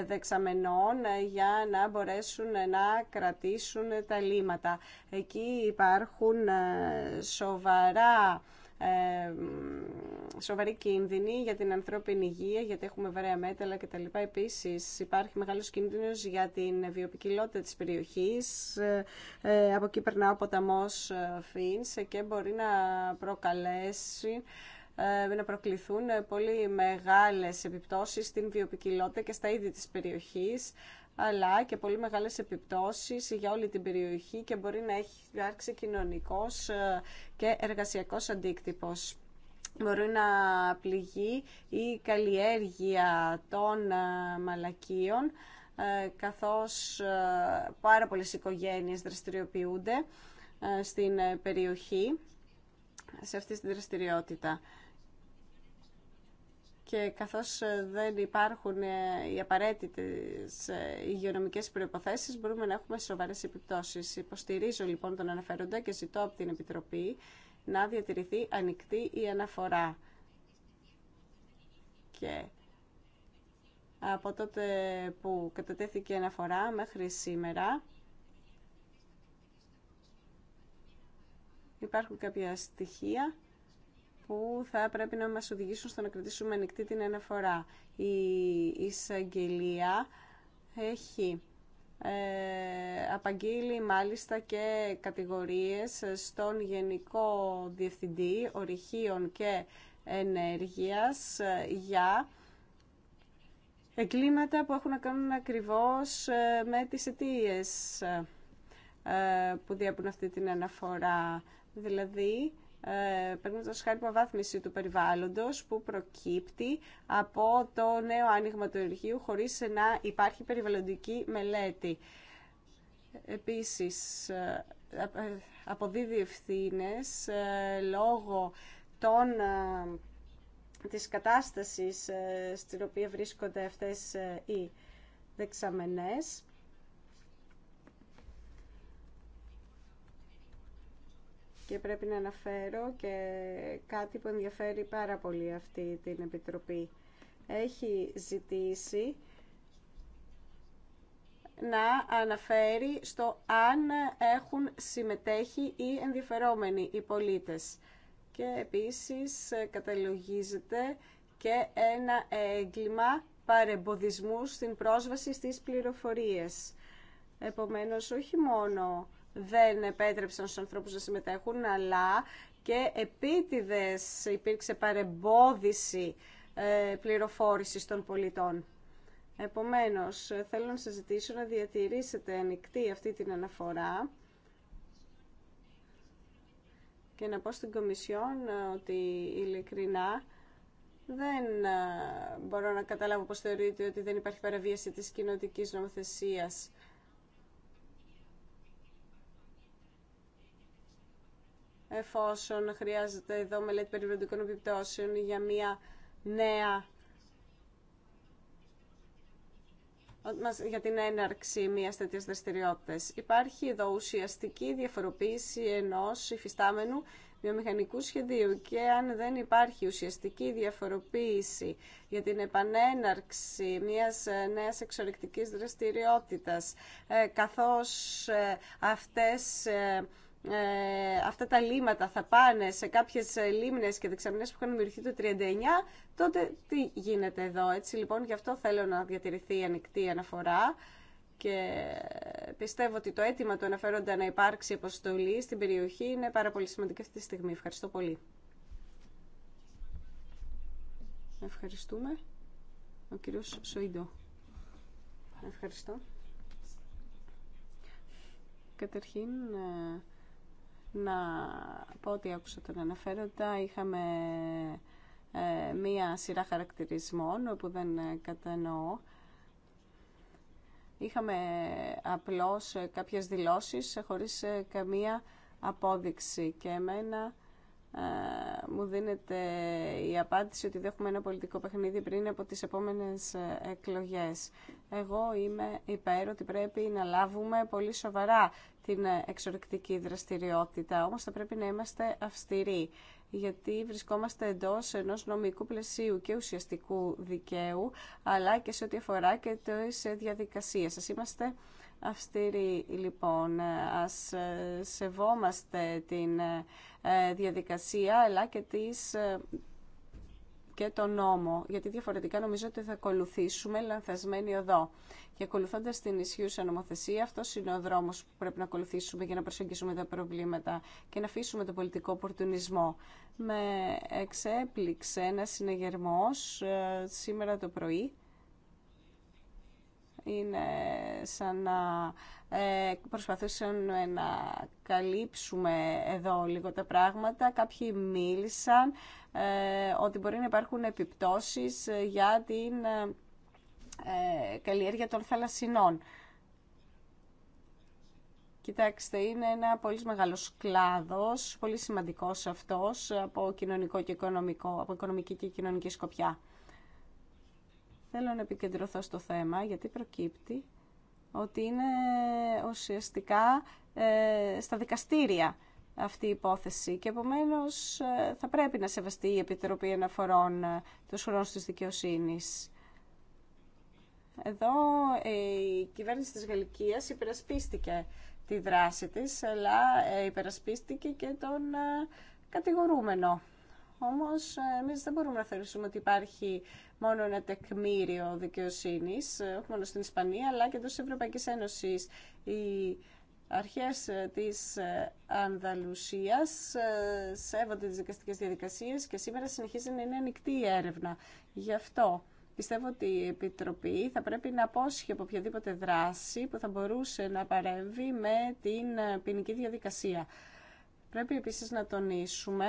δεξαμενών για να μπορέσουν να κρατήσουν τα λύματα. Εκεί υπάρχουν σοβαρά σοβαρή κίνδυνοι για την ανθρώπινη υγεία, γιατί έχουμε βαρέα μέταλλα κτλ. Επίσης υπάρχει μεγάλο κίνδυνο για την βιοπικιλότητα της περιοχής. Ε, ε, από εκεί περνά ο ποταμό ε, Φίνς και μπορεί να προκαλέσει να προκληθούν πολύ μεγάλες επιπτώσεις στην βιοπικιλότητα και στα είδη της περιοχής αλλά και πολύ μεγάλες επιπτώσεις για όλη την περιοχή και μπορεί να έχει υπάρξει κοινωνικός ε, και εργασιακός αντίκτυπος. Μπορεί να πληγεί η καλλιέργεια των ε, μαλακίων, ε, καθώς πάρα πολλές οικογένειες δραστηριοποιούνται στην περιοχή σε αυτή τη δραστηριότητα και καθώς ε, δεν υπάρχουν ε, οι απαραίτητες ε, υγειονομικές προϋποθέσεις μπορούμε να έχουμε σοβαρές επιπτώσεις. Υποστηρίζω λοιπόν τον αναφέροντα και ζητώ από την Επιτροπή να διατηρηθεί ανοιχτή η αναφορά. Και από τότε που κατατέθηκε η αναφορά μέχρι σήμερα υπάρχουν κάποια στοιχεία που θα πρέπει να μας οδηγήσουν στο να κρατήσουμε ανοιχτή την αναφορά. Η εισαγγελία έχει ε, απαγγείλει μάλιστα και κατηγορίες στον Γενικό Διευθυντή Ορυχείων και Ενέργειας για εγκλήματα που έχουν να κάνουν ακριβώς ε, με τις αιτίε ε, που διέπουν αυτή την αναφορά. Δηλαδή, ε, παίρνοντα χάρη αβάθμιση του περιβάλλοντο που προκύπτει από το νέο άνοιγμα του εργείου χωρί να υπάρχει περιβαλλοντική μελέτη. Επίση, ε, ε, αποδίδει ευθύνε λόγω των της κατάστασης στην οποία βρίσκονται αυτές οι δεξαμενές και πρέπει να αναφέρω και κάτι που ενδιαφέρει πάρα πολύ αυτή την Επιτροπή. Έχει ζητήσει να αναφέρει στο αν έχουν συμμετέχει ή ενδιαφερόμενοι οι πολίτες. Και επίσης ε, καταλογίζεται και ένα έγκλημα παρεμποδισμού στην πρόσβαση στις πληροφορίες. Επομένως, όχι μόνο δεν επέτρεψαν στους ανθρώπους να συμμετέχουν, αλλά και επίτηδες υπήρξε παρεμπόδιση ε, πληροφόρησης των πολιτών. Επομένως, ε, θέλω να σας ζητήσω να διατηρήσετε ανοιχτή αυτή την αναφορά και να πω στην Κομισιόν ε, ότι ειλικρινά δεν μπορώ να καταλάβω πως θεωρείτε ότι δεν υπάρχει παραβίαση της κοινωτικής νομοθεσίας εφόσον χρειάζεται εδώ μελέτη περιβαλλοντικών επιπτώσεων για μια νέα για την έναρξη μια τέτοια δραστηριότητα. Υπάρχει εδώ ουσιαστική διαφοροποίηση ενό υφιστάμενου βιομηχανικού σχεδίου και αν δεν υπάρχει ουσιαστική διαφοροποίηση για την επανέναρξη μιας ε, νέας εξορρεκτικής δραστηριότητας ε, καθώς ε, αυτές ε, αυτά τα λίμματα θα πάνε σε κάποιες ε, λίμνες και δεξαμενές που έχουν δημιουργηθεί το 39, τότε τι γίνεται εδώ. Έτσι λοιπόν γι' αυτό θέλω να διατηρηθεί η ανοιχτή αναφορά και πιστεύω ότι το αίτημα του αναφέροντα να υπάρξει αποστολή στην περιοχή είναι πάρα πολύ σημαντικό αυτή τη στιγμή. Ευχαριστώ πολύ. Ευχαριστούμε. Ο κύριος Σοϊντό. Ευχαριστώ. Καταρχήν, ε, να πω ότι άκουσα τον αναφέροντα. Είχαμε ε, μία σειρά χαρακτηρισμών που δεν ε, κατανοώ. Είχαμε απλώς ε, κάποιες δηλώσεις χωρίς καμία απόδειξη και εμένα μου δίνεται η απάντηση ότι δεν έχουμε ένα πολιτικό παιχνίδι πριν από τις επόμενες εκλογές. Εγώ είμαι υπέρ ότι πρέπει να λάβουμε πολύ σοβαρά την εξορρυκτική δραστηριότητα. Όμως θα πρέπει να είμαστε αυστηροί, γιατί βρισκόμαστε εντός ενός νομικού πλαισίου και ουσιαστικού δικαίου, αλλά και σε ό,τι αφορά και τις διαδικασίες. Σας είμαστε αυστηροί, λοιπόν. Ας ε, σεβόμαστε την ε, διαδικασία, αλλά και τις ε, και τον νόμο, γιατί διαφορετικά νομίζω ότι θα ακολουθήσουμε λανθασμένη οδό. Και ακολουθώντα την ισχύουσα νομοθεσία, αυτό είναι ο δρόμο που πρέπει να ακολουθήσουμε για να προσεγγίσουμε τα προβλήματα και να αφήσουμε τον πολιτικό πορτουνισμό. Με εξέπληξε ένα συνεγερμό ε, σήμερα το πρωί είναι σαν να ε, προσπαθούσαμε να καλύψουμε εδώ λίγο τα πράγματα. Κάποιοι μίλησαν ε, ότι μπορεί να υπάρχουν επιπτώσεις για την ε, καλλιέργεια των θαλασσινών. Κοιτάξτε, είναι ένα πολύ μεγάλο κλάδος, πολύ σημαντικός αυτός από κοινωνικό και οικονομικό, από οικονομική και κοινωνική σκοπιά. Θέλω να επικεντρωθώ στο θέμα γιατί προκύπτει ότι είναι ουσιαστικά ε, στα δικαστήρια αυτή η υπόθεση και επομένως ε, θα πρέπει να σεβαστεί η Επιτροπή Αναφορών ε, του χρόνου της δικαιοσύνης. Εδώ η κυβέρνηση της Γαλλικίας υπερασπίστηκε τη δράση της, αλλά υπερασπίστηκε και τον κατηγορούμενο. Όμως εμείς δεν μπορούμε να θεωρήσουμε ότι υπάρχει μόνο ένα τεκμήριο δικαιοσύνης, ε, όχι μόνο στην Ισπανία, αλλά και εντός της Ευρωπαϊκής Ένωσης. Οι αρχές ε, της ε, Ανδαλουσίας σέβονται τις δικαστικές διαδικασίες και σήμερα συνεχίζει να είναι ανοιχτή η έρευνα. Γι' αυτό πιστεύω ότι η Επιτροπή θα πρέπει να απόσχει από οποιαδήποτε δράση που θα μπορούσε να παρέμβει με την ποινική διαδικασία. Πρέπει επίσης να τονίσουμε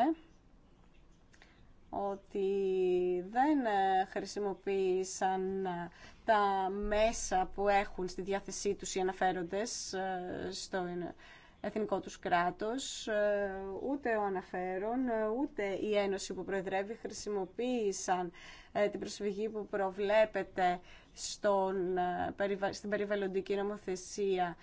ότι δεν ε, χρησιμοποίησαν ε, τα μέσα που έχουν στη διάθεσή τους οι αναφέροντες ε, στο εθνικό τους κράτος, ούτε ο αναφέρον, ούτε η Ένωση που προεδρεύει χρησιμοποίησαν την προσφυγή που προβλέπεται στον, στην περιβαλλοντική νομοθεσία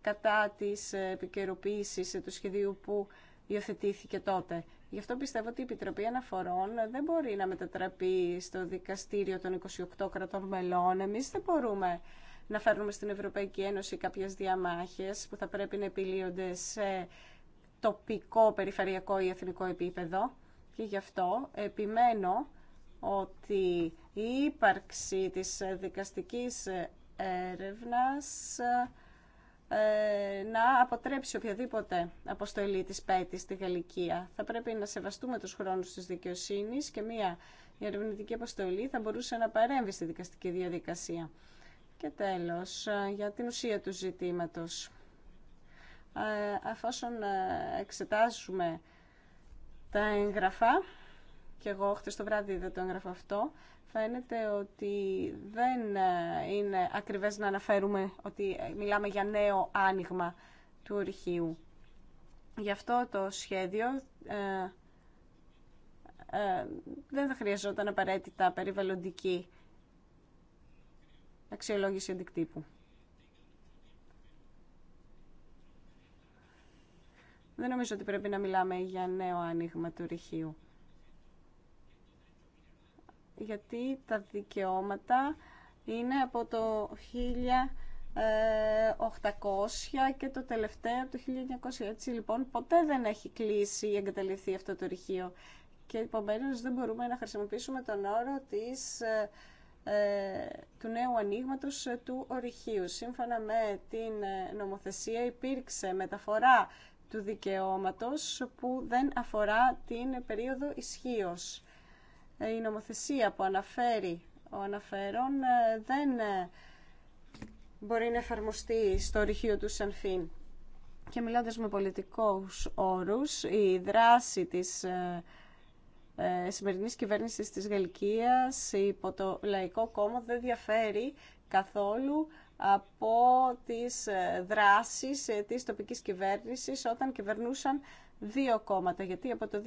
κατά της επικαιροποίησης του σχεδίου που υιοθετήθηκε τότε. Γι' αυτό πιστεύω ότι η Επιτροπή Αναφορών δεν μπορεί να μετατραπεί στο δικαστήριο των 28 κρατών μελών. Εμείς δεν μπορούμε να φέρνουμε στην Ευρωπαϊκή Ένωση κάποιες διαμάχες που θα πρέπει να επιλύονται σε τοπικό, περιφερειακό ή εθνικό επίπεδο. Και γι' αυτό επιμένω ότι η ύπαρξη της δικαστικής έρευνας ε, να αποτρέψει οποιαδήποτε αποστολή της ΠΕΤΗ στη Γαλλικία. Θα πρέπει να σεβαστούμε τους χρόνους της δικαιοσύνης και μία ερευνητική αποστολή θα μπορούσε να παρέμβει στη δικαστική διαδικασία. Και τέλος, ε, για την ουσία του ζητήματος. Ε, αφόσον εξετάζουμε τα έγγραφα, και εγώ χτες το βράδυ είδα το έγγραφο αυτό, Φαίνεται ότι δεν ε, είναι ακριβές να αναφέρουμε ότι ε, μιλάμε για νέο άνοιγμα του ορυχείου. Γι' αυτό το σχέδιο ε, ε, δεν θα χρειαζόταν απαραίτητα περιβαλλοντική αξιολόγηση αντικτύπου. Δεν νομίζω ότι πρέπει να μιλάμε για νέο άνοιγμα του ρηχείου γιατί τα δικαιώματα είναι από το 1800 ε, και το τελευταίο από το 1900. Έτσι λοιπόν ποτέ δεν έχει κλείσει ή εγκαταλειφθεί αυτό το ρηχείο. Και επομένω δεν μπορούμε να χρησιμοποιήσουμε τον όρο της, ε, ε, του νέου ανοίγματο του ορυχείου. Σύμφωνα με την νομοθεσία υπήρξε μεταφορά του δικαιώματος που δεν αφορά την περίοδο ισχύως. Ε, η νομοθεσία που αναφέρει ο αναφέρον ε, δεν ε, μπορεί να εφαρμοστεί στο ρηχείο του Σανφίν. Και μιλώντας με πολιτικούς όρους, η δράση της σημερινής κυβέρνησης της Γαλλικίας υπό το Λαϊκό Κόμμα δεν διαφέρει καθόλου από τις δράσεις της τοπικής κυβέρνησης όταν κυβερνούσαν δύο κόμματα, γιατί από το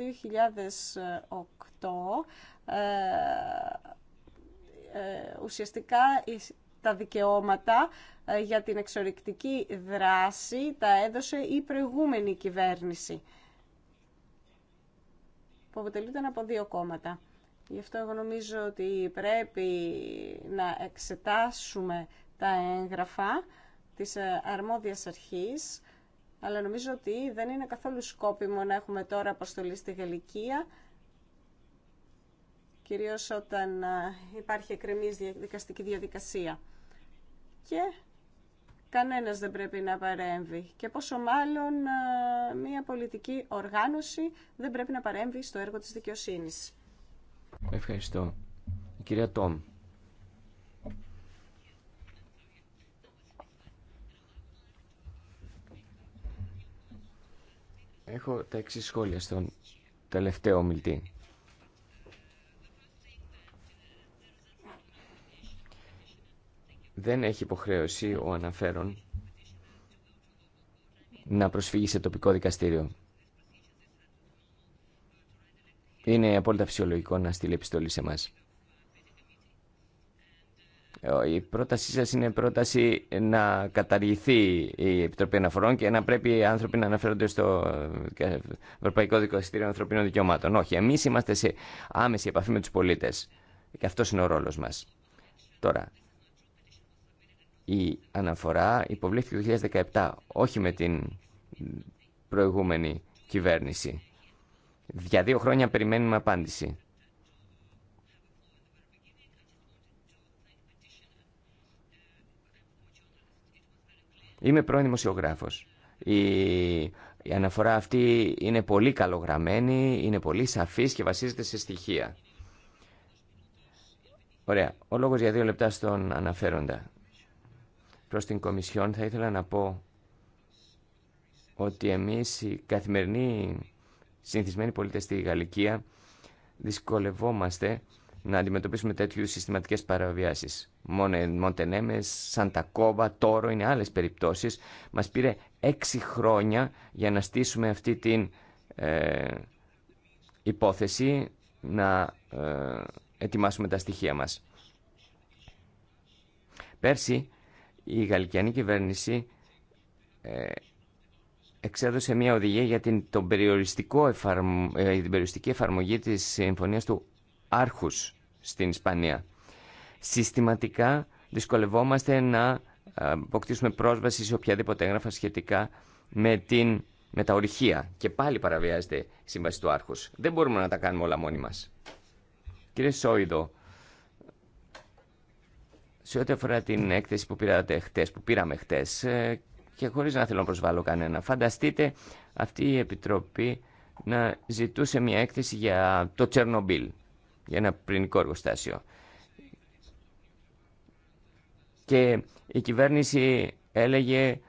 2008 ε, ε, ουσιαστικά τα δικαιώματα ε, για την εξορρυκτική δράση τα έδωσε η προηγούμενη κυβέρνηση που αποτελούνταν από δύο κόμματα. Γι' αυτό εγώ νομίζω ότι πρέπει να εξετάσουμε τα έγγραφα της ε, αρμόδιας αρχής αλλά νομίζω ότι δεν είναι καθόλου σκόπιμο να έχουμε τώρα αποστολή στη Γαλλικία, κυρίως όταν υπάρχει εκκρεμής δικαστική διαδικασία. Και κανένας δεν πρέπει να παρέμβει. Και πόσο μάλλον μια πολιτική οργάνωση δεν πρέπει να παρέμβει στο έργο της δικαιοσύνης. Ευχαριστώ. κυρία Τόμ. Έχω τα εξή σχόλια στον τελευταίο ομιλητή. Δεν έχει υποχρέωση ο αναφέρον να προσφύγει σε τοπικό δικαστήριο. Είναι απόλυτα φυσιολογικό να στείλει επιστολή σε μας. Ε, η πρότασή σας είναι πρόταση να καταργηθεί η Επιτροπή Αναφορών και να πρέπει οι άνθρωποι να αναφέρονται στο ε, Ευρωπαϊκό Δικαστήριο Ανθρωπίνων Δικαιωμάτων. Όχι, εμείς είμαστε σε άμεση επαφή με τους πολίτες και αυτός είναι ο ρόλος μας. Τώρα, η αναφορά υποβλήθηκε το 2017, όχι με την προηγούμενη κυβέρνηση. Για δύο χρόνια περιμένουμε απάντηση. Είμαι πρώην δημοσιογράφο. Η, αναφορά αυτή είναι πολύ καλογραμμένη, είναι πολύ σαφής και βασίζεται σε στοιχεία. Ωραία. Ο λόγος για δύο λεπτά στον αναφέροντα. Προ την Κομισιόν θα ήθελα να πω ότι εμείς οι καθημερινοί συνηθισμένοι πολίτε στη Γαλλικία δυσκολευόμαστε να αντιμετωπίσουμε τέτοιου συστηματικές παραβιάσεις. Μοντενέμε, Σαντακόβα, Τόρο είναι άλλε περιπτώσει, Μας πήρε έξι χρόνια για να στήσουμε αυτή την ε, υπόθεση, να ε, ετοιμάσουμε τα στοιχεία μας. Πέρσι η γαλλικιανή κυβέρνηση ε, εξέδωσε μια οδηγία για την, τον περιοριστικό εφαρμο, ε, περιοριστική εφαρμογή της συμφωνίας του άρχους στην Ισπανία. Συστηματικά δυσκολευόμαστε να ε, αποκτήσουμε πρόσβαση σε οποιαδήποτε έγγραφα σχετικά με, την, με τα ορυχεία. Και πάλι παραβιάζεται η σύμβαση του άρχους. Δεν μπορούμε να τα κάνουμε όλα μόνοι μας. Κύριε Σόιδο, σε ό,τι αφορά την έκθεση που, πήρατε χτες, που πήραμε χτες ε, και χωρίς να θέλω να προσβάλλω κανένα, φανταστείτε αυτή η Επιτροπή να ζητούσε μια έκθεση για το Τσερνομπίλ για ένα πυρηνικό εργοστάσιο. Και η κυβέρνηση έλεγε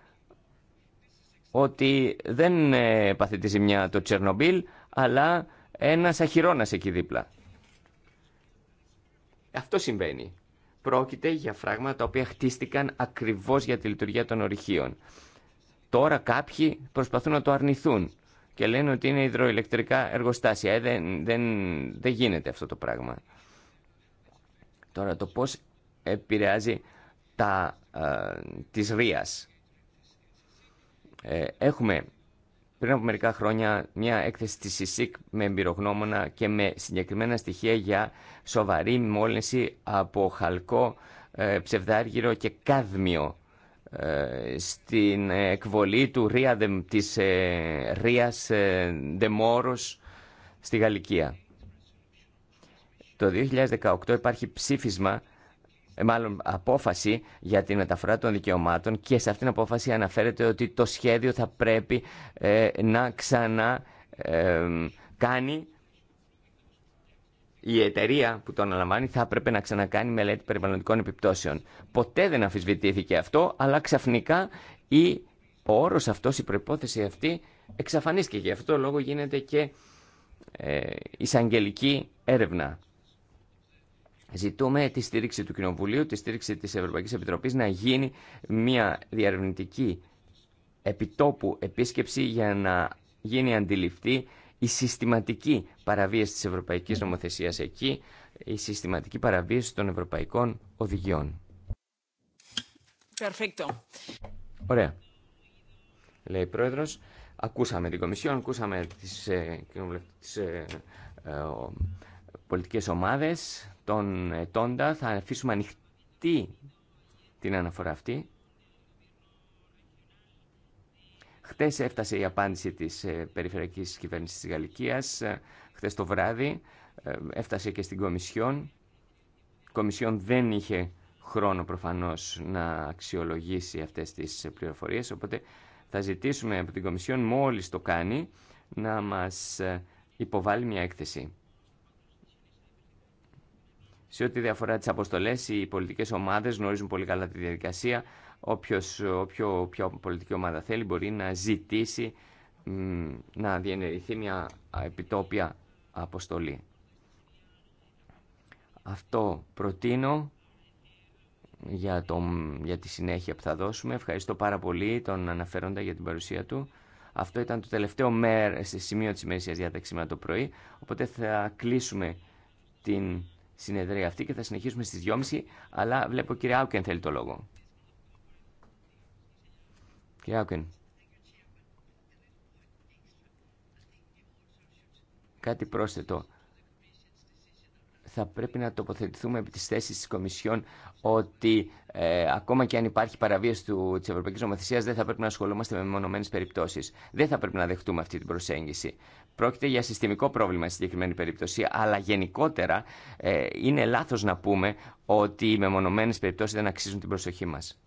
ότι δεν ε, παθεί τη ζημιά το Τσερνομπίλ, αλλά ένας αχυρώνας εκεί δίπλα. Αυτό συμβαίνει. Πρόκειται για φράγματα τα οποία χτίστηκαν ακριβώς για τη λειτουργία των ορυχείων. Τώρα κάποιοι προσπαθούν να το αρνηθούν και λένε ότι είναι υδροηλεκτρικά εργοστάσια. Ε, δεν, δεν, δεν γίνεται αυτό το πράγμα. Τώρα το πώς επηρεάζει τα, ε, της ρίας. Ε, έχουμε πριν από μερικά χρόνια μια έκθεση της με εμπειρογνώμονα και με συγκεκριμένα στοιχεία για σοβαρή μόλυνση από χαλκό, ε, ψευδάργυρο και κάδμιο στην εκβολή του Ρία, της ε, Ρίας Δεμόρος ε, στη Γαλλικία. Το 2018 υπάρχει ψήφισμα, ε, μάλλον απόφαση για την μεταφορά των δικαιωμάτων και σε αυτήν την απόφαση αναφέρεται ότι το σχέδιο θα πρέπει να ξανά κάνει η εταιρεία που τον αναλαμβάνει θα έπρεπε να ξανακάνει μελέτη περιβαλλοντικών επιπτώσεων. Ποτέ δεν αμφισβητήθηκε αυτό, αλλά ξαφνικά η, ο όρο αυτό, η προπόθεση αυτή εξαφανίστηκε. Γι' αυτό λόγο γίνεται και ε, εισαγγελική έρευνα. Ζητούμε τη στήριξη του Κοινοβουλίου, τη στήριξη της Ευρωπαϊκής Επιτροπής να γίνει μια διαρευνητική επιτόπου επίσκεψη για να γίνει αντιληφτή η συστηματική παραβίαση της ευρωπαϊκής νομοθεσίας εκεί, η συστηματική παραβίαση των ευρωπαϊκών οδηγιών. Perfecto. Ωραία. Λέει η Πρόεδρος, ακούσαμε την Κομισιόν, ακούσαμε τις, ε, τις ε, ε, πολιτικές ομάδες των ετώντα. Θα αφήσουμε ανοιχτή την αναφορά αυτή Χθε έφτασε η απάντηση της ε, Περιφερειακής Κυβέρνησης τη Γαλλικία, ε, χθε το βράδυ, ε, έφτασε και στην Κομισιόν. Η Κομισιόν δεν είχε χρόνο προφανώς να αξιολογήσει αυτές τις πληροφορίες, οπότε θα ζητήσουμε από την Κομισιόν μόλις το κάνει να μας υποβάλει μια έκθεση. Σε ό,τι διαφορά τις αποστολές, οι πολιτικές ομάδες γνωρίζουν πολύ καλά τη διαδικασία. Όποιος, όποιο, όποια πολιτική ομάδα θέλει μπορεί να ζητήσει να διενεργηθεί μια επιτόπια αποστολή. Αυτό προτείνω για, το, για τη συνέχεια που θα δώσουμε. Ευχαριστώ πάρα πολύ τον αναφέροντα για την παρουσία του. Αυτό ήταν το τελευταίο μέρ, σε σημείο της ημερησίας διάταξης το πρωί. Οπότε θα κλείσουμε την συνεδρία αυτή και θα συνεχίσουμε στις 2.30. Αλλά βλέπω κυρία Άουκεν θέλει το λόγο κάτι πρόσθετο. Θα πρέπει να τοποθετηθούμε επί της θέσης της Κομισιόν ότι ε, ακόμα και αν υπάρχει παραβίαση του, της Ευρωπαϊκής Νομοθεσίας δεν θα πρέπει να ασχολούμαστε με μονομένες περιπτώσεις. Δεν θα πρέπει να δεχτούμε αυτή την προσέγγιση. Πρόκειται για συστημικό πρόβλημα στη συγκεκριμένη περίπτωση, αλλά γενικότερα ε, είναι λάθος να πούμε ότι οι μεμονωμένες περιπτώσεις δεν αξίζουν την προσοχή μας.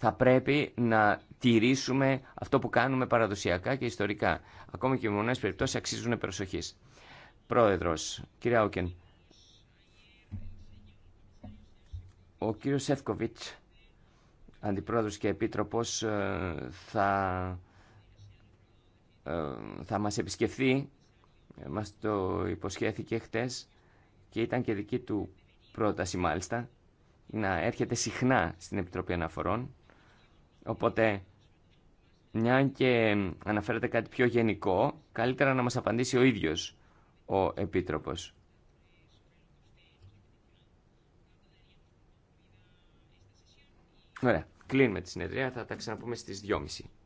θα πρέπει να τηρήσουμε αυτό που κάνουμε παραδοσιακά και ιστορικά. Ακόμη και μονές περιπτώσει αξίζουν προσοχή. Πρόεδρος, κύριε Άουκεν, ο κύριος Σεύκοβιτς, αντιπρόεδρος και επίτροπος, ε, θα, ε, θα μας επισκεφθεί, ε, μας το υποσχέθηκε χτες και ήταν και δική του πρόταση μάλιστα, να έρχεται συχνά στην Επιτροπή Αναφορών Οπότε, μια και αναφέρεται κάτι πιο γενικό, καλύτερα να μας απαντήσει ο ίδιος ο Επίτροπος. Ωραία, κλείνουμε τη συνεδρία, θα τα ξαναπούμε στις 2.30.